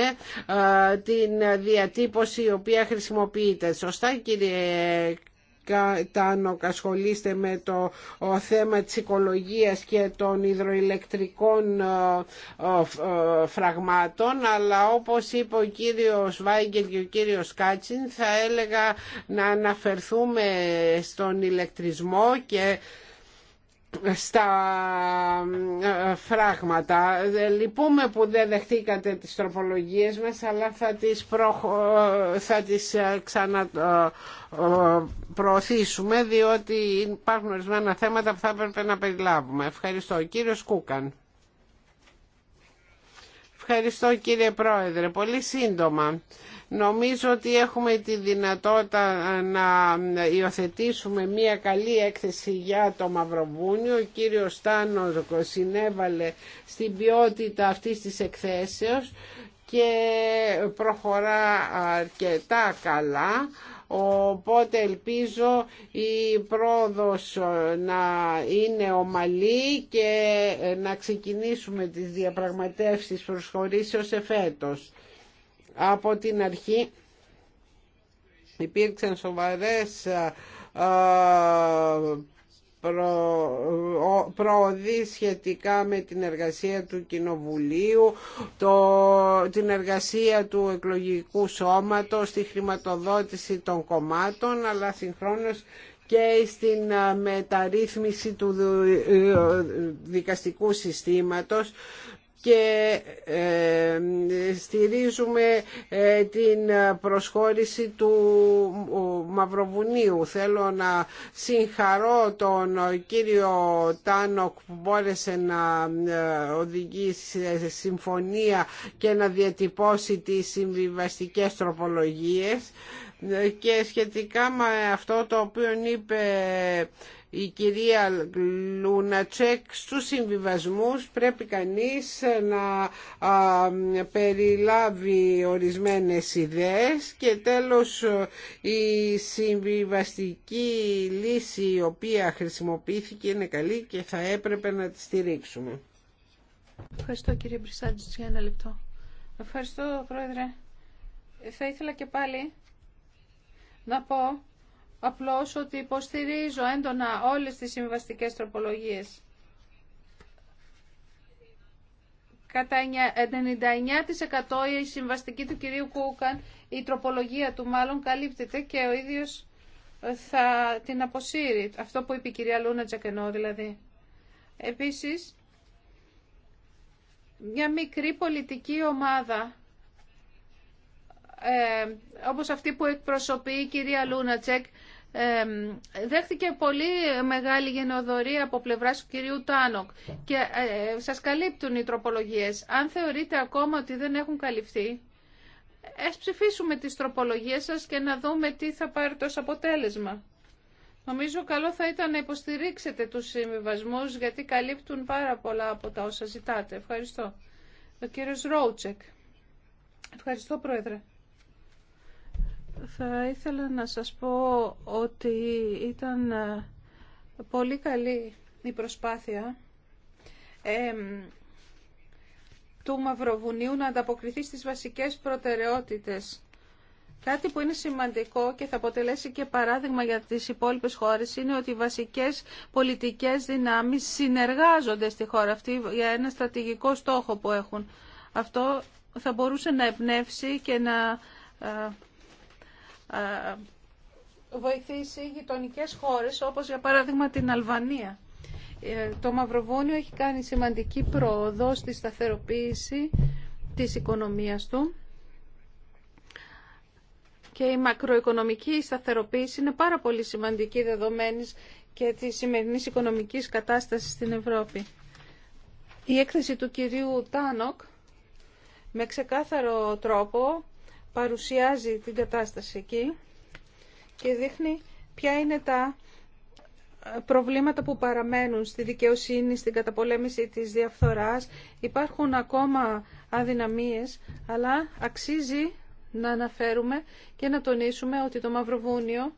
την διατύπωση η οποία χρησιμοποιείται. Σωστά κύριε Κατανοκασχολείστε ασχολείστε με το θέμα της οικολογίας και των υδροηλεκτρικών ε, ε, ε, φραγμάτων αλλά όπως είπε ο κύριος Βάγκελ και ο κύριος Κάτσιν θα έλεγα να αναφερθούμε στον ηλεκτρισμό και στα ε, φράγματα. Ε, λυπούμε που δεν δεχτήκατε τις τροπολογίες μας, αλλά θα τις, προ... Ε, θα τις ξαναπροωθήσουμε, διότι υπάρχουν ορισμένα θέματα που θα έπρεπε να περιλάβουμε. Ευχαριστώ. κύριος Κούκαν. Ευχαριστώ κύριε Πρόεδρε. Πολύ σύντομα. Νομίζω ότι έχουμε τη δυνατότητα να υιοθετήσουμε μια καλή έκθεση για το Μαυροβούνιο. Ο κύριος Στάνος συνέβαλε στην ποιότητα αυτής της εκθέσεως και προχωρά αρκετά καλά. Οπότε ελπίζω η πρόοδος να είναι ομαλή και να ξεκινήσουμε τις διαπραγματεύσεις προσχωρήσεως εφέτος. Από την αρχή υπήρξαν σοβαρές προ, προοδεί σχετικά με την εργασία του Κοινοβουλίου, το, την εργασία του εκλογικού σώματος, τη χρηματοδότηση των κομμάτων, αλλά συγχρόνως και στην μεταρρύθμιση του ε, δικαστικού συστήματος και ε, στηρίζουμε ε, την προσχώρηση του Μαυροβουνίου. Θέλω να συγχαρώ τον κύριο Τάνοκ που μπόρεσε να ε, οδηγήσει συμφωνία και να διατυπώσει τις συμβιβαστικές τροπολογίες και σχετικά με αυτό το οποίο είπε η κυρία Λούνατσεκ στους συμβιβασμούς πρέπει κανείς να περιλάβει ορισμένες ιδέες και τέλος η συμβιβαστική λύση η οποία χρησιμοποιήθηκε είναι καλή και θα έπρεπε να τη στηρίξουμε. Ευχαριστώ κύριε Μπρισάντζης για ένα λεπτό. Ευχαριστώ πρόεδρε. Θα ήθελα και πάλι να πω απλώς ότι υποστηρίζω έντονα όλες τις συμβαστικές τροπολογίες. Κατά 99% η συμβαστική του κυρίου Κούκαν, η τροπολογία του μάλλον καλύπτεται και ο ίδιος θα την αποσύρει. Αυτό που είπε η κυρία Λούνα Τζακενό δηλαδή. Επίσης, μια μικρή πολιτική ομάδα ε, όπως αυτή που εκπροσωπεί η κυρία Λούνατσεκ δέχτηκε πολύ μεγάλη γενοδορία από πλευράς του κυρίου Τάνοκ και ε, ε, σας καλύπτουν οι τροπολογίες. Αν θεωρείτε ακόμα ότι δεν έχουν καλυφθεί, ας ψηφίσουμε τις τροπολογίες σας και να δούμε τι θα πάρει το αποτέλεσμα. Νομίζω καλό θα ήταν να υποστηρίξετε τους συμβιβασμού γιατί καλύπτουν πάρα πολλά από τα όσα ζητάτε. Ευχαριστώ. Ο κύριος Ρόουτσεκ. Ευχαριστώ, Πρόεδρε. Θα ήθελα να σας πω ότι ήταν ε, πολύ καλή η προσπάθεια του Μαυροβουνίου να ανταποκριθεί στις βασικές προτεραιότητες. Κάτι που είναι σημαντικό και θα αποτελέσει και παράδειγμα για τις υπόλοιπες χώρες είναι ότι οι βασικές πολιτικές δυνάμεις συνεργάζονται στη χώρα αυτή για ένα στρατηγικό στόχο που έχουν. Αυτό θα μπορούσε να εμπνεύσει και να ε, ε, βοηθήσει γειτονικέ χώρες όπως για παράδειγμα την Αλβανία. Ε, το Μαυροβόνιο έχει κάνει σημαντική πρόοδο στη σταθεροποίηση της οικονομίας του και η μακροοικονομική σταθεροποίηση είναι πάρα πολύ σημαντική δεδομένης και της σημερινής οικονομικής κατάσταση στην Ευρώπη. Η έκθεση του κυρίου Τάνοκ με ξεκάθαρο τρόπο παρουσιάζει την κατάσταση εκεί και δείχνει ποια είναι τα προβλήματα που παραμένουν στη δικαιοσύνη, στην καταπολέμηση της διαφθοράς. Υπάρχουν ακόμα αδυναμίες, αλλά αξίζει να αναφέρουμε και να τονίσουμε ότι το Μαυροβούνιο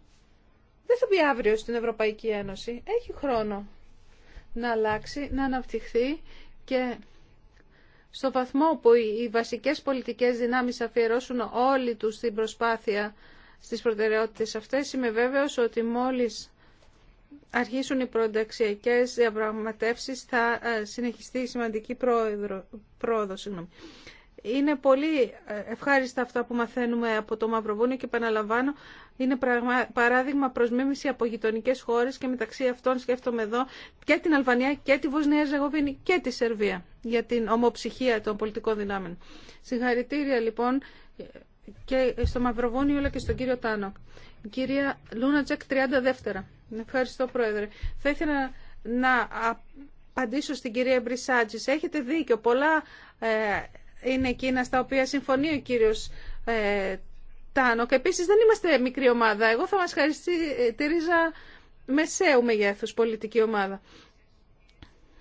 δεν θα μπει αύριο στην Ευρωπαϊκή Ένωση. Έχει χρόνο να αλλάξει, να αναπτυχθεί και στο βαθμό που οι βασικές πολιτικές δυνάμεις αφιερώσουν όλοι τους την προσπάθεια στις προτεραιότητες αυτές, είμαι βέβαιος ότι μόλις αρχίσουν οι προενταξιακές διαπραγματεύσεις θα ε, συνεχιστεί η σημαντική πρόοδο. πρόοδο είναι πολύ ευχάριστα αυτά που μαθαίνουμε από το Μαυροβούνιο και επαναλαμβάνω, είναι παράδειγμα προς μίμηση από γειτονικέ χώρες και μεταξύ αυτών σκέφτομαι εδώ και την Αλβανία και τη Βοσνία Ζεγοβίνη και τη Σερβία για την ομοψυχία των πολιτικών δυνάμεων. Συγχαρητήρια λοιπόν και στο Μαυροβούνιο αλλά και στον κύριο Τάνοκ. Κυρία Λούνατζεκ, 30 δεύτερα. Ευχαριστώ Πρόεδρε. Θα ήθελα να απαντήσω στην κυρία Μπρισάτζης. Έχετε δίκιο. Πολλά ε, είναι εκείνα στα οποία συμφωνεί ο κύριος ε, Τάνο. Και επίσης δεν είμαστε μικρή ομάδα. Εγώ θα μας χαριστεί ε, τη ρίζα μεσαίου μεγέθους πολιτική ομάδα.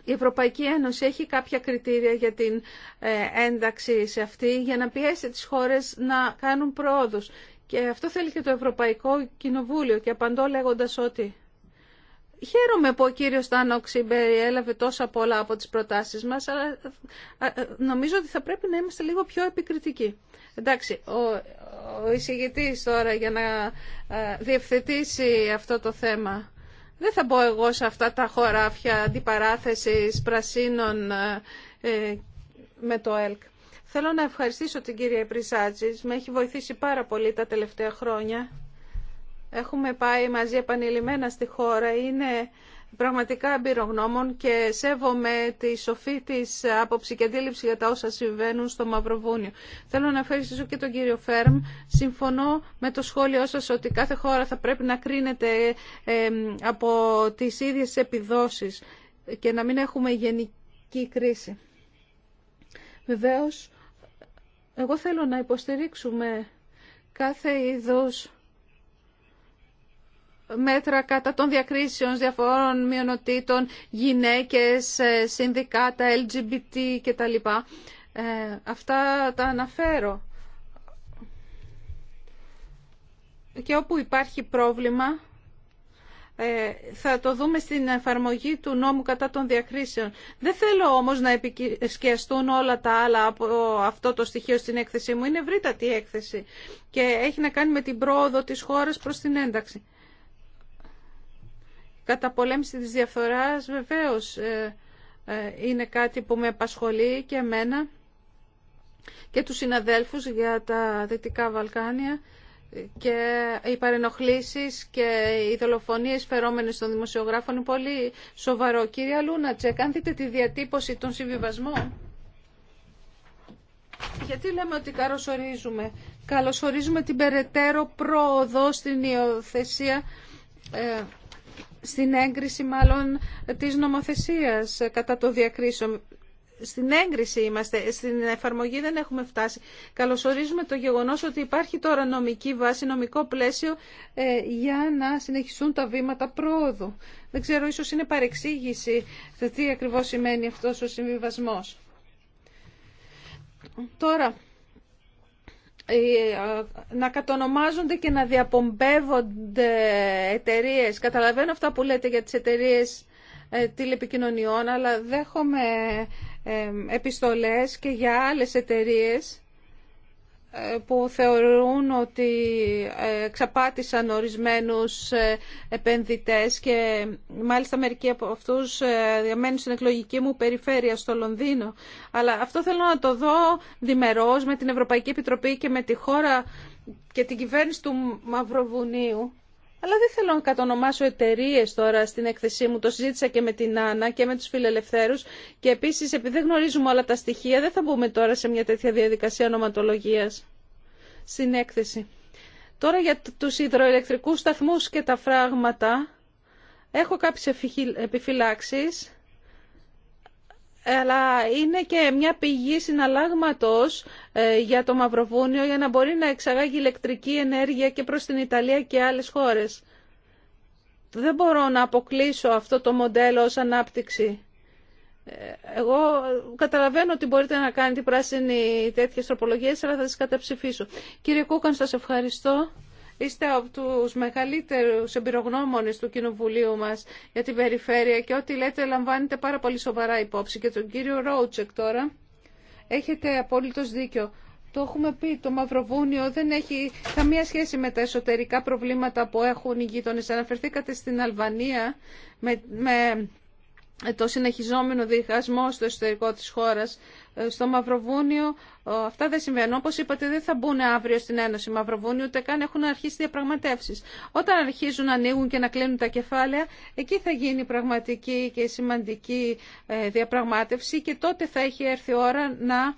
Η Ευρωπαϊκή Ένωση έχει κάποια κριτήρια για την ε, ένταξη σε αυτή για να πιέσει τις χώρες να κάνουν πρόοδους. Και αυτό θέλει και το Ευρωπαϊκό Κοινοβούλιο και απαντώ λέγοντας ότι Χαίρομαι που ο κύριος Τάνοξη έλαβε τόσα πολλά από τις προτάσεις μας, αλλά νομίζω ότι θα πρέπει να είμαστε λίγο πιο επικριτικοί. Εντάξει, ο, ο εισηγητής τώρα για να διευθετήσει αυτό το θέμα. Δεν θα μπω εγώ σε αυτά τα χωράφια αντιπαράθεσης πρασίνων ε, με το ΕΛΚ. Θέλω να ευχαριστήσω την κυρία Πρισάτζης. Με έχει βοηθήσει πάρα πολύ τα τελευταία χρόνια Έχουμε πάει μαζί επανειλημμένα στη χώρα. Είναι πραγματικά εμπειρογνώμων και σέβομαι τη σοφή της άποψη και αντίληψη για τα όσα συμβαίνουν στο Μαυροβούνιο. Θέλω να ευχαριστήσω και τον κύριο Φέρμ. Συμφωνώ με το σχόλιο σας ότι κάθε χώρα θα πρέπει να κρίνεται από τις ίδιες επιδόσεις και να μην έχουμε γενική κρίση. Βεβαίως, εγώ θέλω να υποστηρίξουμε κάθε είδος μέτρα κατά των διακρίσεων διαφορών μειονοτήτων, γυναίκες, ε, συνδικάτα, LGBT κτλ. Ε, αυτά τα αναφέρω. Και όπου υπάρχει πρόβλημα, ε, θα το δούμε στην εφαρμογή του νόμου κατά των διακρίσεων. Δεν θέλω όμως να επισκιαστούν όλα τα άλλα από αυτό το στοιχείο στην έκθεσή μου. Είναι ευρύτατη η έκθεση και έχει να κάνει με την πρόοδο της χώρας προς την ένταξη καταπολέμηση της διαφθοράς βεβαίως ε, ε, είναι κάτι που με απασχολεί και εμένα και τους συναδέλφους για τα Δυτικά Βαλκάνια και οι παρενοχλήσεις και οι δολοφονίες φερόμενες των δημοσιογράφων είναι πολύ σοβαρό. Κύριε Λούνατσεκ, αν τη διατύπωση των συμβιβασμών, γιατί λέμε ότι καλωσορίζουμε. Καλωσορίζουμε την περαιτέρω πρόοδο στην υιοθεσία ε, στην έγκριση μάλλον της νομοθεσίας κατά το διακρίσιο. Στην έγκριση είμαστε, στην εφαρμογή δεν έχουμε φτάσει. Καλωσορίζουμε το γεγονός ότι υπάρχει τώρα νομική βάση, νομικό πλαίσιο ε, για να συνεχιστούν τα βήματα πρόοδου. Δεν ξέρω, ίσως είναι παρεξήγηση τι ακριβώς σημαίνει αυτός ο συμβιβασμός. Τώρα, ε, να κατονομάζονται και να διαπομπεύονται εταιρείε. Καταλαβαίνω αυτά που λέτε για τις εταιρείε ε, τηλεπικοινωνιών, αλλά δέχομαι ε, επιστολές και για άλλες εταιρείες που θεωρούν ότι ε, ξαπάτησαν ορισμένους ε, επενδυτές και μάλιστα μερικοί από αυτούς ε, διαμένουν στην εκλογική μου περιφέρεια στο Λονδίνο. Αλλά αυτό θέλω να το δω διμερώς με την Ευρωπαϊκή Επιτροπή και με τη χώρα και την κυβέρνηση του Μαυροβουνίου αλλά δεν θέλω να κατονομάσω εταιρείε τώρα στην έκθεσή μου. Το συζήτησα και με την Άννα και με του φιλελευθέρου. Και επίση, επειδή δεν γνωρίζουμε όλα τα στοιχεία, δεν θα μπούμε τώρα σε μια τέτοια διαδικασία ονοματολογία στην έκθεση. Τώρα για τους υδροελεκτρικούς σταθμούς και τα φράγματα έχω κάποιες επιφυλάξεις αλλά είναι και μια πηγή συναλλάγματος ε, για το Μαυροβούνιο για να μπορεί να εξαγάγει ηλεκτρική ενέργεια και προς την Ιταλία και άλλες χώρες. Δεν μπορώ να αποκλείσω αυτό το μοντέλο ως ανάπτυξη. Ε, εγώ καταλαβαίνω ότι μπορείτε να κάνετε πράσινη τέτοιες τροπολογίες, αλλά θα τις καταψηφίσω. Κύριε Κούκαν, σας ευχαριστώ. Είστε από τους μεγαλύτερους εμπειρογνώμονες του Κοινοβουλίου μας για την περιφέρεια και ό,τι λέτε λαμβάνετε πάρα πολύ σοβαρά υπόψη. Και τον κύριο Ρότσεκ τώρα έχετε απόλυτος δίκιο. Το έχουμε πει, το Μαυροβούνιο δεν έχει καμία σχέση με τα εσωτερικά προβλήματα που έχουν οι γείτονες. Αναφερθήκατε στην Αλβανία με, με το συνεχιζόμενο διχασμό στο εσωτερικό της χώρας, ε, στο Μαυροβούνιο. Ε, αυτά δεν συμβαίνουν. Όπως είπατε, δεν θα μπουν αύριο στην Ένωση Μαυροβούνιο, ούτε καν έχουν αρχίσει διαπραγματεύσεις. Όταν αρχίζουν να ανοίγουν και να κλείνουν τα κεφάλαια, εκεί θα γίνει πραγματική και σημαντική ε, διαπραγμάτευση και τότε θα έχει έρθει ώρα να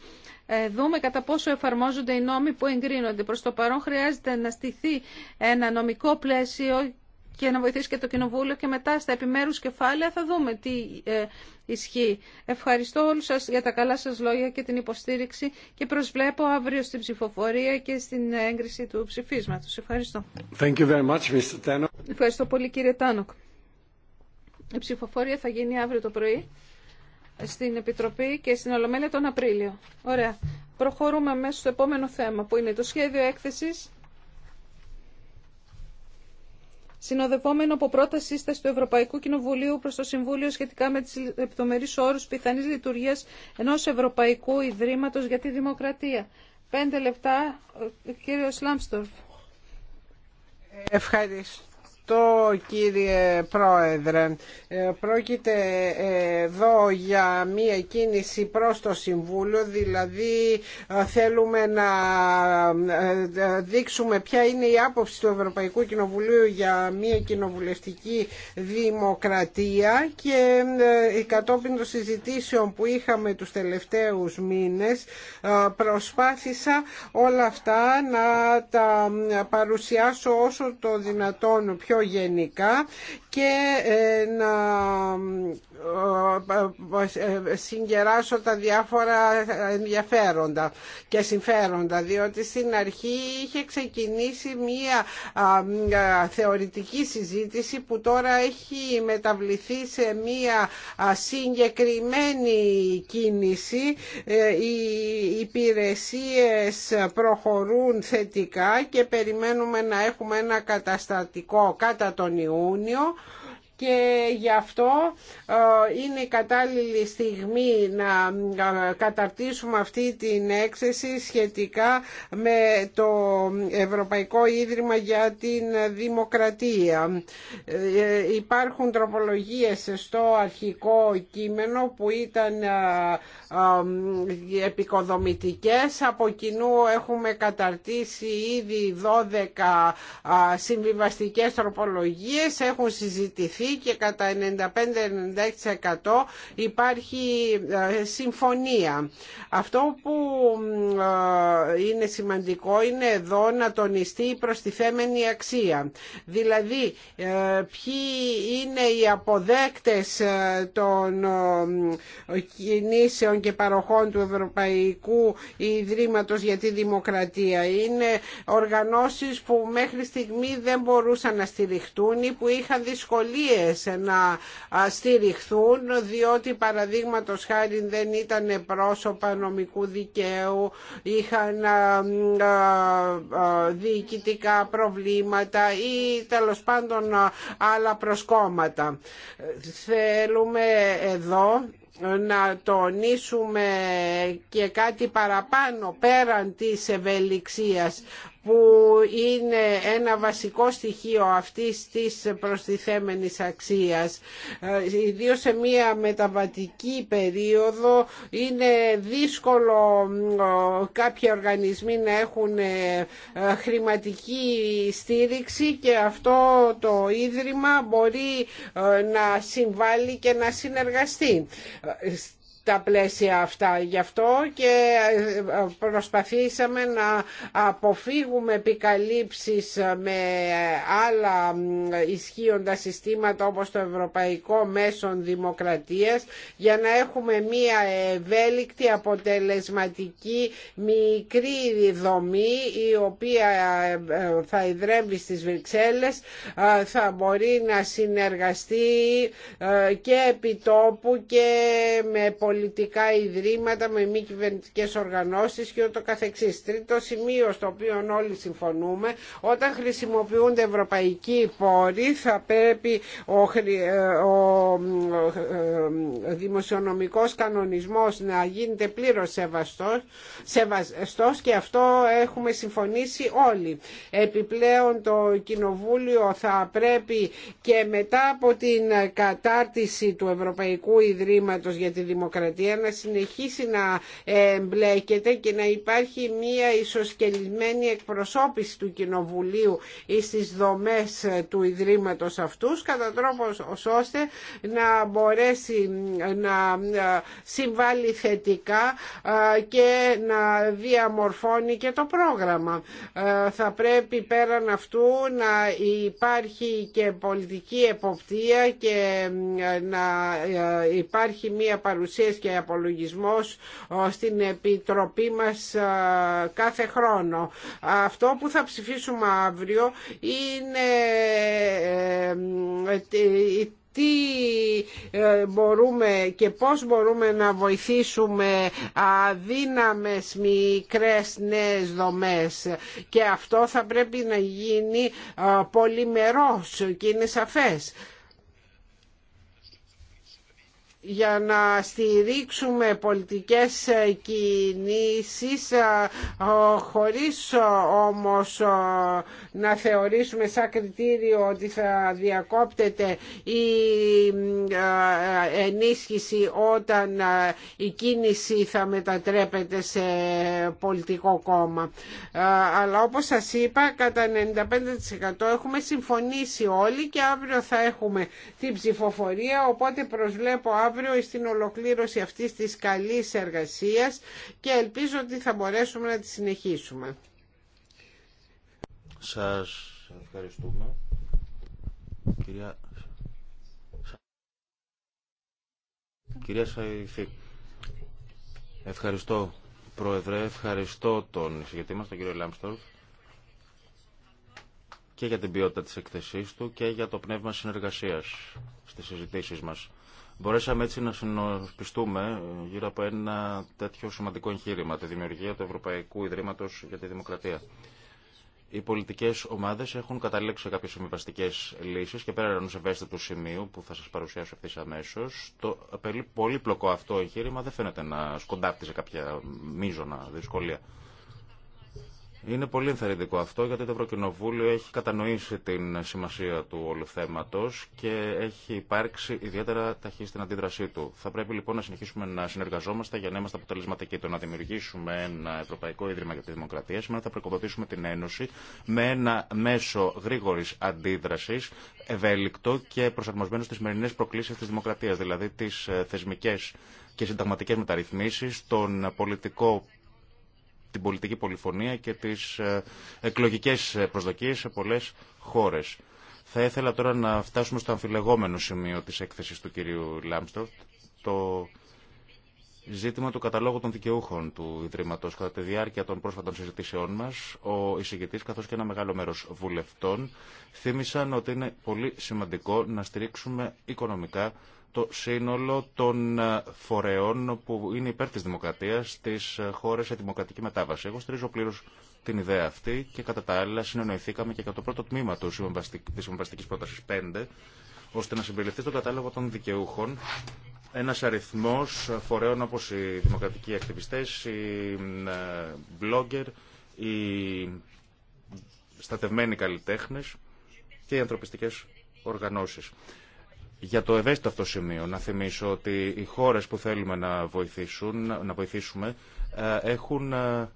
δούμε κατά πόσο εφαρμόζονται οι νόμοι που εγκρίνονται. Προς το παρόν χρειάζεται να στηθεί ένα νομικό πλαίσιο και να βοηθήσει και το Κοινοβούλιο και μετά στα επιμέρους κεφάλαια θα δούμε τι ε, ισχύει. Ευχαριστώ όλους σας για τα καλά σας λόγια και την υποστήριξη και προσβλέπω αύριο στην ψηφοφορία και στην έγκριση του ψηφίσματος. Ευχαριστώ. Thank you very much, Mr. Tano. Ευχαριστώ πολύ κύριε Τάνοκ. Η ψηφοφορία θα γίνει αύριο το πρωί στην Επιτροπή και στην Ολομέλεια τον Απρίλιο. Ωραία. Προχωρούμε αμέσως στο επόμενο θέμα που είναι το σχέδιο έκθεσης συνοδευόμενο από πρόταση σύσταση του Ευρωπαϊκού Κοινοβουλίου προς το Συμβούλιο σχετικά με τις λεπτομερείς όρους πιθανής λειτουργίας ενός Ευρωπαϊκού Ιδρύματος για τη Δημοκρατία. Πέντε λεπτά, κύριο Λάμπστορφ. Ευχαριστώ. Το κύριε Πρόεδρε. Ε, πρόκειται ε, εδώ για μία κίνηση προς το Συμβούλιο, δηλαδή ε, θέλουμε να δείξουμε ποια είναι η άποψη του Ευρωπαϊκού Κοινοβουλίου για μία κοινοβουλευτική δημοκρατία και κατόπιν των συζητήσεων που είχαμε τους τελευταίους μήνες προσπάθησα όλα αυτά να τα παρουσιάσω όσο το δυνατόν πιο πιο γενικά και ε, να συγκεράσω τα διάφορα ενδιαφέροντα και συμφέροντα διότι στην αρχή είχε ξεκινήσει μία θεωρητική συζήτηση που τώρα έχει μεταβληθεί σε μία συγκεκριμένη κίνηση ε, οι υπηρεσίες προχωρούν θετικά και περιμένουμε να έχουμε ένα καταστατικό κατά τον Ιούνιο και γι' αυτό ε, είναι η κατάλληλη στιγμή να ε, καταρτήσουμε αυτή την έκθεση σχετικά με το Ευρωπαϊκό Ίδρυμα για την Δημοκρατία. Ε, υπάρχουν τροπολογίες στο αρχικό κείμενο που ήταν επικοδομητικές. Από κοινού έχουμε καταρτήσει ήδη 12 συμβιβαστικές τροπολογίες, έχουν συζητηθεί και κατά 95-96% υπάρχει συμφωνία. Αυτό που είναι σημαντικό είναι εδώ να τονιστεί η προστιθέμενη αξία. Δηλαδή, ε, ποιοι είναι οι αποδέκτες ε, των κινήσεων και παροχών του Ευρωπαϊκού Ιδρύματος για τη Δημοκρατία. Είναι οργανώσεις που μέχρι στιγμή δεν μπορούσαν να στηριχτούν ή που είχαν δυσκολίες να στηριχθούν διότι παραδείγματο χάρη δεν ήταν πρόσωπα νομικού δικαίου, είχαν διοικητικά προβλήματα ή τέλος πάντων άλλα προσκόμματα. Θέλουμε εδώ να τονίσουμε και κάτι παραπάνω πέραν της ευελιξίας που είναι ένα βασικό στοιχείο αυτής της προστιθέμενης αξίας. Ε, ιδίως σε μία μεταβατική περίοδο είναι δύσκολο κάποιοι οργανισμοί να έχουν ε, ε, χρηματική στήριξη και αυτό το Ίδρυμα μπορεί να συμβάλλει και να συνεργαστεί τα πλαίσια αυτά. Γι' αυτό και ε, προσπαθήσαμε να αποφύγουμε επικαλύψεις με άλλα ισχύοντα συστήματα όπως το Ευρωπαϊκό Μέσον Δημοκρατίας για να έχουμε μία ευέλικτη αποτελεσματική μικρή δομή η οποία ε, ε, θα ιδρεύει στις Βρυξέλλες θα μπορεί να συνεργαστεί και επί τόπου και με πολιτικά ιδρύματα, με μη κυβερνητικέ οργανώσεις και ούτω καθεξής. Τρίτο σημείο στο οποίο όλοι συμφωνούμε, όταν χρησιμοποιούνται ευρωπαϊκοί πόροι θα πρέπει ο, ε, ε, ε, δημοσιονομικός κανονισμός να γίνεται πλήρως σεβαστός, σεβαστός και αυτό έχουμε συμφωνήσει όλοι. Επιπλέον το Κοινοβούλιο θα πρέπει και μετά από την κατάρτιση του Ευρωπαϊκού Ιδρύματος για τη Δημοκρατία Δημοκρατία να συνεχίσει να εμπλέκεται και να υπάρχει μία ισοσκελισμένη εκπροσώπηση του Κοινοβουλίου στις δομές του Ιδρύματος αυτούς κατά τρόπο ώστε να μπορέσει να συμβάλλει θετικά και να διαμορφώνει και το πρόγραμμα. Θα πρέπει πέραν αυτού να υπάρχει και πολιτική εποπτεία και να ε, υπάρχει μία παρουσία και Απολογισμός στην Επιτροπή μας κάθε χρόνο. Αυτό που θα ψηφίσουμε αύριο είναι ε, τι ε, μπορούμε και πώς μπορούμε να βοηθήσουμε αδύναμες μικρές νέες δομές και αυτό θα πρέπει να γίνει πολυμερός και είναι σαφές για να στηρίξουμε πολιτικές κινήσεις χωρίς όμως να θεωρήσουμε σαν κριτήριο ότι θα διακόπτεται η ενίσχυση όταν η κίνηση θα μετατρέπεται σε πολιτικό κόμμα. Αλλά όπως σας είπα κατά 95% έχουμε συμφωνήσει όλοι και αύριο θα έχουμε την ψηφοφορία οπότε προσβλέπω αύριο αύριο στην ολοκλήρωση αυτής της καλής εργασίας και ελπίζω ότι θα μπορέσουμε να τη συνεχίσουμε. Σας ευχαριστούμε. Κυρία, Κυρία Σαϊφή, ευχαριστώ Πρόεδρε, ευχαριστώ τον εισηγητή μας, τον κύριο Λάμπστορφ και για την ποιότητα της εκθεσής του και για το πνεύμα συνεργασίας στις συζητήσεις μας. Μπορέσαμε έτσι να συνοσπιστούμε γύρω από ένα τέτοιο σημαντικό εγχείρημα, τη δημιουργία του Ευρωπαϊκού Ιδρύματος για τη Δημοκρατία. Οι πολιτικές ομάδες έχουν καταλήξει κάποιε συμβιβαστικέ λύσει και πέραν ενό ευαίσθητου σημείου που θα σας παρουσιάσω ευθύ αμέσω. το πολύπλοκο αυτό εγχείρημα δεν φαίνεται να σκοντάπτει σε κάποια μείζωνα δυσκολία. Είναι πολύ ενθαρρυντικό αυτό γιατί το Ευρωκοινοβούλιο έχει κατανοήσει την σημασία του όλου θέματο και έχει υπάρξει ιδιαίτερα ταχύ στην αντίδρασή του. Θα πρέπει λοιπόν να συνεχίσουμε να συνεργαζόμαστε για να είμαστε αποτελεσματικοί. Το να δημιουργήσουμε ένα Ευρωπαϊκό Ίδρυμα για τη Δημοκρατία σήμερα θα προκοδοτήσουμε την Ένωση με ένα μέσο γρήγορη αντίδραση, ευέλικτο και προσαρμοσμένο στι σημερινέ προκλήσει τη δημοκρατία, δηλαδή τι ε, θεσμικέ και συνταγματικέ μεταρρυθμίσει, τον πολιτικό την πολιτική πολυφωνία και τις ε, εκλογικές προσδοκίες σε πολλές χώρες. Θα ήθελα τώρα να φτάσουμε στο αμφιλεγόμενο σημείο της έκθεσης του κυρίου Λάμστορτ, Ζήτημα του καταλόγου των δικαιούχων του Ιδρύματο. Κατά τη διάρκεια των πρόσφατων συζητήσεών μα, ο εισηγητή καθώ και ένα μεγάλο μέρο βουλευτών θύμισαν ότι είναι πολύ σημαντικό να στηρίξουμε οικονομικά το σύνολο των ε, φορεών που είναι υπέρ τη δημοκρατία στι ε, χώρε σε δημοκρατική μετάβαση. Εγώ στηρίζω πλήρω την ιδέα αυτή και κατά τα άλλα συνεννοηθήκαμε και κατά το πρώτο τμήμα τη συμβαστική πρόταση 5 ώστε να συμπεριληφθεί στον κατάλογο των δικαιούχων ένας αριθμός φορέων όπως οι δημοκρατικοί ακτιβιστές, οι ε, blogger, οι στατευμένοι καλλιτέχνες και οι ανθρωπιστικές οργανώσεις. Για το ευαίσθητο αυτό σημείο, να θυμίσω ότι οι χώρες που θέλουμε να, βοηθήσουν, να βοηθήσουμε ε, έχουν ε,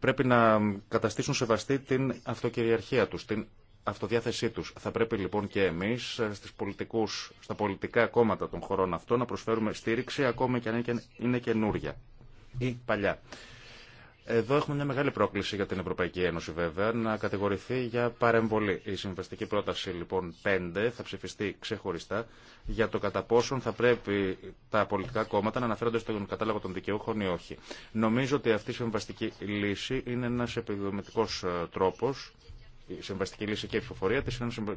πρέπει να καταστήσουν σεβαστή την αυτοκυριαρχία τους, την αυτοδιάθεσή τους. Θα πρέπει λοιπόν και εμείς ε, στις πολιτικούς, στα πολιτικά κόμματα των χωρών αυτών να προσφέρουμε στήριξη ακόμα και αν είναι καινούρια ή παλιά. Εδώ έχουμε μια μεγάλη πρόκληση για την Ευρωπαϊκή Ένωση βέβαια να κατηγορηθεί για παρεμβολή. Η συμβαστική πρόταση λοιπόν 5 θα ψηφιστεί ξεχωριστά για το κατά πόσον θα πρέπει τα πολιτικά κόμματα να αναφέρονται στον κατάλογο των δικαιούχων ή όχι. Νομίζω ότι αυτή η συμβαστική λύση είναι ένας επιδομητικός ε, τρόπος συμβαστική λύση και η ψηφοφορία τη είναι ένα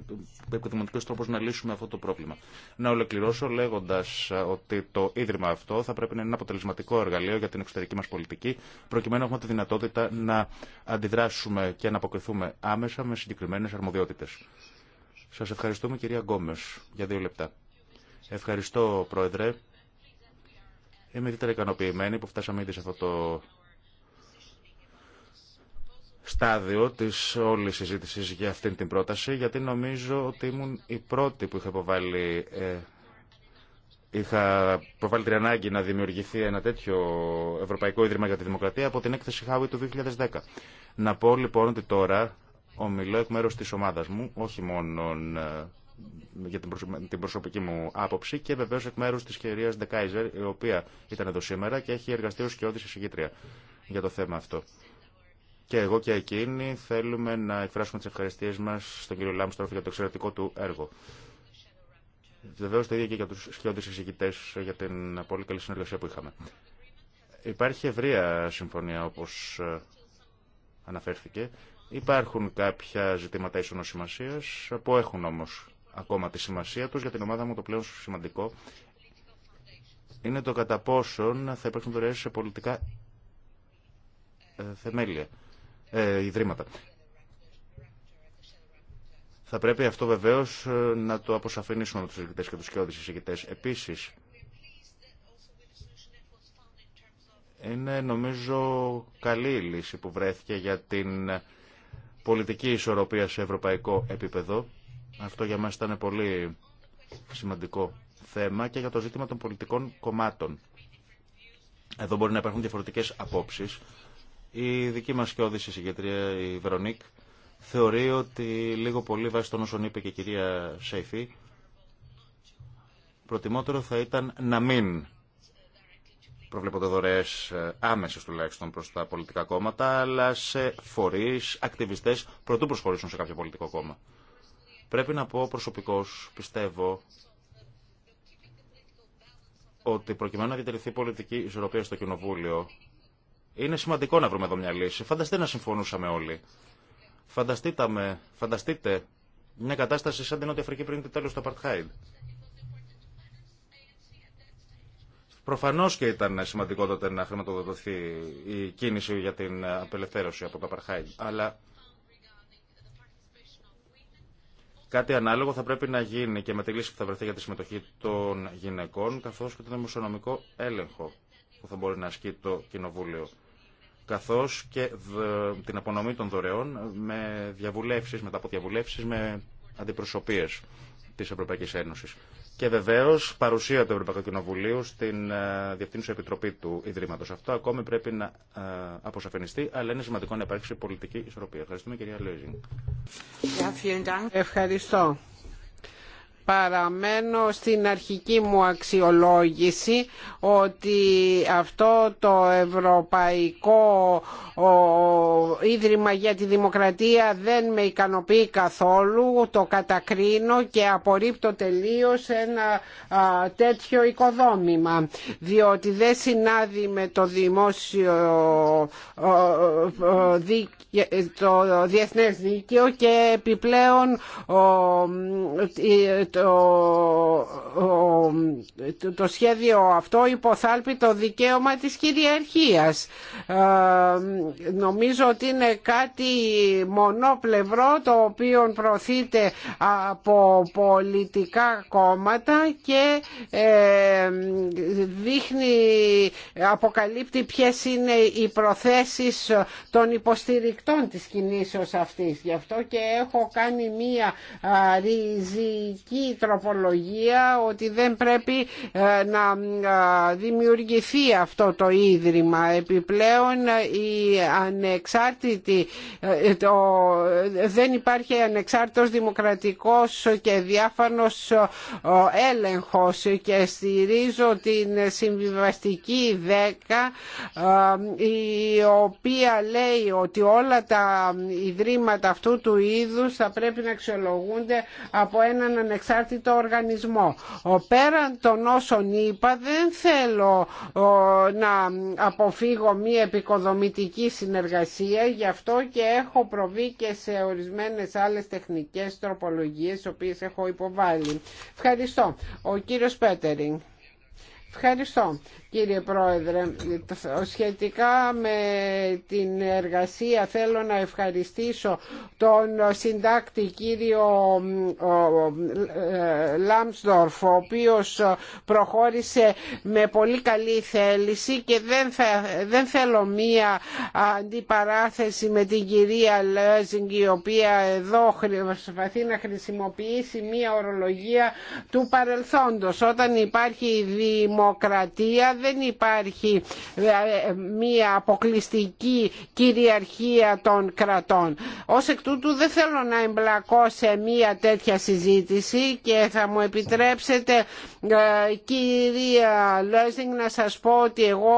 επιδημοτικό τρόπο να λύσουμε αυτό το πρόβλημα. Να ολοκληρώσω λέγοντα ότι το ίδρυμα αυτό θα πρέπει να είναι ένα αποτελεσματικό εργαλείο για την εξωτερική μα πολιτική, προκειμένου να έχουμε τη δυνατότητα να αντιδράσουμε και να αποκριθούμε άμεσα με συγκεκριμένε αρμοδιότητε. Σα ευχαριστούμε, κυρία Γκόμε, για δύο λεπτά. Ευχαριστώ, Πρόεδρε. Είμαι ιδιαίτερα ικανοποιημένη που φτάσαμε ήδη σε αυτό το στάδιο της όλης συζήτησης για αυτή την πρόταση, γιατί νομίζω ότι ήμουν η πρώτη που είχα υποβάλει ε, είχα προβάλει την ανάγκη να δημιουργηθεί ένα τέτοιο Ευρωπαϊκό Ίδρυμα για τη Δημοκρατία από την έκθεση Χάουι του 2010. Να πω λοιπόν ότι τώρα ομιλώ εκ μέρους της ομάδας μου, όχι μόνο ε, για την προσωπική μου άποψη και βεβαίω εκ μέρου τη κυρία Ντεκάιζερ, η οποία ήταν εδώ σήμερα και έχει εργαστεί ω κοιόδηση συγκήτρια για το θέμα αυτό και εγώ και εκείνη θέλουμε να εκφράσουμε τις ευχαριστίες μας στον κύριο Λάμστροφ για το εξαιρετικό του έργο. Βεβαίω το ίδιο και για τους σχεδόντες εισηγητές για την πολύ καλή συνεργασία που είχαμε. Υπάρχει ευρεία συμφωνία όπως ε, αναφέρθηκε. Υπάρχουν κάποια ζητήματα ίσονος που έχουν όμως ακόμα τη σημασία τους για την ομάδα μου το πλέον σημαντικό είναι το κατά πόσον θα υπάρχουν δωρεές σε πολιτικά ε, θεμέλια ε, Θα πρέπει αυτό βεβαίω ε, να το αποσαφηνίσουμε με του συζητητέ και του σκιώδει συζητητέ. Επίση, είναι νομίζω καλή η λύση που βρέθηκε για την πολιτική ισορροπία σε ευρωπαϊκό επίπεδο. Αυτό για μας ήταν πολύ σημαντικό θέμα και για το ζήτημα των πολιτικών κομμάτων. Εδώ μπορεί να υπάρχουν διαφορετικές απόψεις η δική μας όδηση συγκεντρία, η Βερονίκ, θεωρεί ότι λίγο πολύ βάσει των όσων είπε και η κυρία Σέιφη, προτιμότερο θα ήταν να μην προβλέπονται δωρεέ ε, άμεσε τουλάχιστον προ τα πολιτικά κόμματα, αλλά σε φορεί, ακτιβιστέ, προτού προσχωρήσουν σε κάποιο πολιτικό κόμμα. Πρέπει να πω προσωπικώ, πιστεύω, ότι προκειμένου να διατηρηθεί πολιτική ισορροπία στο Κοινοβούλιο, είναι σημαντικό να βρούμε εδώ μια λύση. Φανταστείτε να συμφωνούσαμε όλοι. Φανταστείτε, φανταστείτε μια κατάσταση σαν την Νότια Αφρική πριν το τέλο του Απαρτχάιντ. Προφανώ και ήταν σημαντικό τότε να χρηματοδοτηθεί η κίνηση για την απελευθέρωση από το Απαρτχάιντ. Αλλά κάτι ανάλογο θα πρέπει να γίνει και με τη λύση που θα βρεθεί για τη συμμετοχή των γυναικών, καθώ και τον δημοσιονομικό έλεγχο που θα μπορεί να ασκεί το Κοινοβούλιο καθώς και την απονομή των δωρεών με διαβουλεύσεις, μετά από διαβουλεύσεις με αντιπροσωπείες της Ευρωπαϊκής Ένωσης. Και βεβαίως παρουσία του Ευρωπαϊκού Κοινοβουλίου στην ε, Διευθύνουσα Επιτροπή του Ιδρύματος. Αυτό ακόμη πρέπει να ε, αποσαφενιστεί, αλλά είναι σημαντικό να υπάρξει πολιτική ισορροπία. Ευχαριστούμε, κυρία Λέζινγκ. Ευχαριστώ παραμένω στην αρχική μου αξιολόγηση ότι αυτό το Ευρωπαϊκό Ίδρυμα για τη Δημοκρατία δεν με ικανοποιεί καθόλου, το κατακρίνω και απορρίπτω τελείως ένα τέτοιο οικοδόμημα διότι δεν συνάδει με το δημόσιο το διεθνές δίκαιο και επιπλέον το, το σχέδιο αυτό υποθάλπει το δικαίωμα της κυριαρχίας. Ε, νομίζω ότι είναι κάτι μονοπλευρό το οποίο προωθείται από πολιτικά κόμματα και ε, δείχνει, αποκαλύπτει ποιες είναι οι προθέσεις των υποστηρικτών της κινήσεως αυτής. Γι' αυτό και έχω κάνει μία ριζική η τροπολογία ότι δεν πρέπει ε, να ε, δημιουργηθεί αυτό το ίδρυμα. Επιπλέον η ανεξάρτητη, ε, δεν υπάρχει ανεξάρτητος δημοκρατικός και διάφανος έλεγχος και στηρίζω την συμβιβαστική 10 η οποία λέει ότι όλα τα ιδρύματα αυτού του είδους θα πρέπει να αξιολογούνται από έναν ανεξάρτητο ανεξάρτητο οργανισμό. Πέραν των όσων είπα δεν θέλω να αποφύγω μία επικοδομητική συνεργασία γι' αυτό και έχω προβεί και σε ορισμένες άλλες τεχνικές τροπολογίες τις οποίες έχω υποβάλει. Ευχαριστώ. Ο κύριος Πέτερινγκ. Ευχαριστώ κύριε Πρόεδρε. Σχετικά με την εργασία θέλω να ευχαριστήσω τον συντάκτη κύριο Λάμσδορφ ο οποίος προχώρησε με πολύ καλή θέληση και δεν, δεν θέλω μία αντιπαράθεση με την κυρία Λέζιγκ... η οποία εδώ προσπαθεί να χρησιμοποιήσει μία ορολογία του παρελθόντος. Όταν υπάρχει δημοκρατία δεν υπάρχει ε, ε, μία αποκλειστική κυριαρχία των κρατών. Ως εκ τούτου δεν θέλω να εμπλακώ σε μία τέτοια συζήτηση και θα μου επιτρέψετε ε, κυρία Λέζινγκ, να σας πω ότι εγώ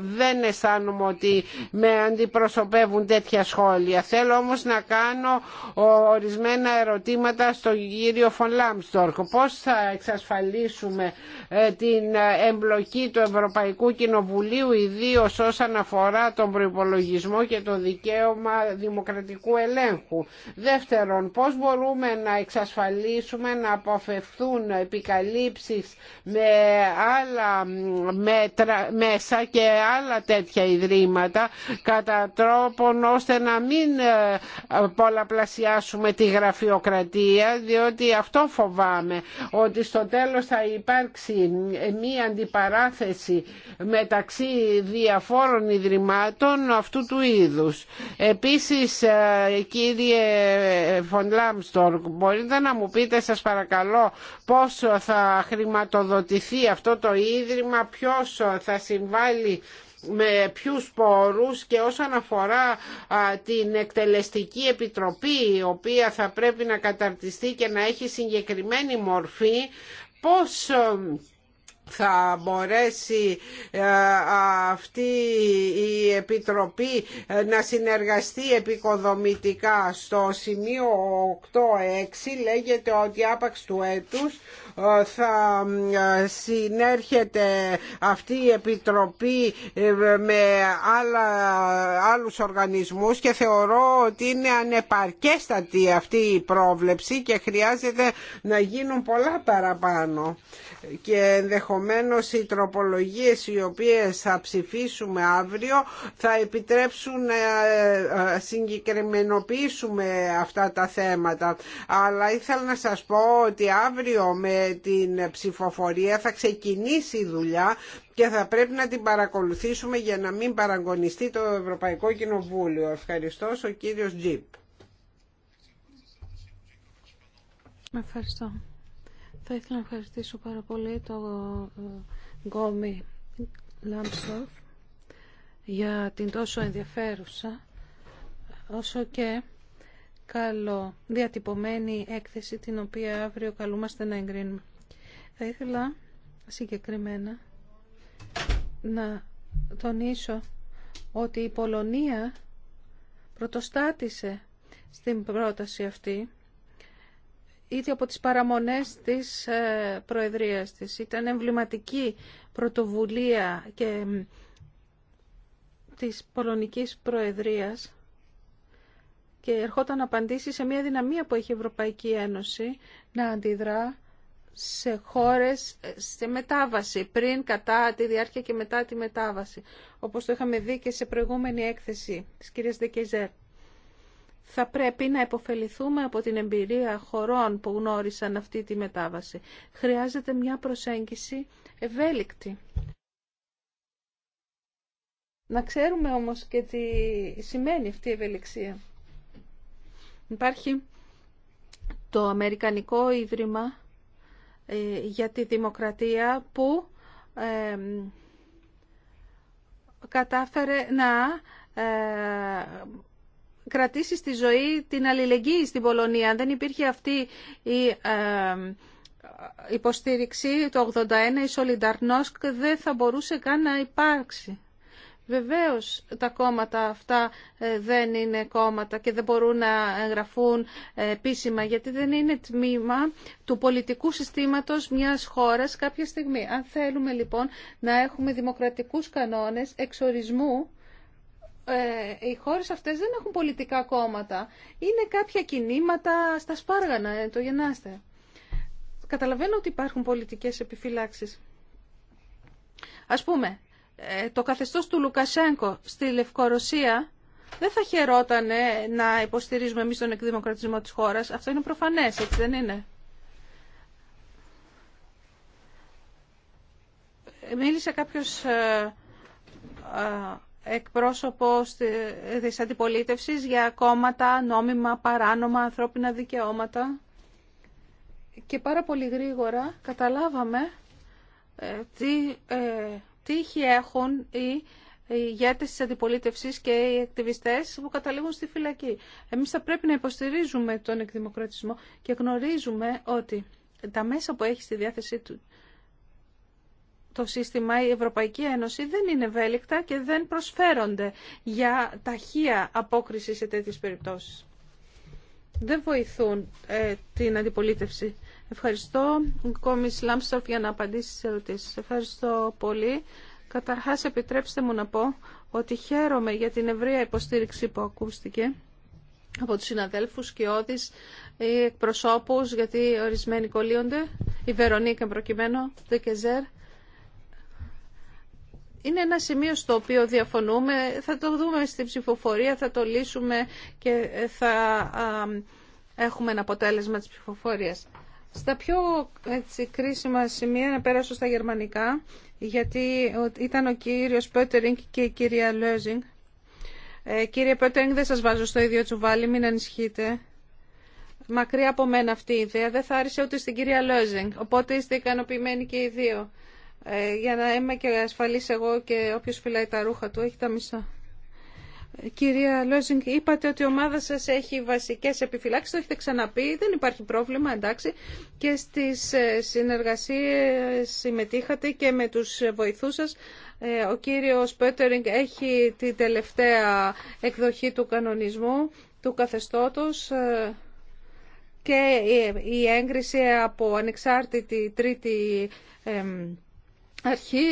δεν αισθάνομαι ότι με αντιπροσωπεύουν τέτοια σχόλια. Θέλω όμως να κάνω ορισμένα ερωτήματα στον κύριο Φων Λάμπστορκ. Πώς θα εξασφαλίσουμε ε, την εμπλοκή του Ευρωπαϊκού Κοινοβουλίου ιδίω όσον αφορά τον προϋπολογισμό και το δικαίωμα δημοκρατικού ελέγχου. Δεύτερον, πώς μπορούμε να εξασφαλίσουμε να αποφευθούν επικαλύψεις με άλλα μέτρα, μέσα και άλλα τέτοια ιδρύματα κατά τρόπον ώστε να μην ε, πολλαπλασιάσουμε τη γραφειοκρατία διότι αυτό φοβάμαι ότι στο τέλος θα υπάρξει μία αντιπαράθεση μεταξύ διαφόρων ιδρυμάτων αυτού του είδους. Επίσης ε, κύριε Φον μπορείτε να μου πείτε σας παρακαλώ πόσο θα χρηματοδοτηθεί αυτό το ίδρυμα, ποιος ε, θα συμβάλλει με ποιους πόρους και όσον αφορά την εκτελεστική επιτροπή η οποία θα πρέπει να καταρτιστεί και να έχει συγκεκριμένη μορφή πώς ε, θα μπορέσει ε, αυτή η Επιτροπή να συνεργαστεί επικοδομητικά. Στο σημείο 8-6 λέγεται ότι άπαξ του έτους θα συνέρχεται αυτή η Επιτροπή ε, με άλλα, άλλους οργανισμούς και θεωρώ ότι είναι ανεπαρκέστατη αυτή η πρόβλεψη και χρειάζεται να γίνουν πολλά παραπάνω και ενδεχομένως οι τροπολογίες οι οποίες θα ψηφίσουμε αύριο θα επιτρέψουν να ε, ε, συγκεκριμενοποιήσουμε αυτά τα θέματα αλλά ήθελα να σας πω ότι αύριο με την ψηφοφορία θα ξεκινήσει η δουλειά και θα πρέπει να την παρακολουθήσουμε για να μην παραγωνιστεί το Ευρωπαϊκό Κοινοβούλιο. Ευχαριστώ ο κύριος Τζιπ. Ευχαριστώ. Θα ήθελα να ευχαριστήσω πάρα πολύ το ε, Γκόμι Λάμσοφ για την τόσο ενδιαφέρουσα όσο και καλό διατυπωμένη έκθεση την οποία αύριο καλούμαστε να εγκρίνουμε. Θα ήθελα συγκεκριμένα να τονίσω ότι η Πολωνία πρωτοστάτησε στην πρόταση αυτή ήδη από τις παραμονές της ε, Προεδρίας της. Ήταν εμβληματική πρωτοβουλία και της Πολωνικής Προεδρίας και ερχόταν να απαντήσει σε μια δυναμία που έχει η Ευρωπαϊκή Ένωση να αντιδρά σε χώρες ε, σε μετάβαση, πριν, κατά τη διάρκεια και μετά τη μετάβαση, όπως το είχαμε δει και σε προηγούμενη έκθεση της κυρίας Δεκεζέρ. Θα πρέπει να υποφεληθούμε από την εμπειρία χωρών που γνώρισαν αυτή τη μετάβαση. Χρειάζεται μια προσέγγιση ευέλικτη. Να ξέρουμε όμως και τι σημαίνει αυτή η ευελιξία. Υπάρχει το Αμερικανικό Ίδρυμα ε, για τη Δημοκρατία που κατάφερε να ε, κρατήσει στη ζωή την αλληλεγγύη στην Πολωνία. Αν δεν υπήρχε αυτή η υποστήριξη το 81 η Solidarnosc δεν θα μπορούσε καν να υπάρξει. Βεβαίως τα κόμματα αυτά ε, δεν είναι κόμματα και δεν μπορούν να εγγραφούν ε, επίσημα γιατί δεν είναι τμήμα του πολιτικού συστήματος μιας χώρας κάποια στιγμή. Αν θέλουμε λοιπόν να έχουμε δημοκρατικούς κανόνες εξορισμού, ε, οι χώρες αυτές δεν έχουν πολιτικά κόμματα. Είναι κάποια κινήματα στα σπάργανα, το γεννάστε. Καταλαβαίνω ότι υπάρχουν πολιτικές επιφυλάξεις. Ας πούμε, ε, το καθεστώς του Λουκασένκο στη Λευκορωσία δεν θα χαιρότανε να υποστηρίζουμε εμείς τον εκδημοκρατισμό της χώρας. Αυτό είναι προφανές, έτσι δεν είναι. Μίλησε κάποιος ε, ε, εκπρόσωπος της αντιπολίτευσης για κόμματα, νόμιμα, παράνομα, ανθρώπινα δικαιώματα. Και πάρα πολύ γρήγορα καταλάβαμε τι τύχη έχουν οι ηγέτε τη αντιπολίτευση και οι ακτιβιστές που καταλήγουν στη φυλακή. Εμείς θα πρέπει να υποστηρίζουμε τον εκδημοκρατισμό και γνωρίζουμε ότι τα μέσα που έχει στη διάθεσή του το σύστημα, η Ευρωπαϊκή Ένωση δεν είναι ευέλικτα και δεν προσφέρονται για ταχεία απόκριση σε τέτοιες περιπτώσεις. Δεν βοηθούν ε, την αντιπολίτευση. Ευχαριστώ, Κόμις Λάμστορφ, για να απαντήσει στις ερωτήσεις. Ευχαριστώ πολύ. Καταρχάς, επιτρέψτε μου να πω ότι χαίρομαι για την ευρεία υποστήριξη που ακούστηκε από τους συναδέλφους και όδης ή εκπροσώπους, γιατί ορισμένοι κολλείονται, η Βερονίκα προκειμένου, Δεκεζέρ. προκειμενου Κεζέρ, ένα σημείο στο οποίο διαφωνούμε, θα το δούμε στην ψηφοφορία, θα το λύσουμε και θα έχουμε ένα αποτέλεσμα της ψηφοφορίας. Στα πιο έτσι, κρίσιμα σημεία να πέρασω στα γερμανικά, γιατί ήταν ο κύριος Πέτερινγκ και η κυρία Λέζινγκ. Ε, κύριε Πέτερινγκ, δεν σας βάζω στο ίδιο τσουβάλι, μην ανησυχείτε. Μακριά από μένα αυτή η ιδέα, δεν θα άρεσε ούτε στην κυρία Λέζινγκ, οπότε είστε ικανοποιημένοι και οι δύο. Ε, για να είμαι και ασφαλής εγώ και όποιος φυλάει τα ρούχα του έχει τα μισά. Κυρία Λόζινγκ, είπατε ότι η ομάδα σας έχει βασικές επιφυλάξει, το έχετε ξαναπεί, δεν υπάρχει πρόβλημα, εντάξει. Και στι ε, συνεργασίε συμμετείχατε και με τους βοηθούς σα. Ε, ο κύριος Πέτερινγκ έχει την τελευταία εκδοχή του κανονισμού, του καθεστώτος ε, και η έγκριση από ανεξάρτητη τρίτη αρχή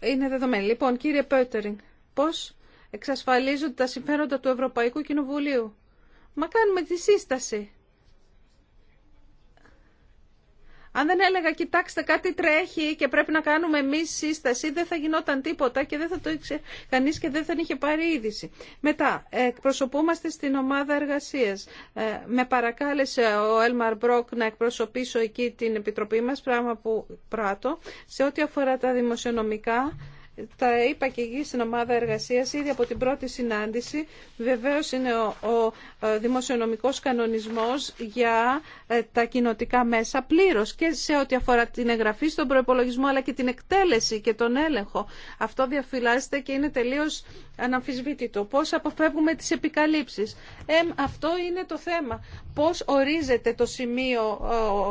είναι δεδομένη. Λοιπόν, κύριε Πέτερινγκ πώς εξασφαλίζονται τα συμφέροντα του Ευρωπαϊκού Κοινοβουλίου. Μα κάνουμε τη σύσταση. Αν δεν έλεγα κοιτάξτε κάτι τρέχει και πρέπει να κάνουμε εμεί σύσταση, δεν θα γινόταν τίποτα και δεν θα το είχε κανεί και δεν θα είχε πάρει είδηση. Μετά, εκπροσωπούμαστε στην ομάδα εργασία. Ε, με παρακάλεσε ο Έλμαρ Μπρόκ να εκπροσωπήσω εκεί την επιτροπή μα, πράγμα που πράττω. Σε ό,τι αφορά τα δημοσιονομικά, τα είπα και εκεί στην ομάδα εργασίας ήδη από την πρώτη συνάντηση. Βεβαίως είναι ο, δημοσιονομικός κανονισμός για ε, τα κοινοτικά μέσα πλήρως και σε ό,τι αφορά την εγγραφή στον προπολογισμό αλλά και την εκτέλεση και τον έλεγχο. Αυτό διαφυλάσσεται και είναι τελείως αναμφισβήτητο. Πώς αποφεύγουμε τις επικαλύψεις. Ε, αυτό είναι το θέμα. Πώς ορίζεται το σημείο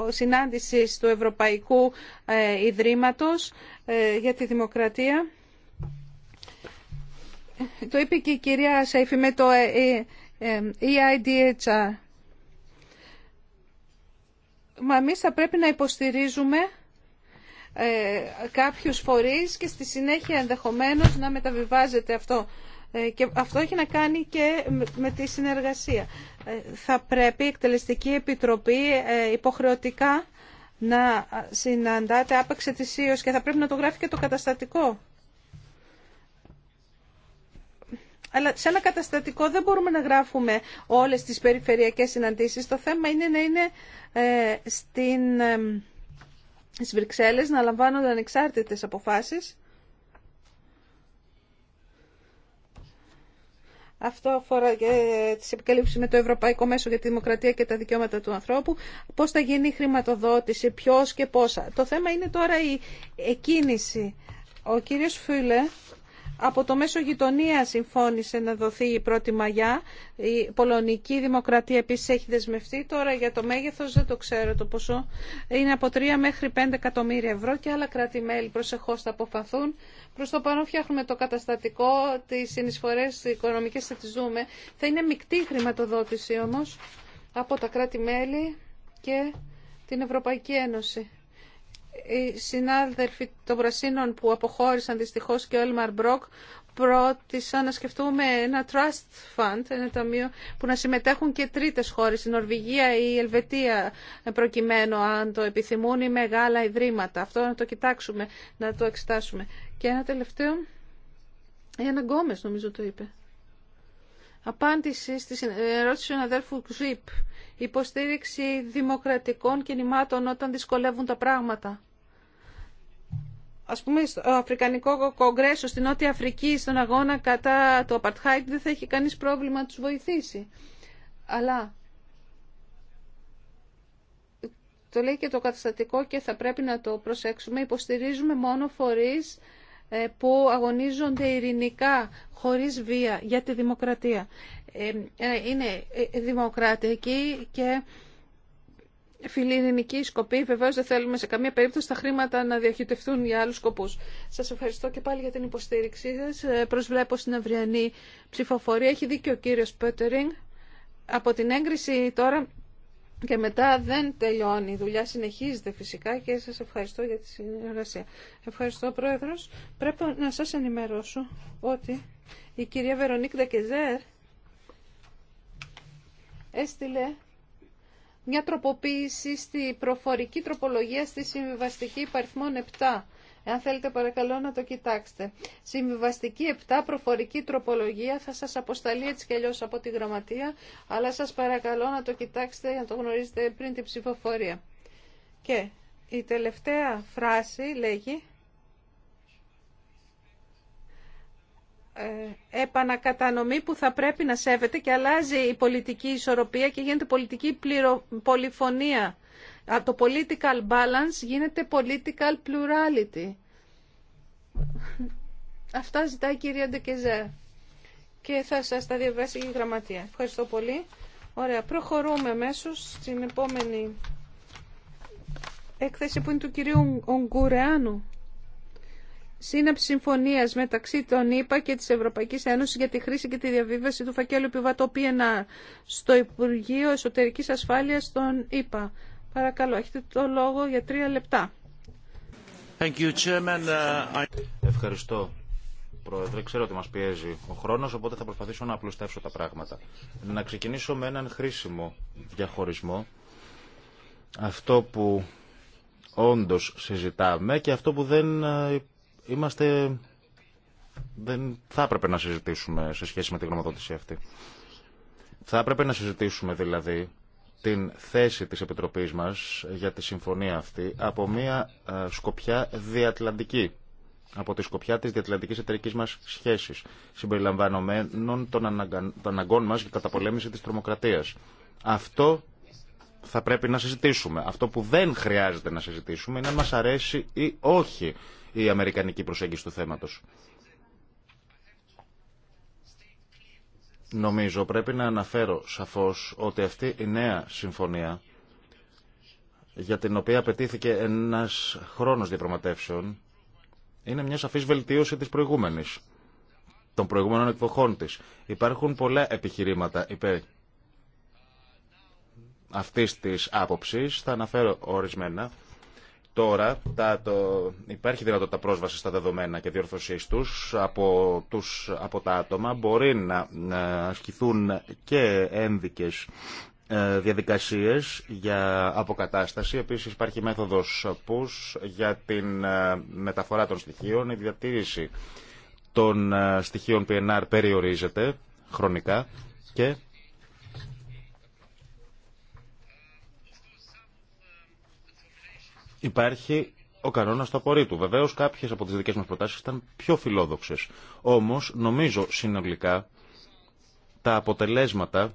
συνάντηση του Ευρωπαϊκού ε, Ιδρύματος ε, για τη δημοκρατία. Το είπε και η κυρία Σαϊφή με το ε, ε, EIDHR. Μα εμείς θα πρέπει να υποστηρίζουμε κάποιους φορείς και στη συνέχεια ενδεχομένως να μεταβιβάζεται αυτό. Και αυτό έχει να κάνει και με τη συνεργασία. Θα πρέπει η Εκτελεστική Επιτροπή υποχρεωτικά να συναντάτε άπαξ ετησίως και θα πρέπει να το γράφει και το καταστατικό. Αλλά σε ένα καταστατικό δεν μπορούμε να γράφουμε όλες τις περιφερειακές συναντήσεις. Το θέμα είναι να είναι ε, στην, ε, στις Βρυξέλλες να λαμβάνονται ανεξάρτητες αποφάσεις Αυτό αφορά και τις επικαλύψεις με το Ευρωπαϊκό Μέσο για τη Δημοκρατία και τα Δικαιώματα του Ανθρώπου. Πώς θα γίνει η χρηματοδότηση, ποιος και πόσα. Το θέμα είναι τώρα η εκκίνηση. Ο κύριος Φούλε από το μέσο γειτονία συμφώνησε να δοθεί η πρώτη μαγιά. Η πολωνική δημοκρατία επίσης έχει δεσμευτεί. Τώρα για το μέγεθος δεν το ξέρω το ποσό. Είναι από 3 μέχρι 5 εκατομμύρια ευρώ και άλλα κράτη-μέλη προσεχώς θα αποφαθούν. Προς το παρόν φτιάχνουμε το καταστατικό, τις συνεισφορές οικονομικέ οικονομικές θα τις δούμε. Θα είναι μεικτή χρηματοδότηση όμως από τα κράτη-μέλη και την Ευρωπαϊκή Ένωση οι συνάδελφοι των Πρασίνων που αποχώρησαν δυστυχώς και ο Έλμαρ Μπρόκ πρότισαν να σκεφτούμε ένα trust fund, ένα ταμείο που να συμμετέχουν και τρίτες χώρες, η Νορβηγία ή η Ελβετία προκειμένου αν το επιθυμούν ή μεγάλα ιδρύματα. Αυτό να το κοιτάξουμε, να το εξετάσουμε. Και ένα τελευταίο, ένα Γκόμες νομίζω το είπε. Απάντηση στη ερώτηση του αδέρφου Ζιπ. Υποστήριξη δημοκρατικών κινημάτων όταν δυσκολεύουν τα πράγματα ας πούμε στο Αφρικανικό Κογκρέσο στην Νότια Αφρική στον αγώνα κατά το Απαρτχάιτ δεν θα έχει κανείς πρόβλημα να τους βοηθήσει. Αλλά το λέει και το καταστατικό και θα πρέπει να το προσέξουμε. Υποστηρίζουμε μόνο φορείς ε, που αγωνίζονται ειρηνικά, χωρίς βία, για τη δημοκρατία. Ε, ε, είναι δημοκρατική και φιλιρινική σκοπή. Βεβαίω δεν θέλουμε σε καμία περίπτωση τα χρήματα να διαχειριστούν για άλλου σκοπού. Σα ευχαριστώ και πάλι για την υποστήριξή σα. Ε, προσβλέπω στην αυριανή ψηφοφορία. Έχει δίκιο ο κύριο Πέτερινγκ. Από την έγκριση τώρα και μετά δεν τελειώνει. Η δουλειά συνεχίζεται φυσικά και σα ευχαριστώ για τη συνεργασία. Ευχαριστώ πρόεδρο. Πρέπει να σα ενημερώσω ότι η κυρία Βερονίκ Ντακεζέρ έστειλε μια τροποποίηση στη προφορική τροπολογία στη συμβιβαστική υπαριθμών 7. Εάν θέλετε παρακαλώ να το κοιτάξετε. Συμβιβαστική 7 προφορική τροπολογία θα σας αποσταλεί έτσι και αλλιώς από τη γραμματεία, αλλά σας παρακαλώ να το κοιτάξετε για να το γνωρίζετε πριν την ψηφοφορία. Και η τελευταία φράση λέγει Ε, επανακατανομή που θα πρέπει να σέβεται και αλλάζει η πολιτική ισορροπία και γίνεται πολιτική πολυφωνία. το political balance γίνεται political plurality. Αυτά ζητάει η κυρία Ντεκεζέ. Και θα σας τα διαβάσει η γραμματεία. Ευχαριστώ πολύ. Ωραία, προχωρούμε αμέσω στην επόμενη έκθεση που είναι του κυρίου Ογκουρεάνου σύναψη συμφωνίας μεταξύ των ΗΠΑ και της Ευρωπαϊκής Ένωσης για τη χρήση και τη διαβίβαση του φακέλου επιβατό PNR στο Υπουργείο Εσωτερικής Ασφάλειας των ΗΠΑ. Παρακαλώ, έχετε το λόγο για τρία λεπτά. Thank you, Chairman. Uh, Ευχαριστώ, Πρόεδρε. Ξέρω ότι μας πιέζει ο χρόνος, οπότε θα προσπαθήσω να απλουστεύσω τα πράγματα. Να ξεκινήσω με έναν χρήσιμο διαχωρισμό. Αυτό που όντως συζητάμε και αυτό που δεν ε, Είμαστε... Δεν θα έπρεπε να συζητήσουμε σε σχέση με την γνωμοδότηση αυτή. Θα έπρεπε να συζητήσουμε δηλαδή την θέση της Επιτροπής μας για τη συμφωνία αυτή από μια ε, σκοπιά διατλαντική από τη σκοπιά της διατλαντικής εταιρική μας σχέσης, συμπεριλαμβανομένων των, αναγκαν... των αναγκών μας για καταπολέμηση της τρομοκρατίας. Αυτό θα πρέπει να συζητήσουμε. Αυτό που δεν χρειάζεται να συζητήσουμε είναι αν μας αρέσει ή όχι η αμερικανική προσέγγιση του θέματος. Νομίζω πρέπει να αναφέρω σαφώς ότι αυτή η νέα συμφωνία για την οποία απαιτήθηκε ένας χρόνος διαπραγματεύσεων είναι μια σαφής βελτίωση της προηγούμενης, των προηγούμενων εκδοχών της. Υπάρχουν πολλά επιχειρήματα υπέρ αυτής της άποψης, θα αναφέρω ορισμένα. Τώρα τα, υπάρχει δυνατότητα πρόσβαση στα δεδομένα και διορθωσή του από, τους, από τα άτομα. Μπορεί να, να ασκηθούν και ένδικε ε, διαδικασίες για αποκατάσταση. Επίσης υπάρχει μέθοδος PUS για την ε, μεταφορά των στοιχείων. Η διατήρηση των ε, στοιχείων PNR περιορίζεται χρονικά και υπάρχει ο κανόνα του απορρίτου. Βεβαίω κάποιε από τι δικέ μα προτάσει ήταν πιο φιλόδοξε. Όμω νομίζω συνολικά τα αποτελέσματα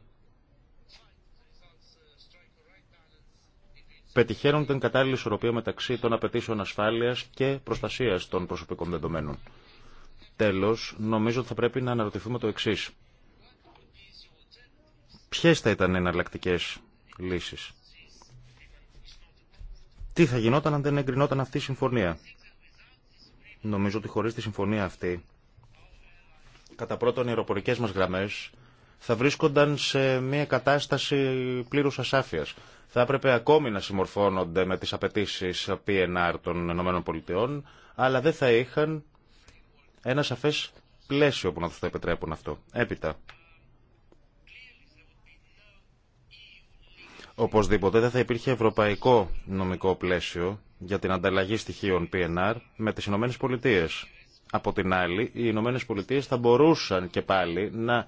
πετυχαίνουν την κατάλληλη ισορροπία μεταξύ των απαιτήσεων ασφάλεια και προστασία των προσωπικών δεδομένων. Τέλο, νομίζω ότι θα πρέπει να αναρωτηθούμε το εξή. Ποιε θα ήταν εναλλακτικέ λύσει τι θα γινόταν αν δεν εγκρινόταν αυτή η συμφωνία. Νομίζω ότι χωρίς τη συμφωνία αυτή, κατά πρώτον οι αεροπορικές μας γραμμές θα βρίσκονταν σε μια κατάσταση πλήρους ασάφειας. Θα έπρεπε ακόμη να συμμορφώνονται με τις απαιτήσει PNR των ΗΠΑ, αλλά δεν θα είχαν ένα σαφές πλαίσιο που να τους το επιτρέπουν αυτό. Έπειτα, Οπωσδήποτε δεν θα υπήρχε ευρωπαϊκό νομικό πλαίσιο για την ανταλλαγή στοιχείων PNR με τις Ηνωμένες Πολιτείες. Από την άλλη, οι Ηνωμένες Πολιτείες θα μπορούσαν και πάλι να,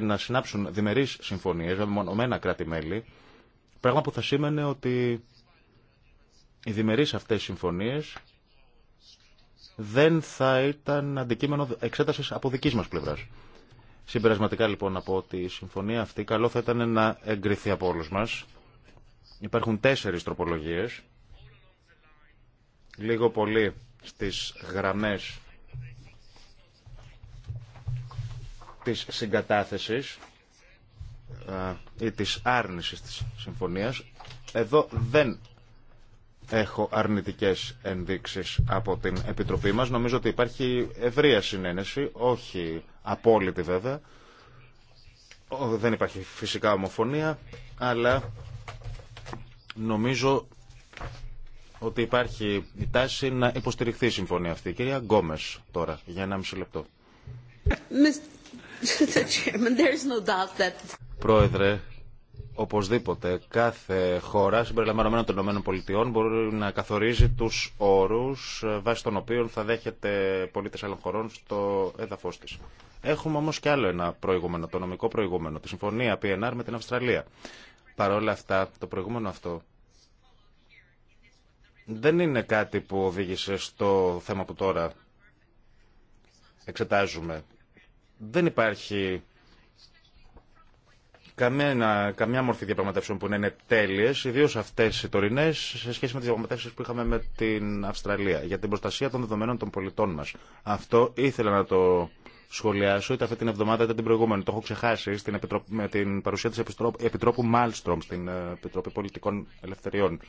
να συνάψουν διμερείς συμφωνίες με μονομένα κράτη-μέλη, πράγμα που θα σήμαινε ότι οι διμερείς αυτές συμφωνίες δεν θα ήταν αντικείμενο εξέτασης από δικής μας πλευράς. Συμπερασματικά λοιπόν από η συμφωνία αυτή καλό θα ήταν να εγκριθεί από όλους μας. Υπάρχουν τέσσερις τροπολογίες. Λίγο πολύ στις γραμμές της συγκατάθεσης ή της άρνησης της συμφωνίας. Εδώ δεν έχω αρνητικές ενδείξεις από την Επιτροπή μας. Νομίζω ότι υπάρχει ευρεία συνένεση, όχι απόλυτη βέβαια. Δεν υπάρχει φυσικά ομοφωνία, αλλά νομίζω ότι υπάρχει η τάση να υποστηριχθεί η συμφωνία αυτή. κυρία Γκόμες, τώρα, για ένα μισή λεπτό. Πρόεδρε, Οπωσδήποτε, κάθε χώρα συμπεριλαμβανομένων των ΗΠΑ μπορεί να καθορίζει του όρου ε, βάσει των οποίων θα δέχεται πολίτε άλλων χωρών στο έδαφο τη. Έχουμε όμω και άλλο ένα προηγούμενο, το νομικό προηγούμενο, τη συμφωνία PNR με την Αυστραλία. Παρ' όλα αυτά, το προηγούμενο αυτό δεν είναι κάτι που οδήγησε στο θέμα που τώρα εξετάζουμε. Δεν υπάρχει Καμία, καμιά μορφή διαπραγματεύσεων που να είναι τέλειε, ιδίω αυτέ οι τωρινέ, σε σχέση με τι διαπραγματεύσει που είχαμε με την Αυστραλία για την προστασία των δεδομένων των πολιτών μα. Αυτό ήθελα να το σχολιάσω, είτε αυτή την εβδομάδα είτε την προηγούμενη. Το έχω ξεχάσει στην με την παρουσία τη Επιτρόπου Μάλστρομ στην ε, Επιτροπή Πολιτικών Ελευθεριών.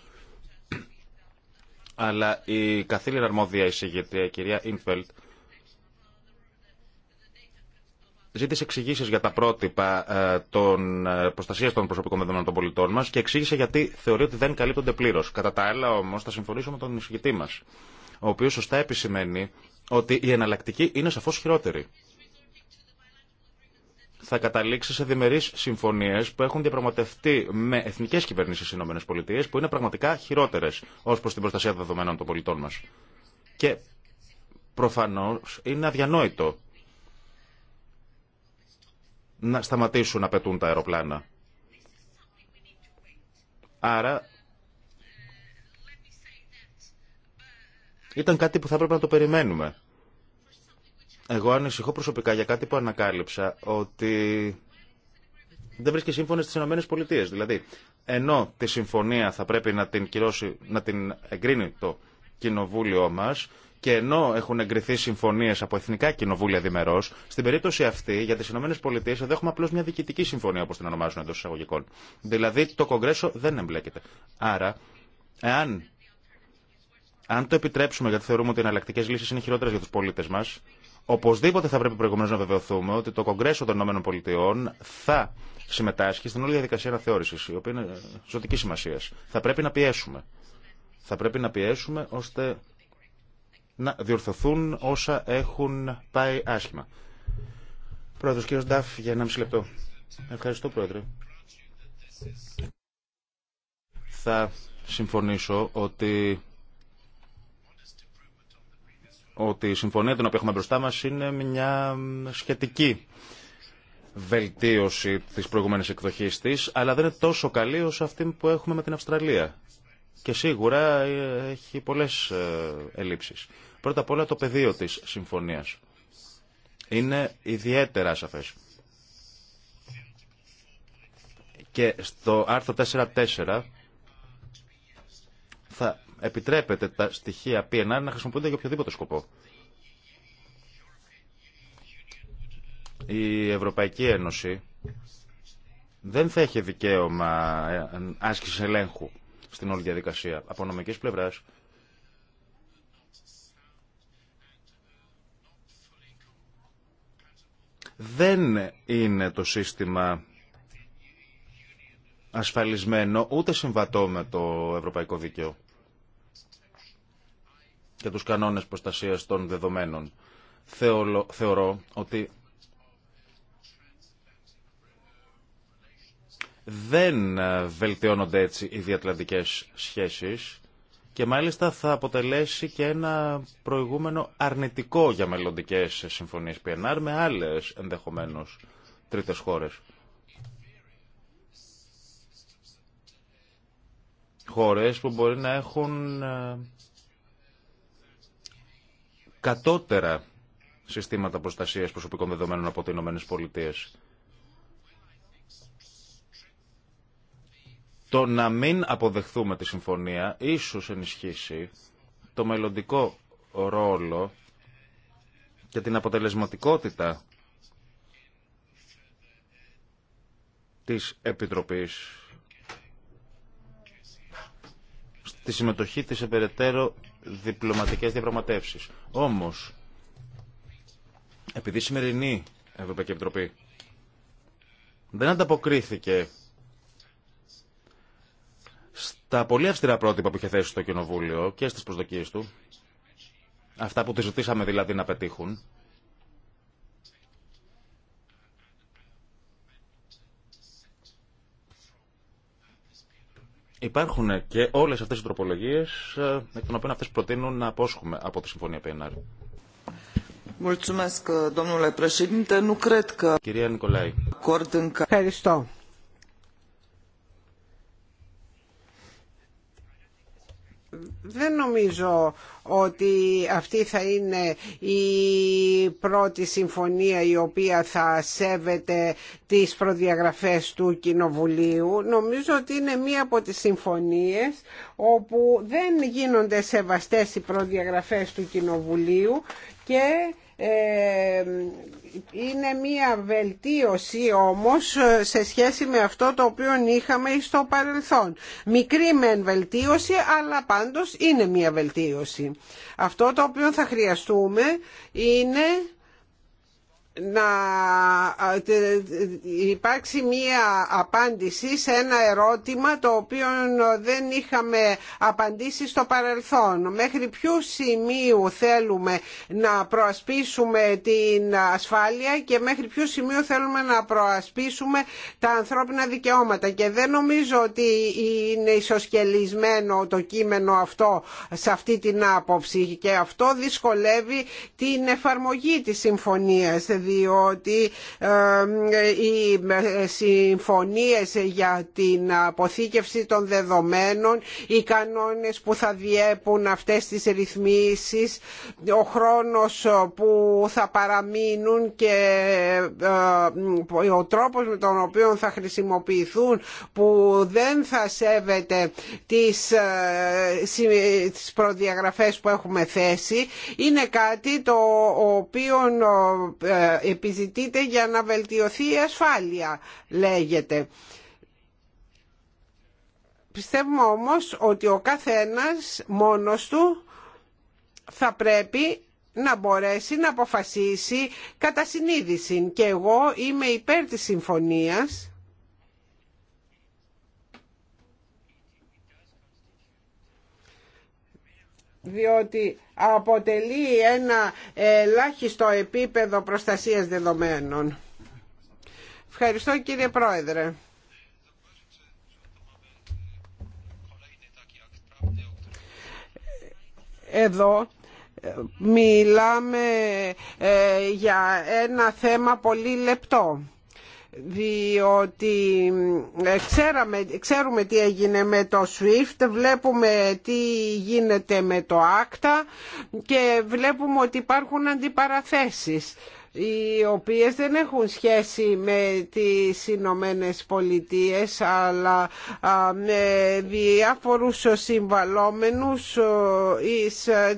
Αλλά η καθήλυνα αρμόδια εισηγήτρια, η κυρία Ινφελτ, ζήτησε εξηγήσει για τα πρότυπα ε, των ε, προστασία των προσωπικών δεδομένων των πολιτών μα και εξήγησε γιατί θεωρεί ότι δεν καλύπτονται πλήρω. Κατά τα άλλα, όμω, θα συμφωνήσω με τον εισηγητή μα, ο οποίο σωστά επισημαίνει ότι η εναλλακτική είναι σαφώ χειρότερη. Θα καταλήξει σε διμερεί συμφωνίε που έχουν διαπραγματευτεί με εθνικέ κυβερνήσει ΗΠΑ που είναι πραγματικά χειρότερε ω προ την προστασία δεδομένων των πολιτών μα. Και προφανώ είναι αδιανόητο να σταματήσουν να πετούν τα αεροπλάνα. Άρα ήταν κάτι που θα έπρεπε να το περιμένουμε. Εγώ ανησυχώ προσωπικά για κάτι που ανακάλυψα ότι δεν βρίσκει σύμφωνε στι ΗΠΑ. Δηλαδή, ενώ τη συμφωνία θα πρέπει να την, κυρώσει, να την εγκρίνει το κοινοβούλιο μας, και ενώ έχουν εγκριθεί συμφωνίε από εθνικά κοινοβούλια διμερό, στην περίπτωση αυτή για τι ΗΠΑ εδώ έχουμε απλώ μια διοικητική συμφωνία, όπω την ονομάζουν εντό εισαγωγικών. Δηλαδή το Κογκρέσο δεν εμπλέκεται. Άρα, εάν αν το επιτρέψουμε, γιατί θεωρούμε ότι οι εναλλακτικέ λύσει είναι χειρότερε για του πολίτε μα, οπωσδήποτε θα πρέπει προηγουμένω να βεβαιωθούμε ότι το Κογκρέσο των ΗΠΑ θα συμμετάσχει στην όλη διαδικασία αναθεώρηση, η οποία είναι ζωτική σημασία. Θα πρέπει να πιέσουμε. Θα πρέπει να πιέσουμε ώστε να διορθωθούν όσα έχουν πάει άσχημα. Πρόεδρος κύριος Νταφ για μισή λεπτό. Ευχαριστώ Πρόεδρε. Θα συμφωνήσω ότι ότι η συμφωνία την οποία έχουμε μπροστά μας είναι μια σχετική βελτίωση της προηγούμενης εκδοχής της, αλλά δεν είναι τόσο καλή όσο αυτή που έχουμε με την Αυστραλία και σίγουρα ε, έχει πολλές ε, ελλείψεις. Πρώτα απ' όλα το πεδίο της συμφωνίας. Είναι ιδιαίτερα σαφές. Και στο άρθρο 4.4 θα επιτρέπεται τα στοιχεία PNR να χρησιμοποιούνται για οποιοδήποτε σκοπό. Η Ευρωπαϊκή Ένωση δεν θα έχει δικαίωμα ε, άσκηση ελέγχου στην όλη διαδικασία. Από νομική πλευρά. δεν είναι το σύστημα ασφαλισμένο ούτε συμβατό με το ευρωπαϊκό δίκαιο και τους κανόνες προστασίας των δεδομένων. Θεωρώ ότι δεν ε, βελτιώνονται έτσι οι διατλαντικές σχέσεις και μάλιστα θα αποτελέσει και ένα προηγούμενο αρνητικό για μελλοντικές συμφωνίες PNR με άλλες ενδεχομένως τρίτες χώρες. Χώρες που μπορεί να έχουν ε, κατώτερα συστήματα προστασίας προσωπικών δεδομένων από τις Ηνωμένες Το να μην αποδεχθούμε τη συμφωνία ίσως ενισχύσει το μελλοντικό ρόλο και την αποτελεσματικότητα της Επιτροπής στη συμμετοχή της σε περαιτέρω διπλωματικές διαπραγματεύσεις. Όμως, επειδή η σημερινή Ευρωπαϊκή Επιτροπή δεν ανταποκρίθηκε τα πολύ αυστηρά πρότυπα που είχε θέσει στο Κοινοβούλιο και στις προσδοκίες του, αυτά που τη ζητήσαμε δηλαδή να πετύχουν, Υπάρχουν και όλες αυτές οι τροπολογίε ε, εκ των οποίων αυτές προτείνουν να απόσχουμε από τη Συμφωνία PNR. Κυρία Νικολάη. Ευχαριστώ. δεν νομίζω ότι αυτή θα είναι η πρώτη συμφωνία η οποία θα σέβεται τις προδιαγραφές του Κοινοβουλίου. Νομίζω ότι είναι μία από τις συμφωνίες όπου δεν γίνονται σεβαστές οι προδιαγραφές του Κοινοβουλίου και ε, είναι μία βελτίωση όμως ε, σε σχέση με αυτό το οποίο είχαμε στο παρελθόν. Μικρή μεν βελτίωση αλλά πάντως είναι μία βελτίωση. Αυτό το οποίο θα χρειαστούμε είναι να υπάρξει μία απάντηση σε ένα ερώτημα το οποίο δεν είχαμε απαντήσει στο παρελθόν. Μέχρι ποιου σημείου θέλουμε να προασπίσουμε την ασφάλεια και μέχρι ποιου σημείου θέλουμε να προασπίσουμε τα ανθρώπινα δικαιώματα. Και δεν νομίζω ότι είναι ισοσκελισμένο το κείμενο αυτό σε αυτή την άποψη και αυτό δυσκολεύει την εφαρμογή της συμφωνίας διότι οι συμφωνίες για την αποθήκευση των δεδομένων, οι κανόνες που θα διέπουν αυτές τις ρυθμίσεις, ο χρόνος που θα παραμείνουν και ε, ο τρόπος με τον οποίο θα χρησιμοποιηθούν που δεν θα σέβεται τις, ε, τις προδιαγραφές που έχουμε θέσει είναι κάτι το οποίο ε, επιζητείται για να βελτιωθεί η ασφάλεια λέγεται. Πιστεύουμε όμως ότι ο καθένας μόνος του θα πρέπει να μπορέσει να αποφασίσει κατά συνείδηση. Και εγώ είμαι υπέρ της συμφωνίας διότι αποτελεί ένα ελάχιστο επίπεδο προστασίας δεδομένων. Ευχαριστώ κύριε Πρόεδρε. Εδώ ε, μιλάμε ε, για ένα θέμα πολύ λεπτό διότι ε, ξέραμε, ξέρουμε τι έγινε με το SWIFT, βλέπουμε τι γίνεται με το ACTA και βλέπουμε ότι υπάρχουν αντιπαραθέσεις οι οποίες δεν έχουν σχέση με τις Ηνωμένε Πολιτείες αλλά με διάφορους συμβαλόμενους ε,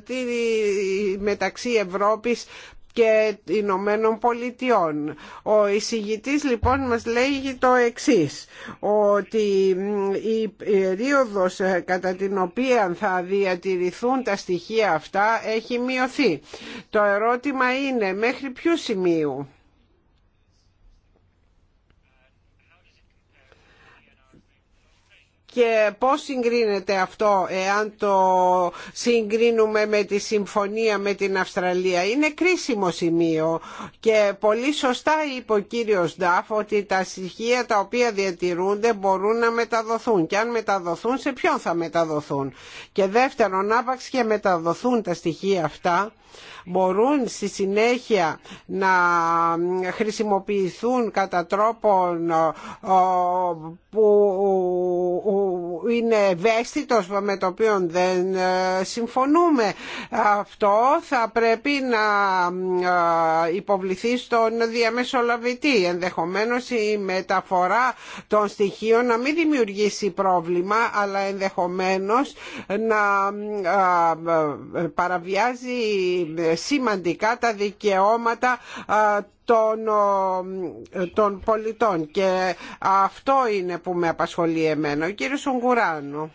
ε, μεταξύ Ευρώπης και Ηνωμένων Πολιτειών. Ο εισηγητής λοιπόν μας λέει το εξής, ότι η περίοδος ε, κατά την οποία θα διατηρηθούν τα στοιχεία αυτά έχει μειωθεί. Το ερώτημα είναι μέχρι ποιου σημείου. και πώς συγκρίνεται αυτό εάν το συγκρίνουμε με τη συμφωνία με την Αυστραλία. Είναι κρίσιμο σημείο και πολύ σωστά είπε ο κύριος Ντάφ ότι τα στοιχεία τα οποία διατηρούνται μπορούν να μεταδοθούν και αν μεταδοθούν σε ποιον θα μεταδοθούν. Και δεύτερον, άπαξ και μεταδοθούν τα στοιχεία αυτά μπορούν στη συνέχεια να χρησιμοποιηθούν κατά τρόπο που είναι ευαίσθητος με το οποίο δεν ε, συμφωνούμε. Αυτό θα πρέπει να ε, υποβληθεί στον διαμεσολαβητή. Ενδεχομένως η μεταφορά των στοιχείων να μην δημιουργήσει πρόβλημα αλλά ενδεχομένως να ε, παραβιάζει σημαντικά τα δικαιώματα των, των πολιτών και αυτό είναι που με απασχολεί εμένα. Ο κύριος Ουγγουράνου.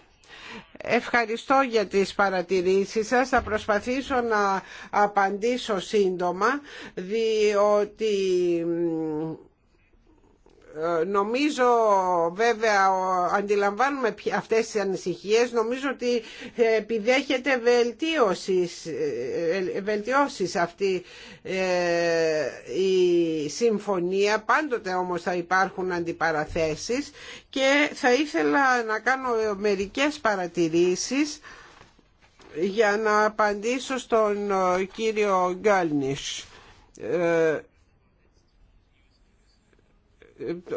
Ευχαριστώ για τις παρατηρήσεις σας. Θα προσπαθήσω να απαντήσω σύντομα, διότι ε, νομίζω βέβαια αντιλαμβάνουμε αυτές τις ανησυχίες νομίζω ότι ε, επιδέχεται βελτίωσης ε, βελτιώσεις αυτή η συμφωνία πάντοτε όμως θα υπάρχουν αντιπαραθέσεις και θα ήθελα να κάνω μερικές παρατηρήσεις για να απαντήσω στον κύριο Γκάλνις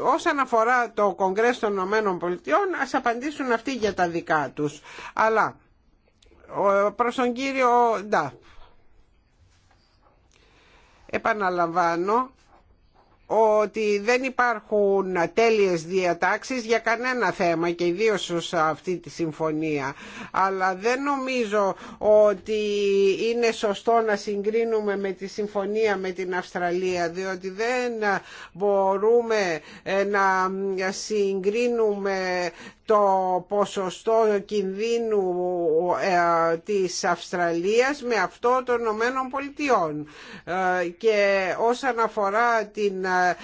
όσον αφορά το Κογκρέσο των Ηνωμένων Πολιτειών ας απαντήσουν αυτοί για τα δικά τους. Αλλά προς τον κύριο επαναλαμβάνω ότι δεν υπάρχουν τέλειες διατάξεις για κανένα θέμα και ιδίως σε αυτή τη συμφωνία. Αλλά δεν νομίζω ότι είναι σωστό να συγκρίνουμε με τη συμφωνία με την Αυστραλία διότι δεν μπορούμε ε, να συγκρίνουμε το ποσοστό κινδύνου ε, της Αυστραλίας με αυτό των Ηνωμένων Πολιτειών. Ε, και όσον αφορά την ε,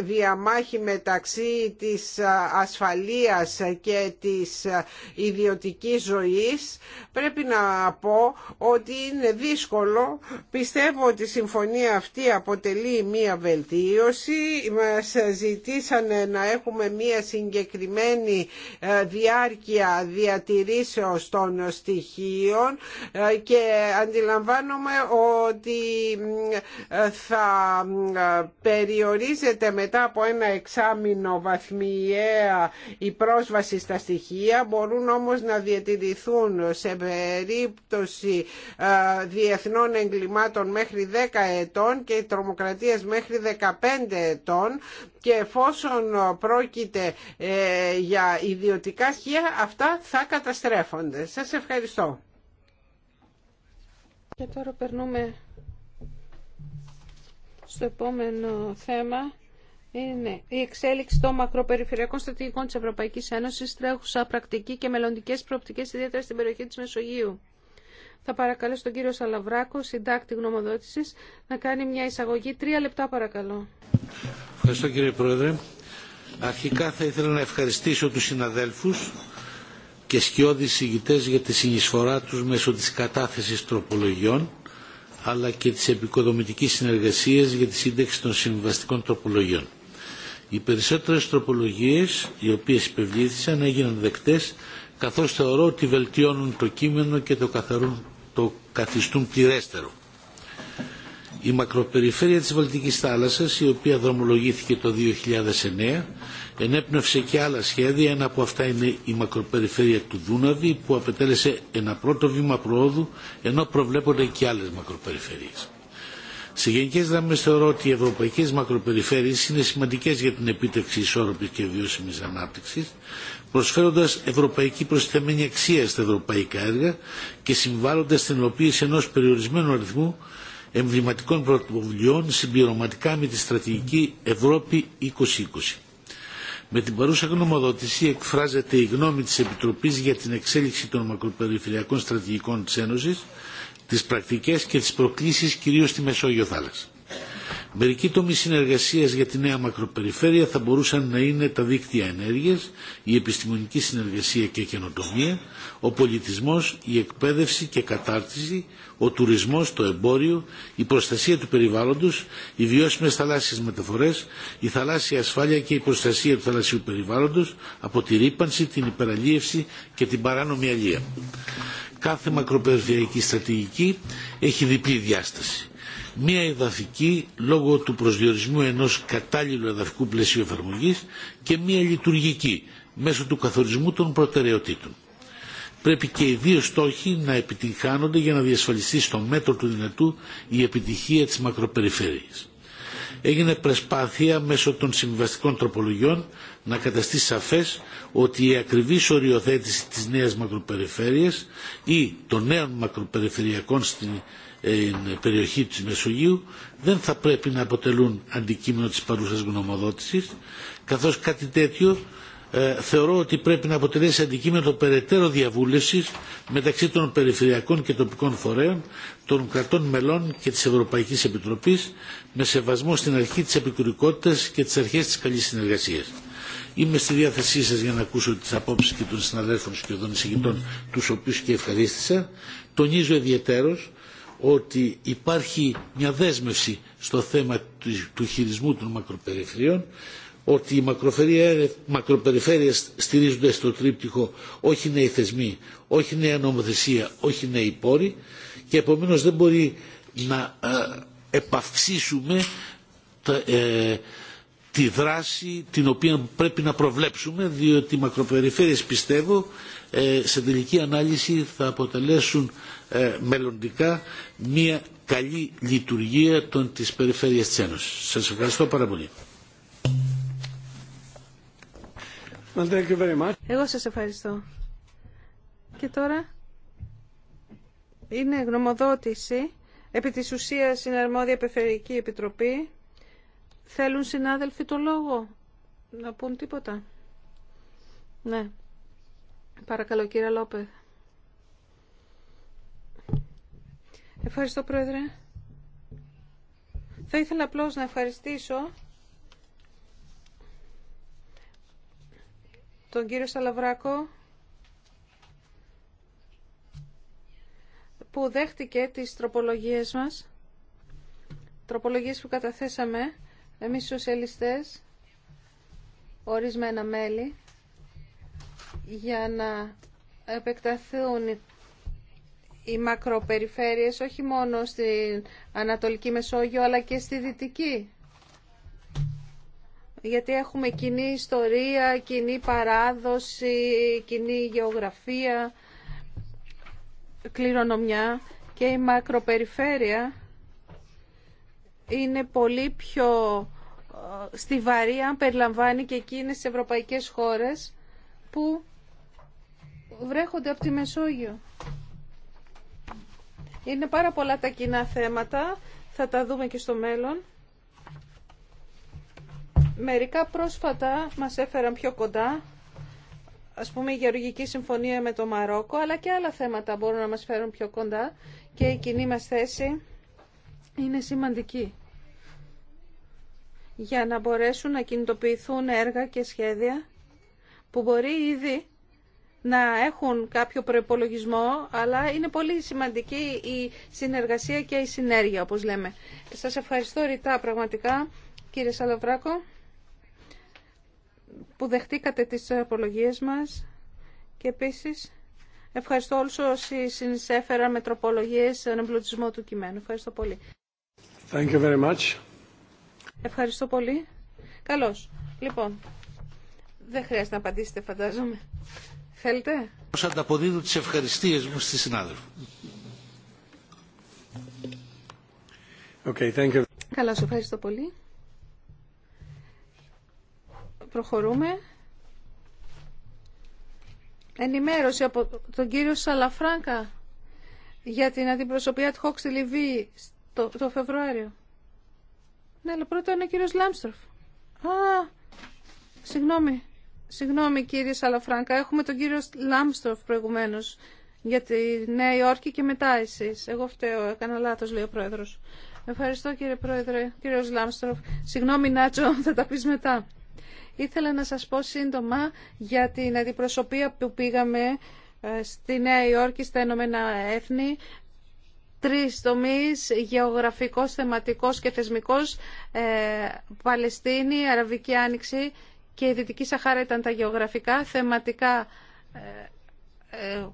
διαμάχη μεταξύ της ασφαλείας και της ιδιωτικής ζωής, πρέπει να πω ότι είναι δύσκολο. Πιστεύω ότι η συμφωνία αυτή αποτελεί μία βελτίωση. Μας ζητήσανε να έχουμε μία συγκεκριμένη ε, διάρκεια διατηρήσεως των στοιχείων ε, και αντιλαμβάνομαι ότι ε, θα περιορίζεται μετά από ένα εξάμεινο βαθμιαία η πρόσβαση στα στοιχεία μπορούν όμως να διατηρηθούν σε περίπτωση διεθνών εγκλημάτων μέχρι 10 ετών και τρομοκρατίας μέχρι 15 ετών και εφόσον πρόκειται ε, για ιδιωτικά χεία αυτά θα καταστρέφονται. Σας ευχαριστώ. Και τώρα περνούμε στο επόμενο θέμα. Είναι η εξέλιξη των μακροπεριφερειακών στρατηγικών της Ευρωπαϊκής Ένωσης, τρέχουσα πρακτική και μελλοντικές προοπτικές, ιδιαίτερα στην περιοχή της Μεσογείου. Θα παρακαλώ τον κύριο Σαλαβράκο, συντάκτη γνωμοδότηση, να κάνει μια εισαγωγή. Τρία λεπτά παρακαλώ. Ευχαριστώ κύριε Πρόεδρε. Αρχικά θα ήθελα να ευχαριστήσω του συναδέλφους και σκιώδεις ηγητές για τη συνεισφορά τους μέσω της κατάθεσης τροπολογιών αλλά και της επικοδομητικής συνεργασίας για τη σύνταξη των συμβαστικών τροπολογιών. Οι περισσότερες τροπολογίες οι οποίες υπευλήθησαν έγιναν δεκτές καθώς θεωρώ ότι βελτιώνουν το κείμενο και το καθαρούν το καθιστούν πληρέστερο. Η μακροπεριφέρεια της Βαλτικής θάλασσας, η οποία δρομολογήθηκε το 2009, ενέπνευσε και άλλα σχέδια, ένα από αυτά είναι η μακροπεριφέρεια του Δούναβη, που απετέλεσε ένα πρώτο βήμα προόδου, ενώ προβλέπονται και άλλες μακροπεριφέρειες. Σε γενικέ γραμμέ θεωρώ ότι οι ευρωπαϊκέ μακροπεριφέρειε είναι σημαντικέ για την επίτευξη ισόρροπη και βιώσιμη ανάπτυξη, προσφέροντας ευρωπαϊκή προσθεμένη αξία στα ευρωπαϊκά έργα και συμβάλλοντας στην υλοποίηση ενός περιορισμένου αριθμού εμβληματικών πρωτοβουλειών συμπληρωματικά με τη στρατηγική Ευρώπη 2020. Με την παρούσα γνωμοδότηση εκφράζεται η γνώμη της Επιτροπής για την εξέλιξη των μακροπεριφερειακών στρατηγικών της Ένωσης, τις πρακτικές και τις προκλήσεις κυρίως στη Μεσόγειο θάλασσα. Μερικοί τομεί συνεργασία για τη νέα μακροπεριφέρεια θα μπορούσαν να είναι τα δίκτυα ενέργεια, η επιστημονική συνεργασία και καινοτομία, ο πολιτισμό, η εκπαίδευση και κατάρτιση, ο τουρισμό το εμπόριο, η προστασία του περιβάλλοντο, οι βιώσιμε θαλάσσιες μεταφορέ, η θαλάσσια ασφάλεια και η προστασία του θαλασσίου περιβάλλοντο από τη ρήπανση, την υπεραλίευση και την παράνομη αλία. Κάθε μακροπεριφερειακή στρατηγική έχει διπλή διάσταση μια εδαφική λόγω του προσδιορισμού ενός κατάλληλου εδαφικού πλαισίου εφαρμογή και μια λειτουργική μέσω του καθορισμού των προτεραιοτήτων. Πρέπει και οι δύο στόχοι να επιτυγχάνονται για να διασφαλιστεί στο μέτρο του δυνατού η επιτυχία της μακροπεριφέρειας. Έγινε προσπάθεια μέσω των συμβαστικών τροπολογιών να καταστεί σαφές ότι η ακριβής οριοθέτηση της νέας μακροπεριφέρειας ή των νέων μακροπεριφερειακών περιοχή της Μεσογείου δεν θα πρέπει να αποτελούν αντικείμενο της παρούσας γνωμοδότησης καθώς κάτι τέτοιο ε, θεωρώ ότι πρέπει να αποτελέσει αντικείμενο περαιτέρω διαβούλευσης μεταξύ των περιφερειακών και τοπικών φορέων, των κρατών μελών και της Ευρωπαϊκής Επιτροπής με σεβασμό στην αρχή της επικουρικότητας και τις αρχές της καλής συνεργασίας. Είμαι στη διάθεσή σας για να ακούσω τις απόψεις και των συναδέλφων και των εισηγητών τους οποίους και ευχαρίστησα. Τονίζω ιδιαίτερος ότι υπάρχει μια δέσμευση στο θέμα του χειρισμού των μακροπεριφερειών, ότι οι μακροπεριφέρειες στηρίζονται στο τρίπτυχο όχι νέοι θεσμοί, όχι νέα νομοθεσία, όχι νέοι πόροι και επομένως δεν μπορεί να ε, επαυξήσουμε ε, τη δράση την οποία πρέπει να προβλέψουμε διότι οι μακροπεριφέρειες πιστεύω ε, σε τελική ανάλυση θα αποτελέσουν ε, μελλοντικά μια καλή λειτουργία των της Περιφέρειας της Ένωσης. Σας ευχαριστώ πάρα πολύ. Εγώ σας ευχαριστώ. Και τώρα είναι γνωμοδότηση. Επί της ουσίας στην αρμόδια Περιφερειακή Επιτροπή. Θέλουν συνάδελφοι το λόγο να πούν τίποτα. Ναι. Παρακαλώ κύριε Λόπε. Ευχαριστώ πρόεδρε. Θα ήθελα απλώς να ευχαριστήσω τον κύριο Σαλαβράκο που δέχτηκε τις τροπολογίες μας, τροπολογίες που καταθέσαμε εμείς σοσιαλιστές, ορισμένα μέλη για να επεκταθούν οι μακροπεριφέρειες όχι μόνο στην Ανατολική Μεσόγειο αλλά και στη Δυτική. Γιατί έχουμε κοινή ιστορία, κοινή παράδοση, κοινή γεωγραφία, κληρονομιά και η μακροπεριφέρεια είναι πολύ πιο ε, στιβαρή αν περιλαμβάνει και εκείνες τις ευρωπαϊκές χώρες που βρέχονται από τη Μεσόγειο. Είναι πάρα πολλά τα κοινά θέματα, θα τα δούμε και στο μέλλον. Μερικά πρόσφατα μας έφεραν πιο κοντά, ας πούμε η γεωργική συμφωνία με το Μαρόκο, αλλά και άλλα θέματα μπορούν να μας φέρουν πιο κοντά και η κοινή μας θέση είναι σημαντική για να μπορέσουν να κινητοποιηθούν έργα και σχέδια που μπορεί ήδη να έχουν κάποιο προπολογισμό, αλλά είναι πολύ σημαντική η συνεργασία και η συνέργεια, όπως λέμε. Σας ευχαριστώ ρητά πραγματικά, κύριε Σαλαβράκο, που δεχτήκατε τις απολογίες μας και επίσης ευχαριστώ όλους όσοι συνεισέφεραν με τροπολογίες στον εμπλουτισμό του κειμένου. Ευχαριστώ πολύ. Thank you very much. Ευχαριστώ πολύ. Καλώς. Λοιπόν, δεν χρειάζεται να απαντήσετε, φαντάζομαι. Θέλετε. Πώς ανταποδίδω τις ευχαριστίες μου στη συνάδελφο. Okay, Καλά, σου ευχαριστώ πολύ. Προχωρούμε. Ενημέρωση από τον κύριο Σαλαφράγκα για την αντιπροσωπεία του Χόξ στη Λιβύη το, το Φεβρουάριο. Ναι, αλλά πρώτα είναι ο κύριος Λάμστροφ. Α, συγγνώμη. Συγγνώμη κύριε Σαλαφρανκά, έχουμε τον κύριο Λάμστροφ προηγουμένω για τη Νέα Υόρκη και μετά εσείς. Εγώ φταίω, έκανα λάθο, λέει ο Πρόεδρο. Ευχαριστώ κύριε Πρόεδρε, κύριο Λάμστροφ. Συγγνώμη Νάτσο, θα τα πει μετά. Ήθελα να σας πω σύντομα για την αντιπροσωπεία που πήγαμε ε, στη Νέα Υόρκη, στα Ηνωμένα Έθνη, τρεις τομείς, γεωγραφικός, θεματικός και θεσμικός, ε, Παλαιστίνη, Αραβική Άνοιξη και η Δυτική Σαχάρα ήταν τα γεωγραφικά, θεματικά ε, ε,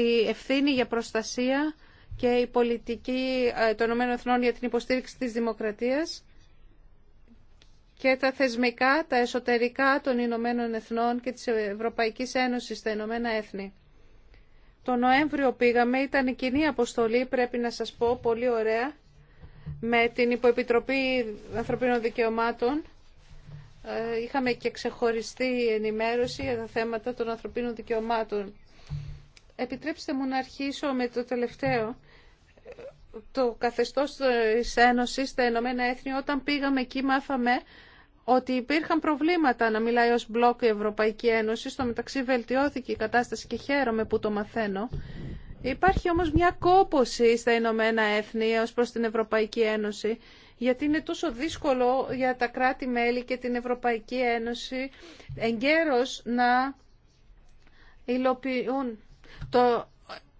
η ευθύνη για προστασία και η πολιτική ε, των ΗΕ για την υποστήριξη της δημοκρατίας και τα θεσμικά, τα εσωτερικά των Ηνωμένων Εθνών και της Ευρωπαϊκής Ένωσης στα Ηνωμένα Έθνη. Το Νοέμβριο πήγαμε, ήταν η κοινή αποστολή, πρέπει να σας πω, πολύ ωραία, με την Υποεπιτροπή Ανθρωπίνων Δικαιωμάτων ε, είχαμε και ξεχωριστή ενημέρωση για τα θέματα των ανθρωπίνων δικαιωμάτων. Επιτρέψτε μου να αρχίσω με το τελευταίο. Το καθεστώς της Ένωσης στα Ηνωμένα Έθνη, όταν πήγαμε εκεί μάθαμε ότι υπήρχαν προβλήματα να μιλάει ως μπλοκ η Ευρωπαϊκή Ένωση. Στο μεταξύ βελτιώθηκε η κατάσταση και χαίρομαι που το μαθαίνω. Υπάρχει όμως μια κόποση στα Ηνωμένα Έθνη ως προς την Ευρωπαϊκή Ένωση γιατί είναι τόσο δύσκολο για τα κράτη-μέλη και την Ευρωπαϊκή Ένωση εγκαίρως να υλοποιούν. Το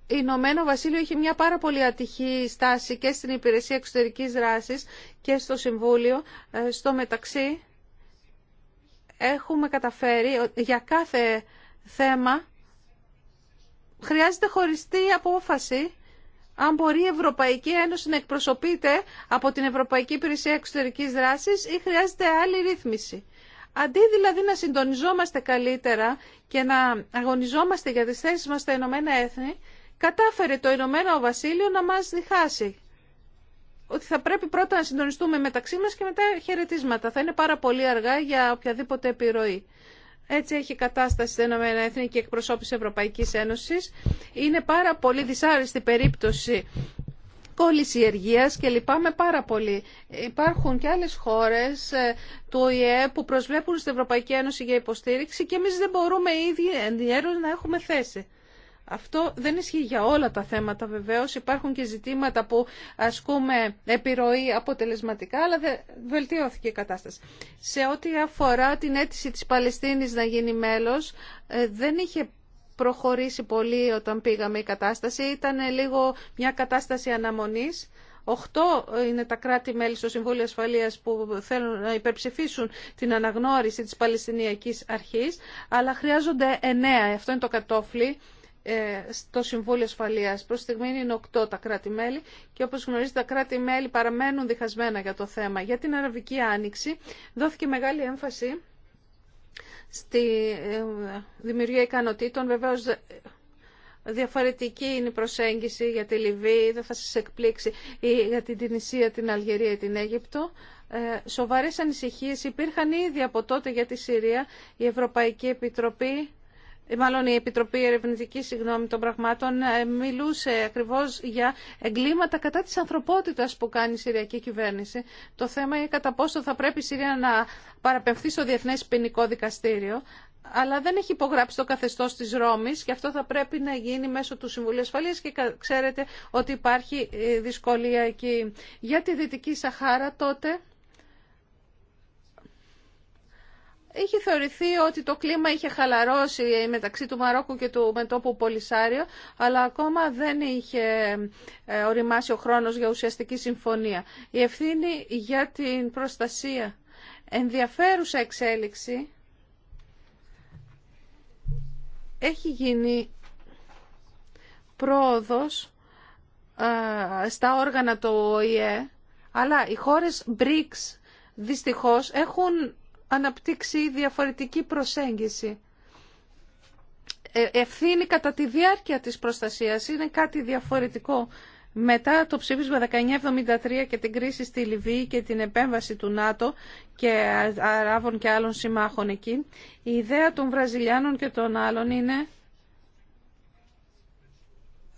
Ηνωμένο Βασίλειο έχει μια πάρα πολύ ατυχή στάση και στην Υπηρεσία Εξωτερικής Δράσης και στο Συμβούλιο. Ε, στο μεταξύ έχουμε καταφέρει για κάθε θέμα χρειάζεται χωριστή απόφαση αν μπορεί η Ευρωπαϊκή Ένωση να εκπροσωπείται από την Ευρωπαϊκή Υπηρεσία Εξωτερικής Δράσης ή χρειάζεται άλλη ρύθμιση. Αντί δηλαδή να συντονιζόμαστε καλύτερα και να αγωνιζόμαστε για τις θέσεις μας στα Ηνωμένα Έθνη, κατάφερε το Ηνωμένο Βασίλειο να μας διχάσει. Ότι θα πρέπει πρώτα να συντονιστούμε μεταξύ μας και μετά χαιρετίσματα. Θα είναι πάρα πολύ αργά για οποιαδήποτε επιρροή. Έτσι έχει κατάσταση στα Ηνωμένα Έθνη και εκπροσώπηση Ευρωπαϊκής Ένωσης. Είναι πάρα πολύ δυσάρεστη περίπτωση κόλληση εργίας και λυπάμαι πάρα πολύ. Υπάρχουν και άλλες χώρες ε, του ΟΗΕ που προσβλέπουν στην Ευρωπαϊκή Ένωση για υποστήριξη και εμείς δεν μπορούμε οι ίδιοι να έχουμε θέση. Αυτό δεν ισχύει για όλα τα θέματα βεβαίως. Υπάρχουν και ζητήματα που ασκούμε επιρροή αποτελεσματικά, αλλά δεν βελτιώθηκε η κατάσταση. Σε ό,τι αφορά την αίτηση της Παλαιστίνης να γίνει μέλος, ε, δεν είχε προχωρήσει πολύ όταν πήγαμε η κατάσταση. Ήταν λίγο μια κατάσταση αναμονής. Οχτώ είναι τα κράτη-μέλη στο Συμβούλιο Ασφαλείας που θέλουν να υπερψηφίσουν την αναγνώριση της Παλαιστινιακής Αρχής, αλλά χρειάζονται εννέα. Αυτό είναι το κατόφλι. Ε, στο Συμβούλιο Ασφαλείας. Προς στιγμή είναι 8 τα κράτη-μέλη και όπως γνωρίζετε τα κράτη-μέλη παραμένουν διχασμένα για το θέμα. Για την Αραβική Άνοιξη δόθηκε μεγάλη έμφαση στη ε, δημιουργία ικανοτήτων. Βεβαίως διαφορετική είναι η προσέγγιση για τη Λιβύη, δεν θα σας εκπλήξει, ή για την Τινησία, την Αλγερία ή την Αίγυπτο. Ε, σοβαρές ανησυχίες υπήρχαν ήδη από τότε για τη Συρία. Η Ευρωπαϊκή Επιτροπή ε, μάλλον η Επιτροπή Ερευνητική Συγγνώμη των Πραγμάτων ε, μιλούσε ακριβώς για εγκλήματα κατά της ανθρωπότητας που κάνει η Συριακή κυβέρνηση. Το θέμα είναι κατά πόσο θα πρέπει η Συρία να παραπευθεί στο Διεθνές Ποινικό Δικαστήριο. Αλλά δεν έχει υπογράψει το καθεστώ τη Ρώμη και αυτό θα πρέπει να γίνει μέσω του Συμβουλίου Ασφαλεία και ξέρετε ότι υπάρχει ε, δυσκολία εκεί. Για τη Δυτική Σαχάρα τότε είχε θεωρηθεί ότι το κλίμα είχε χαλαρώσει μεταξύ του Μαρόκου και του μετόπου Πολυσάριο, αλλά ακόμα δεν είχε ε, οριμάσει ο χρόνος για ουσιαστική συμφωνία. Η ευθύνη για την προστασία. Ενδιαφέρουσα εξέλιξη έχει γίνει πρόοδος ε, στα όργανα του ΟΗΕ, αλλά οι χώρες BRICS δυστυχώς έχουν αναπτύξει διαφορετική προσέγγιση. Ε, ευθύνη κατά τη διάρκεια της προστασίας είναι κάτι διαφορετικό. Μετά το ψήφισμα 1973 και την κρίση στη Λιβύη και την επέμβαση του ΝΑΤΟ και Αράβων και άλλων συμμάχων εκεί, η ιδέα των Βραζιλιάνων και των άλλων είναι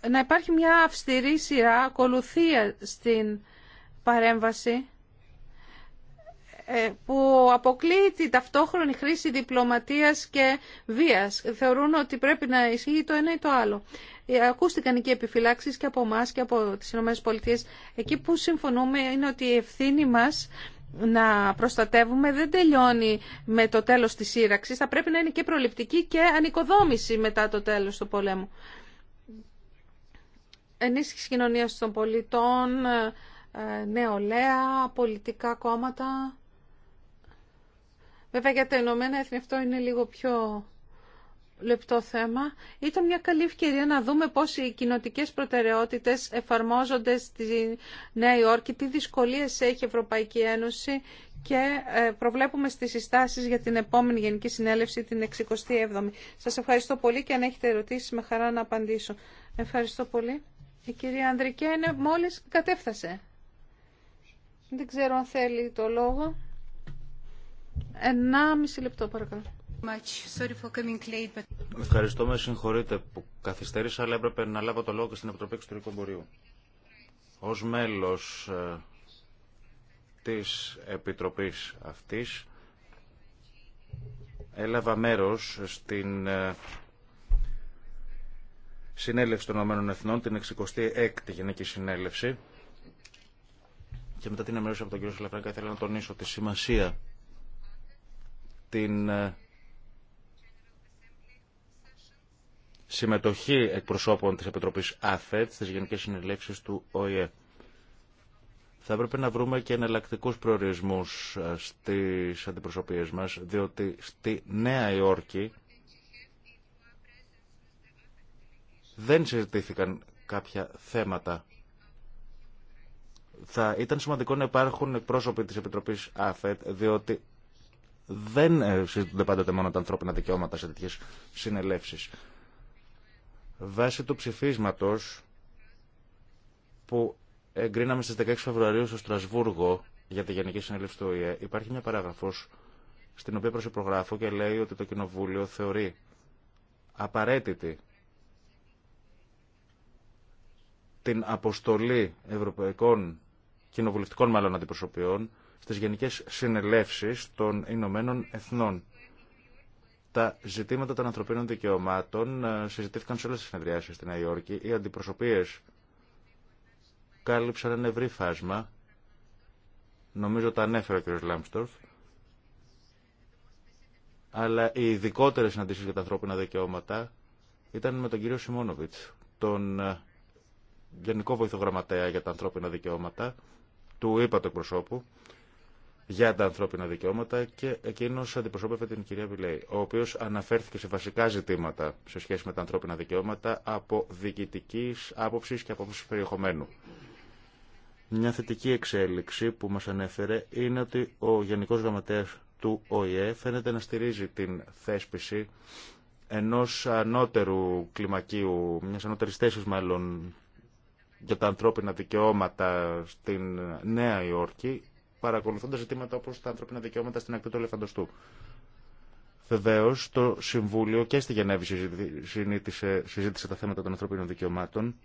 να υπάρχει μια αυστηρή σειρά ακολουθία στην παρέμβαση ε, που αποκλείει την ταυτόχρονη χρήση διπλωματίας και βίας. Θεωρούν ότι πρέπει να ισχύει το ένα ή το άλλο. Ε, ακούστηκαν και επιφυλάξει και από εμά και από τις ΗΠΑ. Εκεί που συμφωνούμε είναι ότι η ευθύνη μας να προστατεύουμε δεν τελειώνει με το τέλος της σύραξης. Θα πρέπει να είναι και προληπτική και ανοικοδόμηση μετά το τέλος του πολέμου. Ενίσχυση κοινωνίας των πολιτών, ε, νεολαία, πολιτικά κόμματα Βέβαια για τα Ηνωμένα Έθνη αυτό είναι λίγο πιο λεπτό θέμα. Ήταν μια καλή ευκαιρία να δούμε πώς οι κοινοτικές προτεραιότητες εφαρμόζονται στη Νέα Υόρκη, τι δυσκολίες έχει η Ευρωπαϊκή Ένωση και ε, προβλέπουμε στις συστάσεις για την επόμενη Γενική Συνέλευση την 67η. Σας ευχαριστώ πολύ και αν έχετε ερωτήσεις με χαρά να απαντήσω. Ευχαριστώ πολύ. Η κυρία Ανδρικένε μόλις κατέφτασε. Δεν ξέρω αν θέλει το λόγο. 1,5 λεπτό παρακαλώ. Ευχαριστώ, με συγχωρείτε που καθυστέρησα, αλλά έπρεπε να λάβω το λόγο και στην Επιτροπή Εξωτερικού Εμπορίου. Ως μέλος ε, της Επιτροπής αυτής, έλαβα μέρος στην ε, Συνέλευση των Ηνωμένων Εθνών, την 66η Γενική Συνέλευση, και μετά την ενημερώση από τον κύριο Σλαφράγκα, ήθελα να τονίσω τη σημασία την ε, συμμετοχή εκπροσώπων της Επιτροπής ΑΦΕΤ στις Γενικές Συνελεύσεις του ΟΗΕ. Θα έπρεπε να βρούμε και εναλλακτικού προορισμούς ε, στις αντιπροσωπείες μας, διότι στη Νέα Υόρκη δεν συζητήθηκαν κάποια θέματα. Θα ήταν σημαντικό να υπάρχουν εκπρόσωποι της Επιτροπής ΑΦΕΤ, διότι δεν ε, συζητούνται πάντοτε μόνο τα ανθρώπινα δικαιώματα σε τέτοιε συνελεύσει. Βάσει του ψηφίσματος που εγκρίναμε στι 16 Φεβρουαρίου στο Στρασβούργο για τη Γενική Συνέλευση του ΟΗΕ, υπάρχει μια παράγραφος στην οποία προσεπρογράφω και λέει ότι το Κοινοβούλιο θεωρεί απαραίτητη την αποστολή ευρωπαϊκών κοινοβουλευτικών μάλλον αντιπροσωπιών στις Γενικές Συνελεύσεις των Ηνωμένων Εθνών. Τα ζητήματα των ανθρωπίνων δικαιωμάτων ε, συζητήθηκαν σε όλες τις συνεδριάσεις στην Νέα Υόρκη. Οι αντιπροσωπείες κάλυψαν ένα ευρύ φάσμα. Νομίζω τα ανέφερε ο κ. Λάμπστορφ. Αλλά οι ειδικότερε συναντήσεις για τα ανθρώπινα δικαιώματα ήταν με τον κύριο Σιμόνοβιτς, τον ε, Γενικό Βοηθογραμματέα για τα ανθρώπινα δικαιώματα, του είπα προσώπου για τα ανθρώπινα δικαιώματα και εκείνο αντιπροσώπευε την κυρία Βιλέη, ο οποίο αναφέρθηκε σε βασικά ζητήματα σε σχέση με τα ανθρώπινα δικαιώματα από διοικητική άποψη και άποψη περιεχομένου. Μια θετική εξέλιξη που μα ανέφερε είναι ότι ο Γενικό Γραμματέα του ΟΗΕ φαίνεται να στηρίζει την θέσπιση ενό ανώτερου κλιμακίου, μια ανώτερη θέση μάλλον για τα ανθρώπινα δικαιώματα στην Νέα Υόρκη παρακολουθώντα ζητήματα όπω τα ανθρώπινα δικαιώματα στην ακτή του Ελεφαντοστού. Βεβαίω, το Συμβούλιο και στη Γενέβη συζήτησε, συζήτησε τα θέματα των ανθρωπίνων δικαιωμάτων.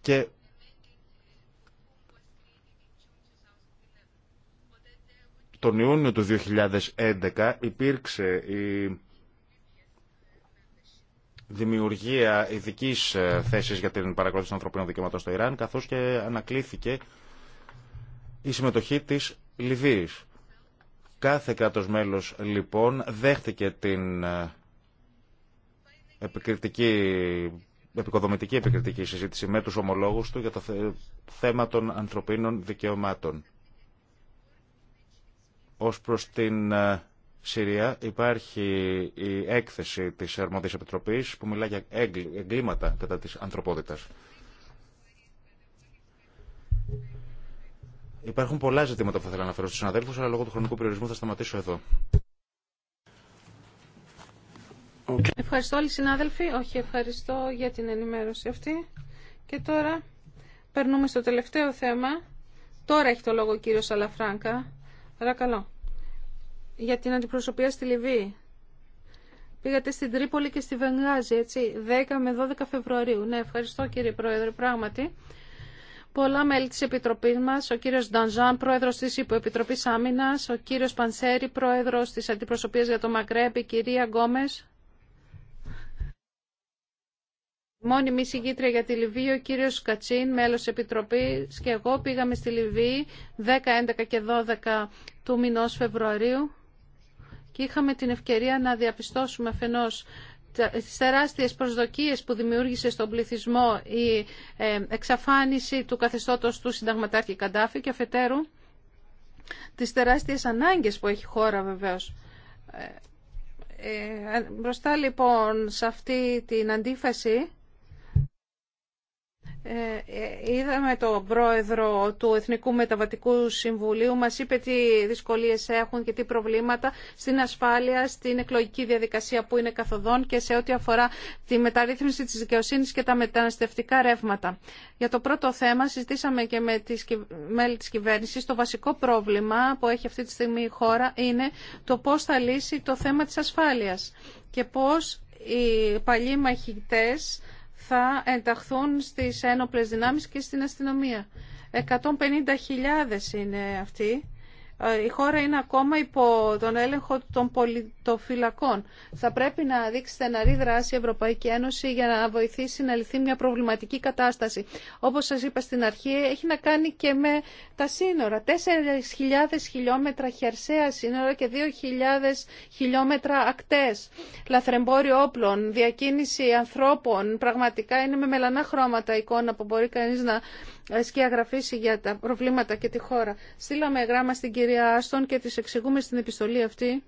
Και τον Ιούνιο του 2011 υπήρξε η δημιουργία ειδική ε, θέση για την παρακολούθηση των ανθρωπίνων δικαιωμάτων στο Ιράν, καθώ και ανακλήθηκε η συμμετοχή τη Λιβύη. Κάθε κράτο μέλο, λοιπόν, δέχτηκε την ε, επικριτική επικοδομητική επικριτική συζήτηση με τους ομολόγους του για το θέμα των ανθρωπίνων δικαιωμάτων. Ως προς την ε, Συρία υπάρχει η έκθεση της Αρμοδής Επιτροπής που μιλά για εγκλήματα κατά της ανθρωπότητας. Υπάρχουν πολλά ζητήματα που θα ήθελα να αναφέρω στους συναδέλφους, αλλά λόγω του χρονικού περιορισμού θα σταματήσω εδώ. Okay. Ευχαριστώ όλοι συνάδελφοι. Όχι, ευχαριστώ για την ενημέρωση αυτή. Και τώρα περνούμε στο τελευταίο θέμα. Τώρα έχει το λόγο ο κύριος Αλαφράγκα. Παρακαλώ για την αντιπροσωπεία στη Λιβύη. Πήγατε στην Τρίπολη και στη Βενγάζη, έτσι, 10 με 12 Φεβρουαρίου. Ναι, ευχαριστώ κύριε Πρόεδρε, πράγματι. Πολλά μέλη της Επιτροπής μας, ο κύριος Ντανζάν, πρόεδρος της Υποεπιτροπής Άμυνας, ο κύριος Πανσέρη, πρόεδρος της Αντιπροσωπείας για το Μαγκρέμπ, η κυρία Γκόμες, μόνιμη συγκήτρια για τη Λιβύη, ο κύριος Κατσίν, μέλος Επιτροπής και εγώ πήγαμε στη Λιβύη 10, 11 και 12 του μηνός Φεβρουαρίου και είχαμε την ευκαιρία να διαπιστώσουμε αφενός τις τεράστιες προσδοκίες που δημιούργησε στον πληθυσμό η ε, εξαφάνιση του καθεστώτος του συνταγματάρχη Καντάφη και αφετέρου τις τεράστιες ανάγκες που έχει η χώρα βεβαίως. Ε, ε μπροστά λοιπόν σε αυτή την αντίφαση ε, ε, είδαμε τον πρόεδρο του Εθνικού Μεταβατικού Συμβουλίου, μας είπε τι δυσκολίες έχουν και τι προβλήματα στην ασφάλεια, στην εκλογική διαδικασία που είναι καθοδόν και σε ό,τι αφορά τη μεταρρύθμιση της δικαιοσύνης και τα μεταναστευτικά ρεύματα. Για το πρώτο θέμα συζητήσαμε και με τις μέλη της κυβέρνησης. Το βασικό πρόβλημα που έχει αυτή τη στιγμή η χώρα είναι το πώς θα λύσει το θέμα της ασφάλειας και πώς οι παλιοί μαχητές θα ενταχθούν στις ένοπλες δυνάμεις και στην αστυνομία. 150.000 είναι αυτοί η χώρα είναι ακόμα υπό τον έλεγχο των πολιτοφυλακών. Θα πρέπει να δείξει στεναρή δράση η Ευρωπαϊκή Ένωση για να βοηθήσει να λυθεί μια προβληματική κατάσταση. Όπως σας είπα στην αρχή, έχει να κάνει και με τα σύνορα. 4.000 χιλιόμετρα χερσαία σύνορα και 2.000 χιλιόμετρα ακτές. Λαθρεμπόριο όπλων, διακίνηση ανθρώπων. Πραγματικά είναι με μελανά χρώματα εικόνα που μπορεί κανείς να σκιαγραφή για τα προβλήματα και τη χώρα. Στείλαμε γράμμα στην κυρία Άστον και της εξηγούμε στην επιστολή αυτή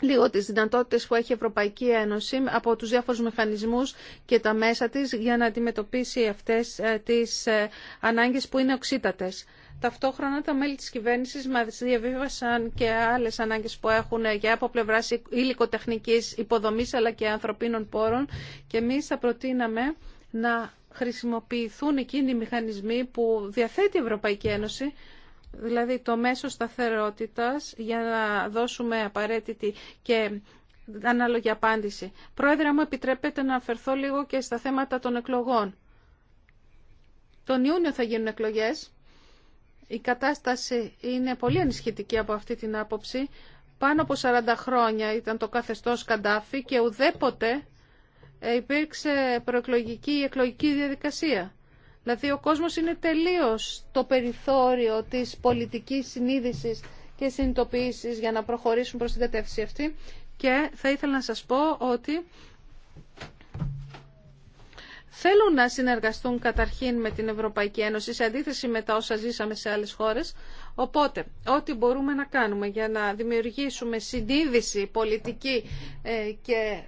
λίγο τις δυνατότητες που έχει η Ευρωπαϊκή Ένωση από τους διάφορους μηχανισμούς και τα μέσα της για να αντιμετωπίσει αυτές ε, τις ε, ανάγκες που είναι οξύτατες. Ταυτόχρονα τα μέλη της κυβέρνησης μα διαβίβασαν και άλλες ανάγκες που έχουν ε, για από πλευράς υλικοτεχνικής υποδομής αλλά και ανθρωπίνων πόρων και εμείς θα προτείναμε να χρησιμοποιηθούν εκείνοι οι μηχανισμοί που διαθέτει η Ευρωπαϊκή Ένωση, δηλαδή το μέσο σταθερότητας, για να δώσουμε απαραίτητη και ανάλογη απάντηση. Πρόεδρε, μου επιτρέπετε να αφαιρθώ λίγο και στα θέματα των εκλογών. Τον Ιούνιο θα γίνουν εκλογές. Η κατάσταση είναι πολύ ανισχυτική από αυτή την άποψη. Πάνω από 40 χρόνια ήταν το καθεστώς Καντάφη και ουδέποτε ε, υπήρξε προεκλογική ή εκλογική διαδικασία. Δηλαδή ο κόσμος είναι τελείως το περιθώριο της πολιτικής συνείδησης και συνειδητοποίησης για να προχωρήσουν προς την κατεύθυνση αυτή. Και θα ήθελα να σας πω ότι θέλουν να συνεργαστούν καταρχήν με την Ευρωπαϊκή Ένωση σε αντίθεση με τα όσα ζήσαμε σε άλλες χώρες. Οπότε, ό,τι μπορούμε να κάνουμε για να δημιουργήσουμε συνείδηση πολιτική ε, και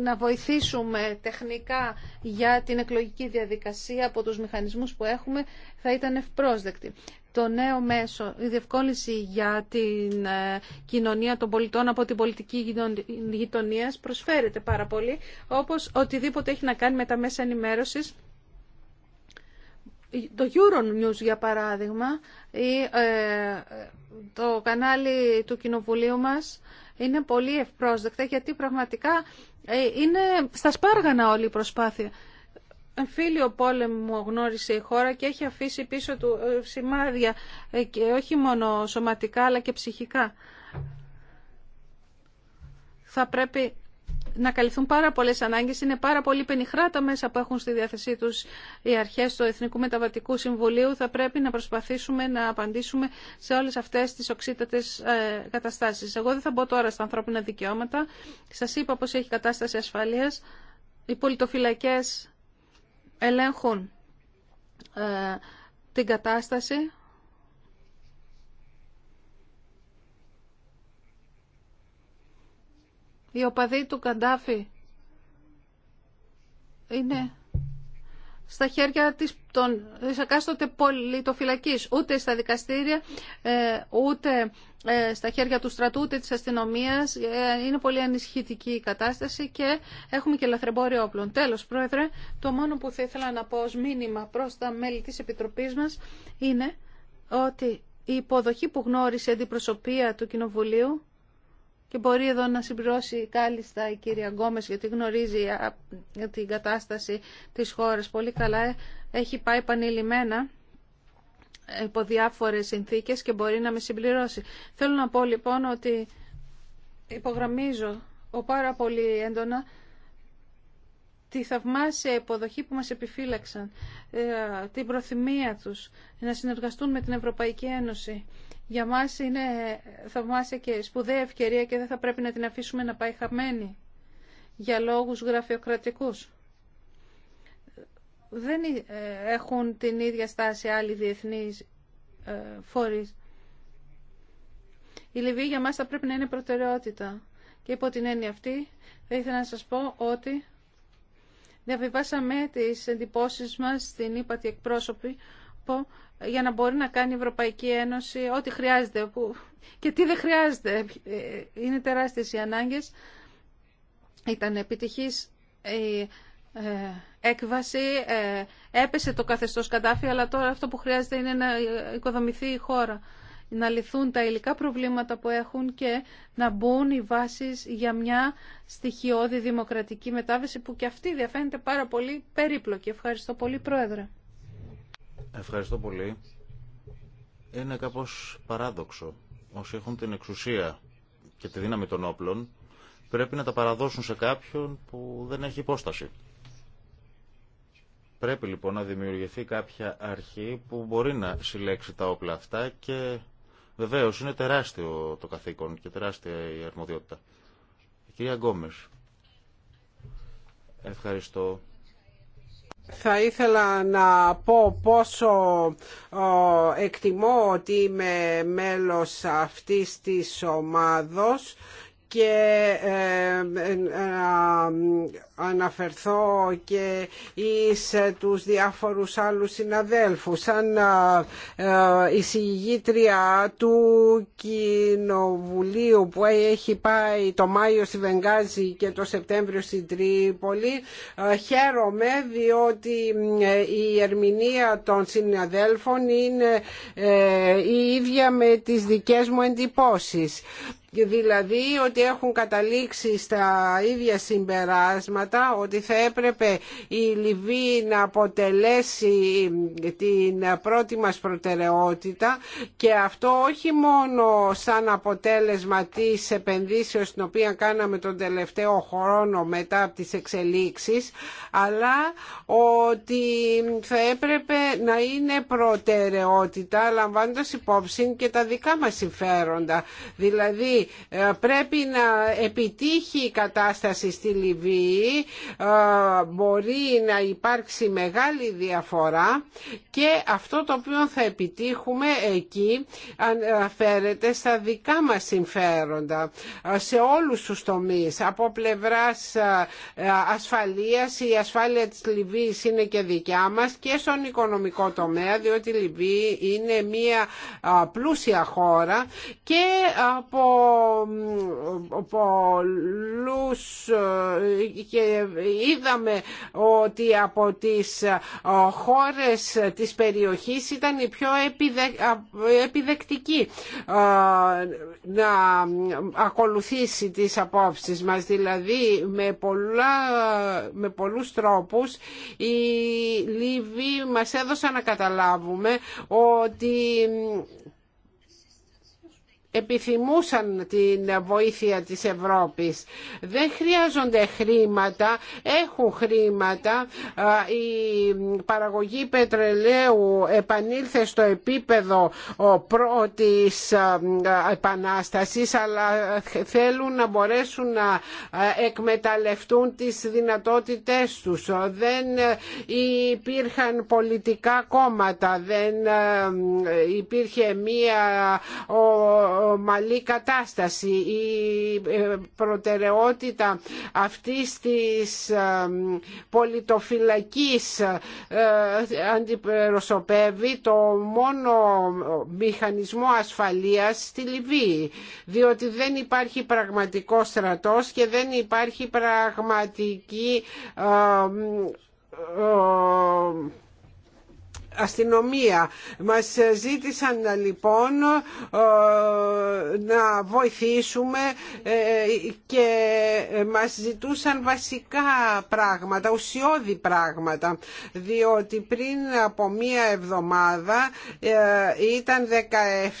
να βοηθήσουμε τεχνικά για την εκλογική διαδικασία από τους μηχανισμούς που έχουμε θα ήταν ευπρόσδεκτη. Το νέο μέσο, η διευκόλυνση για την ε, κοινωνία των πολιτών από την πολιτική γειτονία προσφέρεται πάρα πολύ, όπως οτιδήποτε έχει να κάνει με τα μέσα ενημέρωσης. Το Euronews, για παράδειγμα, ή ε, το κανάλι του Κοινοβουλίου μας, είναι πολύ ευπρόσδεκτα γιατί πραγματικά ε, είναι στα σπάργανα όλη η προσπάθεια. ο πόλεμο γνώρισε η χώρα και έχει αφήσει πίσω του ε, σημάδια ε, και όχι μόνο σωματικά αλλά και ψυχικά. Θα πρέπει να καλυφθούν πάρα πολλέ ανάγκε. Είναι πάρα πολύ πενιχρά τα μέσα που έχουν στη διάθεσή του οι αρχέ του Εθνικού Μεταβατικού Συμβουλίου. Θα πρέπει να προσπαθήσουμε να απαντήσουμε σε όλε αυτέ τι οξύτατε καταστάσει. Εγώ δεν θα μπω τώρα στα ανθρώπινα δικαιώματα. Σα είπα πώ έχει κατάσταση ασφαλεία. Οι πολιτοφυλακέ ελέγχουν ε, την κατάσταση Οι οπαδοί του Καντάφη είναι στα χέρια της, των, της ακάστοτε πολιτοφυλακής, ούτε στα δικαστήρια, ε, ούτε ε, στα χέρια του στρατού, ούτε της αστυνομίας. Ε, είναι πολύ ανισχυτική η κατάσταση και έχουμε και λαθρεμπόριο όπλων. Τέλος, Πρόεδρε, το μόνο που θα ήθελα να πω ως μήνυμα προς τα μέλη της Επιτροπής μας είναι ότι η υποδοχή που γνώρισε η αντιπροσωπεία του Κοινοβουλίου και μπορεί εδώ να συμπληρώσει κάλλιστα η κυρία Γκόμες γιατί γνωρίζει την κατάσταση της χώρας πολύ καλά. Ε, έχει πάει πανηλημένα υπό διάφορες συνθήκες και μπορεί να με συμπληρώσει. Θέλω να πω λοιπόν ότι υπογραμμίζω ο πάρα πολύ έντονα τη θαυμάσια υποδοχή που μας επιφύλαξαν, ε, την προθυμία τους να συνεργαστούν με την Ευρωπαϊκή Ένωση. Για μας είναι θαυμάσια και σπουδαία ευκαιρία και δεν θα πρέπει να την αφήσουμε να πάει χαμένη για λόγους γραφειοκρατικούς. Δεν ε, έχουν την ίδια στάση άλλοι διεθνείς ε, φορείς. Η Λιβύη για μας θα πρέπει να είναι προτεραιότητα. Και υπό την έννοια αυτή θα ήθελα να σας πω ότι Διαβιβάσαμε τις εντυπώσεις μας στην ύπατη εκπρόσωπη για να μπορεί να κάνει η Ευρωπαϊκή Ένωση ό,τι χρειάζεται και τι δεν χρειάζεται. Ε, είναι τεράστιες οι ανάγκες. Ήταν επιτυχής η ε, έκβαση, ε, έπεσε το καθεστώς κατάφυγα, αλλά τώρα αυτό που χρειάζεται είναι να οικοδομηθεί η χώρα να λυθούν τα υλικά προβλήματα που έχουν και να μπουν οι βάσεις για μια στοιχειώδη δημοκρατική μετάβαση που και αυτή διαφαίνεται πάρα πολύ περίπλοκη. Ευχαριστώ πολύ Πρόεδρε. Ευχαριστώ πολύ. Είναι κάπως παράδοξο. Όσοι έχουν την εξουσία και τη δύναμη των όπλων πρέπει να τα παραδώσουν σε κάποιον που δεν έχει υπόσταση. Πρέπει λοιπόν να δημιουργηθεί κάποια αρχή που μπορεί να συλλέξει τα όπλα αυτά και Βεβαίω, είναι τεράστιο το καθήκον και τεράστια η αρμοδιότητα. κυρία Γκόμε. Ευχαριστώ. Θα ήθελα να πω πόσο εκτιμώ ότι είμαι μέλος αυτής της ομάδος και ε, ε, αναφερθώ και εις ε, τους διάφορους άλλους συναδέλφους σαν εισηγήτρια του Κοινοβουλίου που έχει πάει το Μάιο στη Βενγάζη και το Σεπτέμβριο στην Τρίπολη χαίρομαι διότι η ερμηνεία των συναδέλφων είναι η ίδια με τις δικές μου εντυπώσεις δηλαδή ότι έχουν καταλήξει στα ίδια συμπεράσματα ότι θα έπρεπε η Λιβύη να αποτελέσει την πρώτη μας προτεραιότητα και αυτό όχι μόνο σαν αποτέλεσμα της επενδύσεως την οποία κάναμε τον τελευταίο χρόνο μετά από τις εξελίξεις αλλά ότι θα έπρεπε να είναι προτεραιότητα λαμβάνοντας υπόψη και τα δικά μας συμφέροντα δηλαδή ε, πρέπει να επιτύχει η κατάσταση στη Λιβύη ε, μπορεί να υπάρξει μεγάλη διαφορά και αυτό το οποίο θα επιτύχουμε εκεί αναφέρεται στα δικά μας συμφέροντα ε, σε όλους τους τομείς από πλευράς ασφαλείας η ασφάλεια της Λιβύης είναι και δικιά μας και στον οικονομικό τομέα διότι η Λιβύη είναι μια πλούσια χώρα και από πολλούς και είδαμε ότι από τις ε, χώρες της περιοχής ήταν η πιο επιδεκτική ε, να ακολουθήσει τις απόψεις μας δηλαδή με, πολλά, με πολλούς τρόπους οι Λίβοι μας έδωσαν να καταλάβουμε ότι επιθυμούσαν την βοήθεια της Ευρώπης. Δεν χρειάζονται χρήματα, έχουν χρήματα. Η παραγωγή πετρελαίου επανήλθε στο επίπεδο πρώτης επανάστασης αλλά θέλουν να μπορέσουν να εκμεταλλευτούν τις δυνατότητές τους. Δεν υπήρχαν πολιτικά κόμματα, δεν υπήρχε μία ομαλή κατάσταση. Η ε, προτεραιότητα αυτής της ε, πολιτοφυλακής ε, αντιπροσωπεύει το μόνο μηχανισμό ασφαλείας στη Λιβύη διότι δεν υπάρχει πραγματικό στρατός και δεν υπάρχει πραγματική αστυνομία. Μας ζήτησαν λοιπόν ε, να βοηθήσουμε ε, και μας ζητούσαν βασικά πράγματα, ουσιώδη πράγματα, διότι πριν από μία εβδομάδα ε, ήταν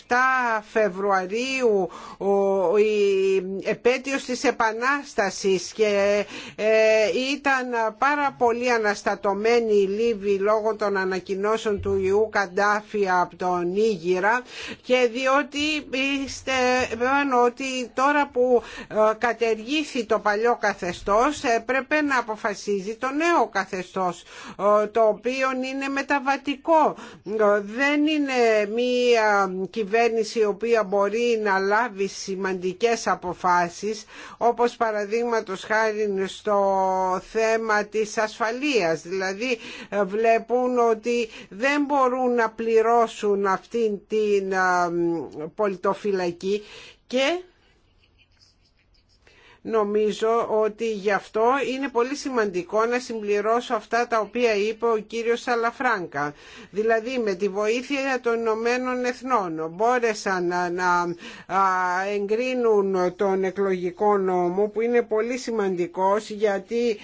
17 Φεβρουαρίου η επέτειος της Επανάστασης και ήταν πάρα πολύ αναστατωμένοι οι Λίβοι λόγω των ανακοινώσεων του ιού Καντάφη από τον ήγυρα και διότι πιστεύω ότι τώρα που ε, κατεργήθη το παλιό καθεστώς πρέπει να αποφασίζει το νέο καθεστώς ε, το οποίο είναι μεταβατικό. Ε, δεν είναι μία κυβέρνηση η οποία μπορεί να λάβει σημαντικές αποφάσεις όπως παραδείγματος χάρη στο θέμα της ασφαλείας. Δηλαδή βλέπουν ότι δεν μπορούν να πληρώσουν αυτήν την πολιτοφυλακή και Νομίζω ότι γι' αυτό είναι πολύ σημαντικό να συμπληρώσω αυτά τα οποία είπε ο κύριος Σαλαφράνκα. Δηλαδή με τη βοήθεια των Ηνωμένων Εθνών μπόρεσαν να εγκρίνουν τον εκλογικό νόμο που είναι πολύ σημαντικός γιατί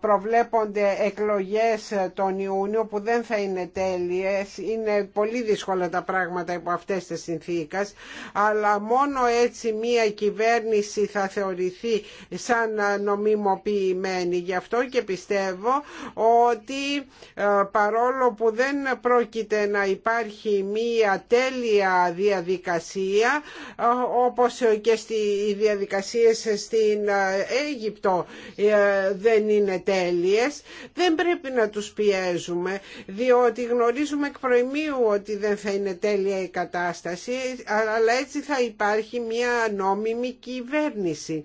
προβλέπονται εκλογές τον Ιούνιο που δεν θα είναι τέλειες. Είναι πολύ δύσκολα τα πράγματα υπό αυτές τις συνθήκες αλλά μόνο έτσι μία κυβέρνηση θα θεωρηθεί σαν νομιμοποιημένη. Γι' αυτό και πιστεύω ότι ε, παρόλο που δεν πρόκειται να υπάρχει μία τέλεια διαδικασία ε, όπως και οι διαδικασίες στην ε, Αίγυπτο δεν είναι τέλειες δεν πρέπει να τους πιέζουμε διότι γνωρίζουμε εκ προημίου ότι δεν θα είναι τέλεια η κατάσταση αλλά έτσι θα υπάρχει μια νόμιμη κυβέρνηση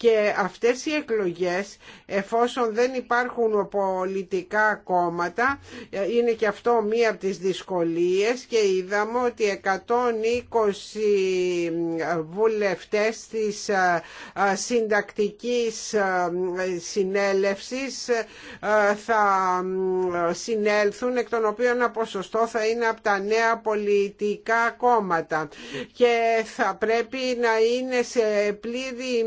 και αυτές οι εκλογές εφόσον δεν υπάρχουν πολιτικά κόμματα ε, είναι και αυτό μία από τις δυσκολίες και είδαμε ότι 120 βουλευτές της ε, ε, συντακτικής συνέλευσης θα συνέλθουν εκ των οποίων ένα ποσοστό θα είναι από τα νέα πολιτικά κόμματα και θα πρέπει να είναι σε πλήρη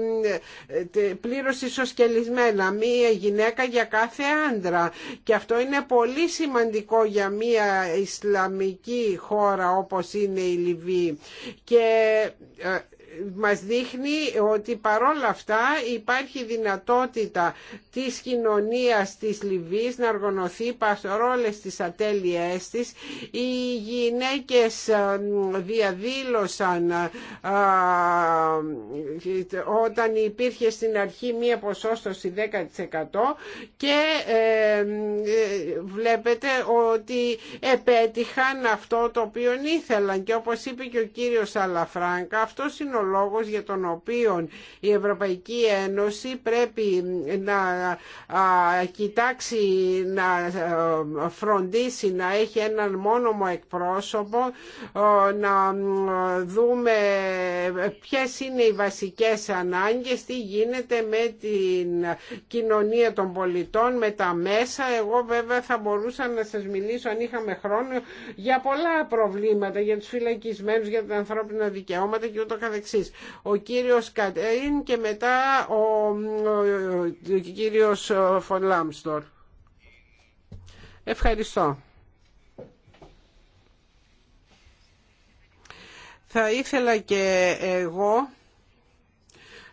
ε, πλήρως ισοσκελισμένα μία γυναίκα για κάθε άντρα και αυτό είναι πολύ σημαντικό για μία Ισλαμική χώρα όπως είναι η Λιβύη και ε, μας δείχνει ότι παρόλα αυτά υπάρχει δυνατότητα της κοινωνίας της Λιβύης να οργανωθεί παρόλες τις ατέλειές της. Οι γυναίκες ε, διαδήλωσαν ε, όταν υπήρχε στην αρχή μία ποσόστοση 10% και ε, βλέπετε ότι επέτυχαν αυτό το οποίο ήθελαν και όπως είπε και ο κύριος Αλαφράγκα αυτό είναι λόγος για τον οποίο η Ευρωπαϊκή Ένωση πρέπει να κοιτάξει να φροντίσει να έχει έναν μόνομο εκπρόσωπο να δούμε ποιες είναι οι βασικές ανάγκες τι γίνεται με την κοινωνία των πολιτών με τα μέσα εγώ βέβαια θα μπορούσα να σας μιλήσω αν είχαμε χρόνο για πολλά προβλήματα για τους φυλακισμένους για τα ανθρώπινα δικαιώματα και ούτω καθεξής ο κύριος Κατέιν και μετά ο κύριος Φον Λάμστορ. Ευχαριστώ. Θα ήθελα και εγώ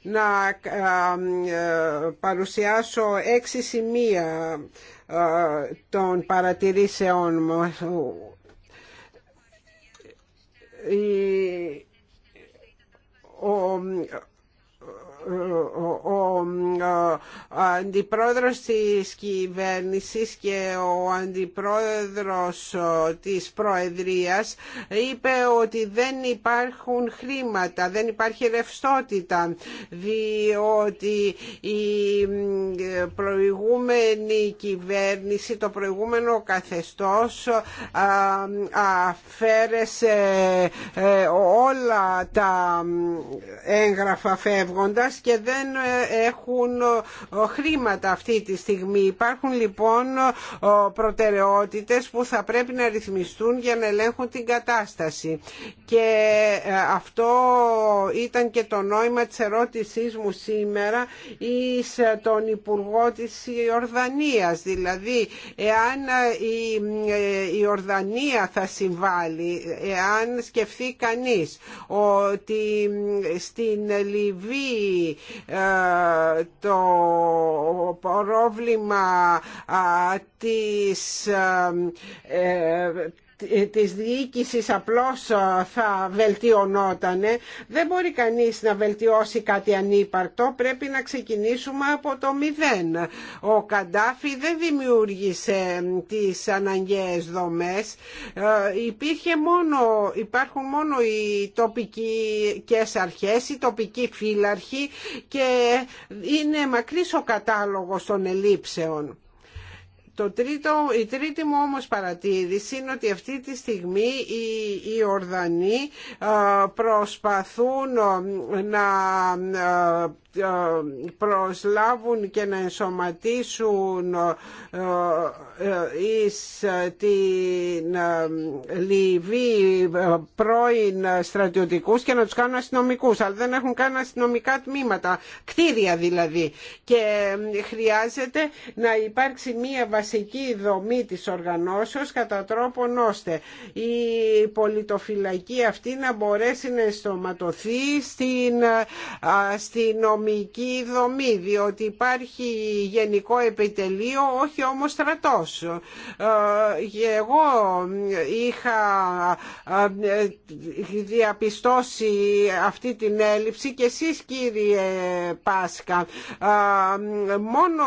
να παρουσιάσω έξι σημεία των παρατηρήσεών μου ο ο αντιπρόεδρος της κυβέρνησης και ο αντιπρόεδρος της Προεδρίας είπε ότι δεν υπάρχουν χρήματα, δεν υπάρχει ρευστότητα διότι η προηγούμενη κυβέρνηση, το προηγούμενο καθεστώς αφαίρεσε ε, όλα τα έγγραφα φεύγοντας και δεν ε, έχουν ε, χρήματα αυτή τη στιγμή. Υπάρχουν λοιπόν ε, προτεραιότητες που θα πρέπει να ρυθμιστούν για να ελέγχουν την κατάσταση. Και αυτό ήταν και το νόημα της ερώτησής μου σήμερα εις τον Υπουργό της Ιορδανίας. Δηλαδή, εάν η Ιορδανία θα συμβάλλει, εάν σκεφτεί κανείς ότι στην Λιβύη ε, το πρόβλημα ε, της ε, ε, της διοίκησης απλώς ε, θα βελτιωνόταν. Δεν μπορεί κανείς να βελτιώσει κάτι ανύπαρκτο, πρέπει να ξεκινήσουμε από το μηδέν. Ο Καντάφη δεν δημιούργησε τις αναγκαίες δομές, ε, Υπήρχε μόνο, υπάρχουν μόνο οι τοπικές αρχές, οι τοπικοί φύλαρχοι και είναι μακρύς ο κατάλογος των ελλείψεων. Το τρίτο, η τρίτη μου όμως παρατήρηση είναι ότι αυτή τη στιγμή οι, οι Ορδανοί προσπαθούν να προσλάβουν και να ενσωματίσουν εις την Λιβύη πρώην στρατιωτικούς και να τους κάνουν αστυνομικούς αλλά δεν έχουν καν αστυνομικά τμήματα κτίρια δηλαδή και χρειάζεται να υπάρξει μία βασική βασική δομή της οργανώσεως κατά τρόπον ώστε η πολιτοφυλακή αυτή να μπορέσει να ενστοματωθεί στην νομική δομή διότι υπάρχει γενικό επιτελείο όχι όμως στρατός. Ε, εγώ είχα ε, διαπιστώσει αυτή την έλλειψη και εσείς κύριε Πάσκα μόνο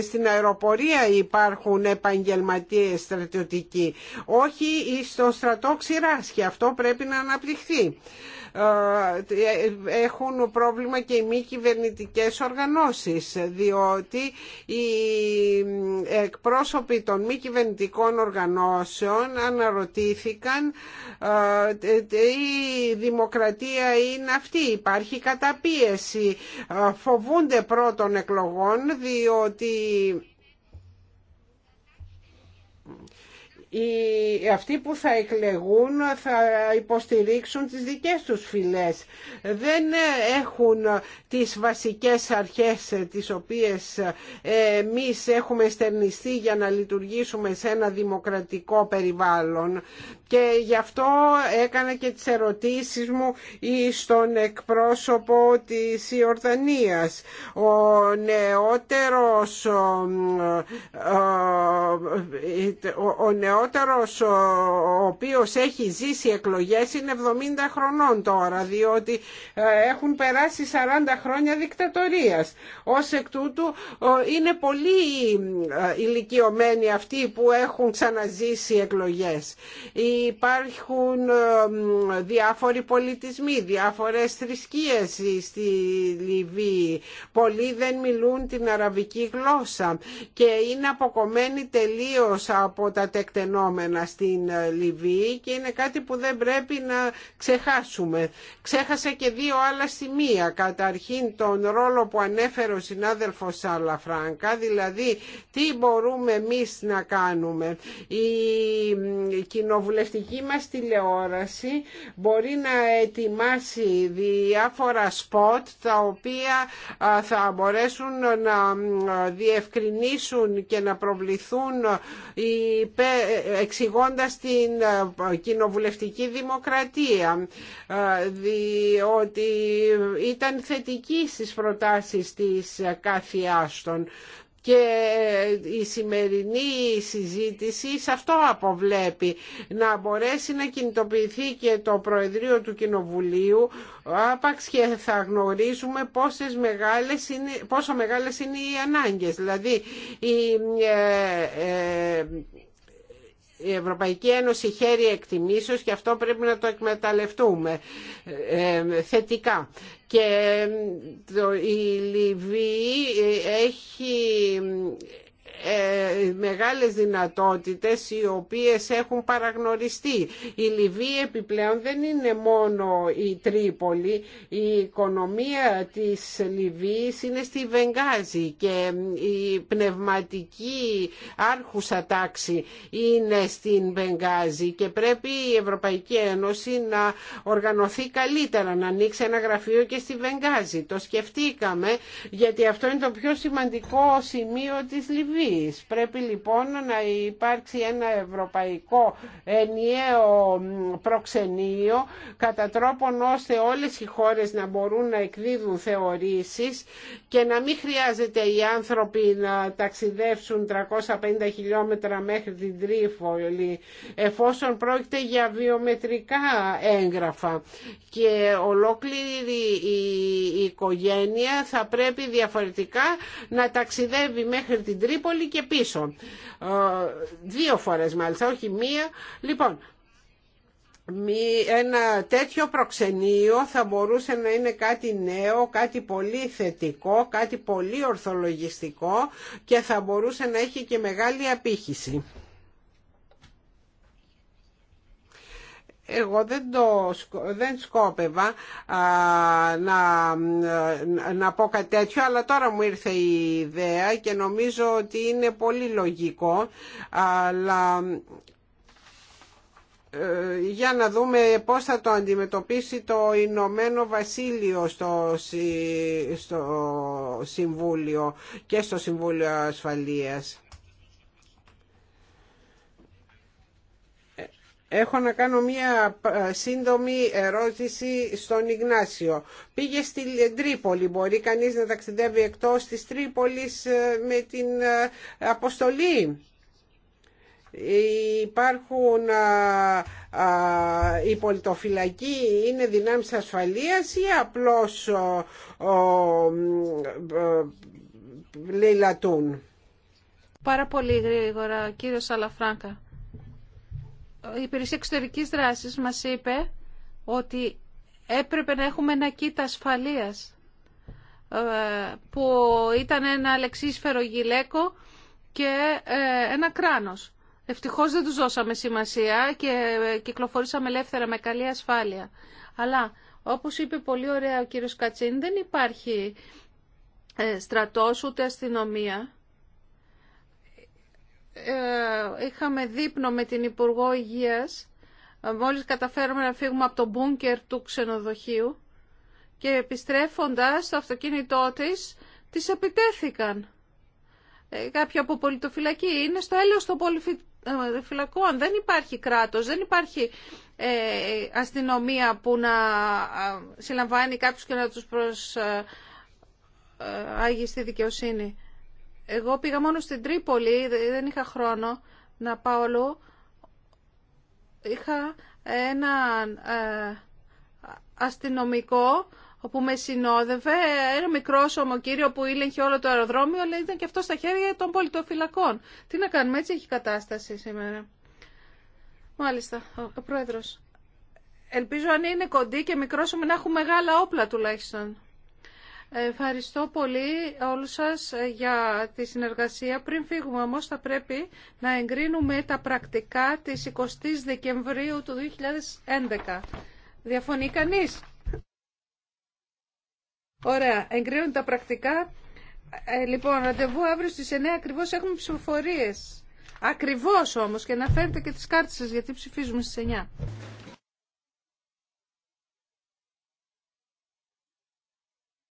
στην ε, αεροπορία υπάρχουν επαγγελματίε στρατιωτικοί. Όχι στο στρατό ξηράς και αυτό πρέπει να αναπτυχθεί. Ε, έχουν πρόβλημα και οι μη κυβερνητικέ οργανώσεις διότι οι εκπρόσωποι των μη κυβερνητικών οργανώσεων αναρωτήθηκαν ε, η δημοκρατία είναι αυτή, υπάρχει καταπίεση ε, φοβούνται πρώτων εκλογών διότι οι, αυτοί που θα εκλεγούν θα υποστηρίξουν τις δικές τους φυλές. Δεν έχουν τις βασικές αρχές τις οποίες εμείς έχουμε στερνιστεί για να λειτουργήσουμε σε ένα δημοκρατικό περιβάλλον. Και γι' αυτό έκανα και τις ερωτήσεις μου στον εκπρόσωπο της Ιορδανίας. Ο νεότερος, ο, νεότερος ο οποίος έχει ζήσει εκλογές είναι 70 χρονών τώρα διότι ε, έχουν περάσει 40 χρόνια δικτατορίας. Ως εκ τούτου είναι πολύ ε, ηλικιωμένοι αυτοί που έχουν ξαναζήσει εκλογές. Υπάρχουν ε, διάφοροι πολιτισμοί, διάφορες θρησκείες στη Λιβύη. Πολλοί δεν μιλούν την αραβική γλώσσα και είναι αποκομμένοι τελείως από τα τεκτενότητα φαινόμενα στην ε, Λιβύη και είναι κάτι που δεν πρέπει να ξεχάσουμε. Ξέχασα και δύο άλλα σημεία. Καταρχήν τον ρόλο που ανέφερε ο συνάδελφος Φράνκα, δηλαδή τι μπορούμε εμείς να κάνουμε. Η κοινοβουλευτική μας τηλεόραση μπορεί να ετοιμάσει διάφορα σποτ τα οποία θα μπορέσουν να διευκρινίσουν και να προβληθούν οι ε, εξηγώντα την ε, κοινοβουλευτική δημοκρατία ε, ότι ήταν θετική στις προτάσεις της ε, κάθε και η σημερινή συζήτηση σε αυτό αποβλέπει να μπορέσει να κινητοποιηθεί και το Προεδρείο του Κοινοβουλίου άπαξ και θα γνωρίζουμε πόσες μεγάλες είναι, πόσο μεγάλες είναι οι ανάγκες δηλαδή η, η Ευρωπαϊκή Ένωση χαίρει εκτιμήσεως και αυτό πρέπει να το εκμεταλλευτούμε ε, ε, θετικά. Και ε, η Λιβύη έχει ε, μεγάλες δυνατότητες οι οποίες έχουν παραγνωριστεί. Η Λιβύη επιπλέον δεν είναι μόνο η Τρίπολη, η οικονομία της Λιβύης είναι στη Βενγάζη και η πνευματική άρχουσα τάξη είναι στην Βενγάζη και πρέπει η Ευρωπαϊκή Ένωση να οργανωθεί καλύτερα, να ανοίξει ένα γραφείο και στη Βενγάζη. Το σκεφτήκαμε γιατί αυτό είναι το πιο σημαντικό σημείο της Λιβύης Πρέπει λοιπόν να υπάρξει ένα ευρωπαϊκό ενιαίο προξενείο κατά τρόπον ώστε όλες οι χώρες να μπορούν να εκδίδουν θεωρήσεις και να μην χρειάζεται οι άνθρωποι να ταξιδεύσουν 350 χιλιόμετρα μέχρι την Τρίφολη εφόσον πρόκειται για βιομετρικά έγγραφα και ολόκληρη η οικογένεια θα πρέπει διαφορετικά να ταξιδεύει μέχρι την Τρίπολη και πίσω. Δύο φορές μάλιστα, όχι μία. Λοιπόν, ένα τέτοιο προξενείο θα μπορούσε να είναι κάτι νέο, κάτι πολύ θετικό, κάτι πολύ ορθολογιστικό και θα μπορούσε να έχει και μεγάλη απήχηση. εγώ δεν, το, δεν σκόπευα να, να πω κάτι τέτοιο, αλλά τώρα μου ήρθε η ιδέα και νομίζω ότι είναι πολύ λογικό, αλλά ε, για να δούμε πώς θα το αντιμετωπίσει το Ηνωμένο Βασίλειο στο, στο Συμβούλιο και στο Συμβούλιο Ασφαλείας. Έχω να κάνω μία σύντομη ερώτηση στον Ιγνάσιο. Πήγε στη Τρίπολη, μπορεί κανείς να ταξιδεύει εκτός της Τρίπολης ε, με την ε, αποστολή. Υπάρχουν α, α, οι είναι δυνάμεις ασφαλείας ή απλώς ο, λαιλατούν. Πάρα πολύ γρήγορα, κύριο Σαλαφράγκα η Υπηρεσία εξωτερική Δράσης μα είπε ότι έπρεπε να έχουμε ένα κήτα ασφαλεία ε, που ήταν ένα αλεξίσφαιρο γυλαίκο και ε, ένα κράνος. Ευτυχώς δεν τους δώσαμε σημασία και ε, κυκλοφορήσαμε ελεύθερα με καλή ασφάλεια. Αλλά όπως είπε πολύ ωραία ο κύριος Κατσίν δεν υπάρχει στρατός ούτε αστυνομία ε, είχαμε δείπνο με την Υπουργό Υγείας ε, μόλις καταφέραμε να φύγουμε από το μπούνκερ του ξενοδοχείου και επιστρέφοντας στο αυτοκίνητό της, τις επιτέθηκαν. Ε, κάποιοι από πολιτοφυλακή είναι στο έλεος των πολιτοφυλακών. Δεν υπάρχει κράτος, δεν υπάρχει ε, αστυνομία που να συλλαμβάνει κάποιους και να τους προσάγει στη δικαιοσύνη. Εγώ πήγα μόνο στην Τρίπολη, δεν είχα χρόνο να πάω αλλού. Είχα ένα ε, αστυνομικό που με συνόδευε ένα μικρό κύριο που ήλεγχε όλο το αεροδρόμιο, αλλά ήταν και αυτό στα χέρια των πολιτοφυλακών. Τι να κάνουμε, έτσι έχει κατάσταση σήμερα. Μάλιστα, ο πρόεδρος. Ελπίζω αν είναι κοντή και μικρό να έχουν μεγάλα όπλα τουλάχιστον. Ευχαριστώ πολύ όλους σας ε, για τη συνεργασία. Πριν φύγουμε όμως θα πρέπει να εγκρίνουμε τα πρακτικά της 20 Δεκεμβρίου του 2011. Διαφωνεί κανείς? Ωραία, εγκρίνουν τα πρακτικά. Ε, λοιπόν, ραντεβού αύριο στις 9 ακριβώς έχουμε ψηφοφορίες. Ακριβώς όμως και να φέρετε και τις κάρτες σας γιατί ψηφίζουμε στις 9.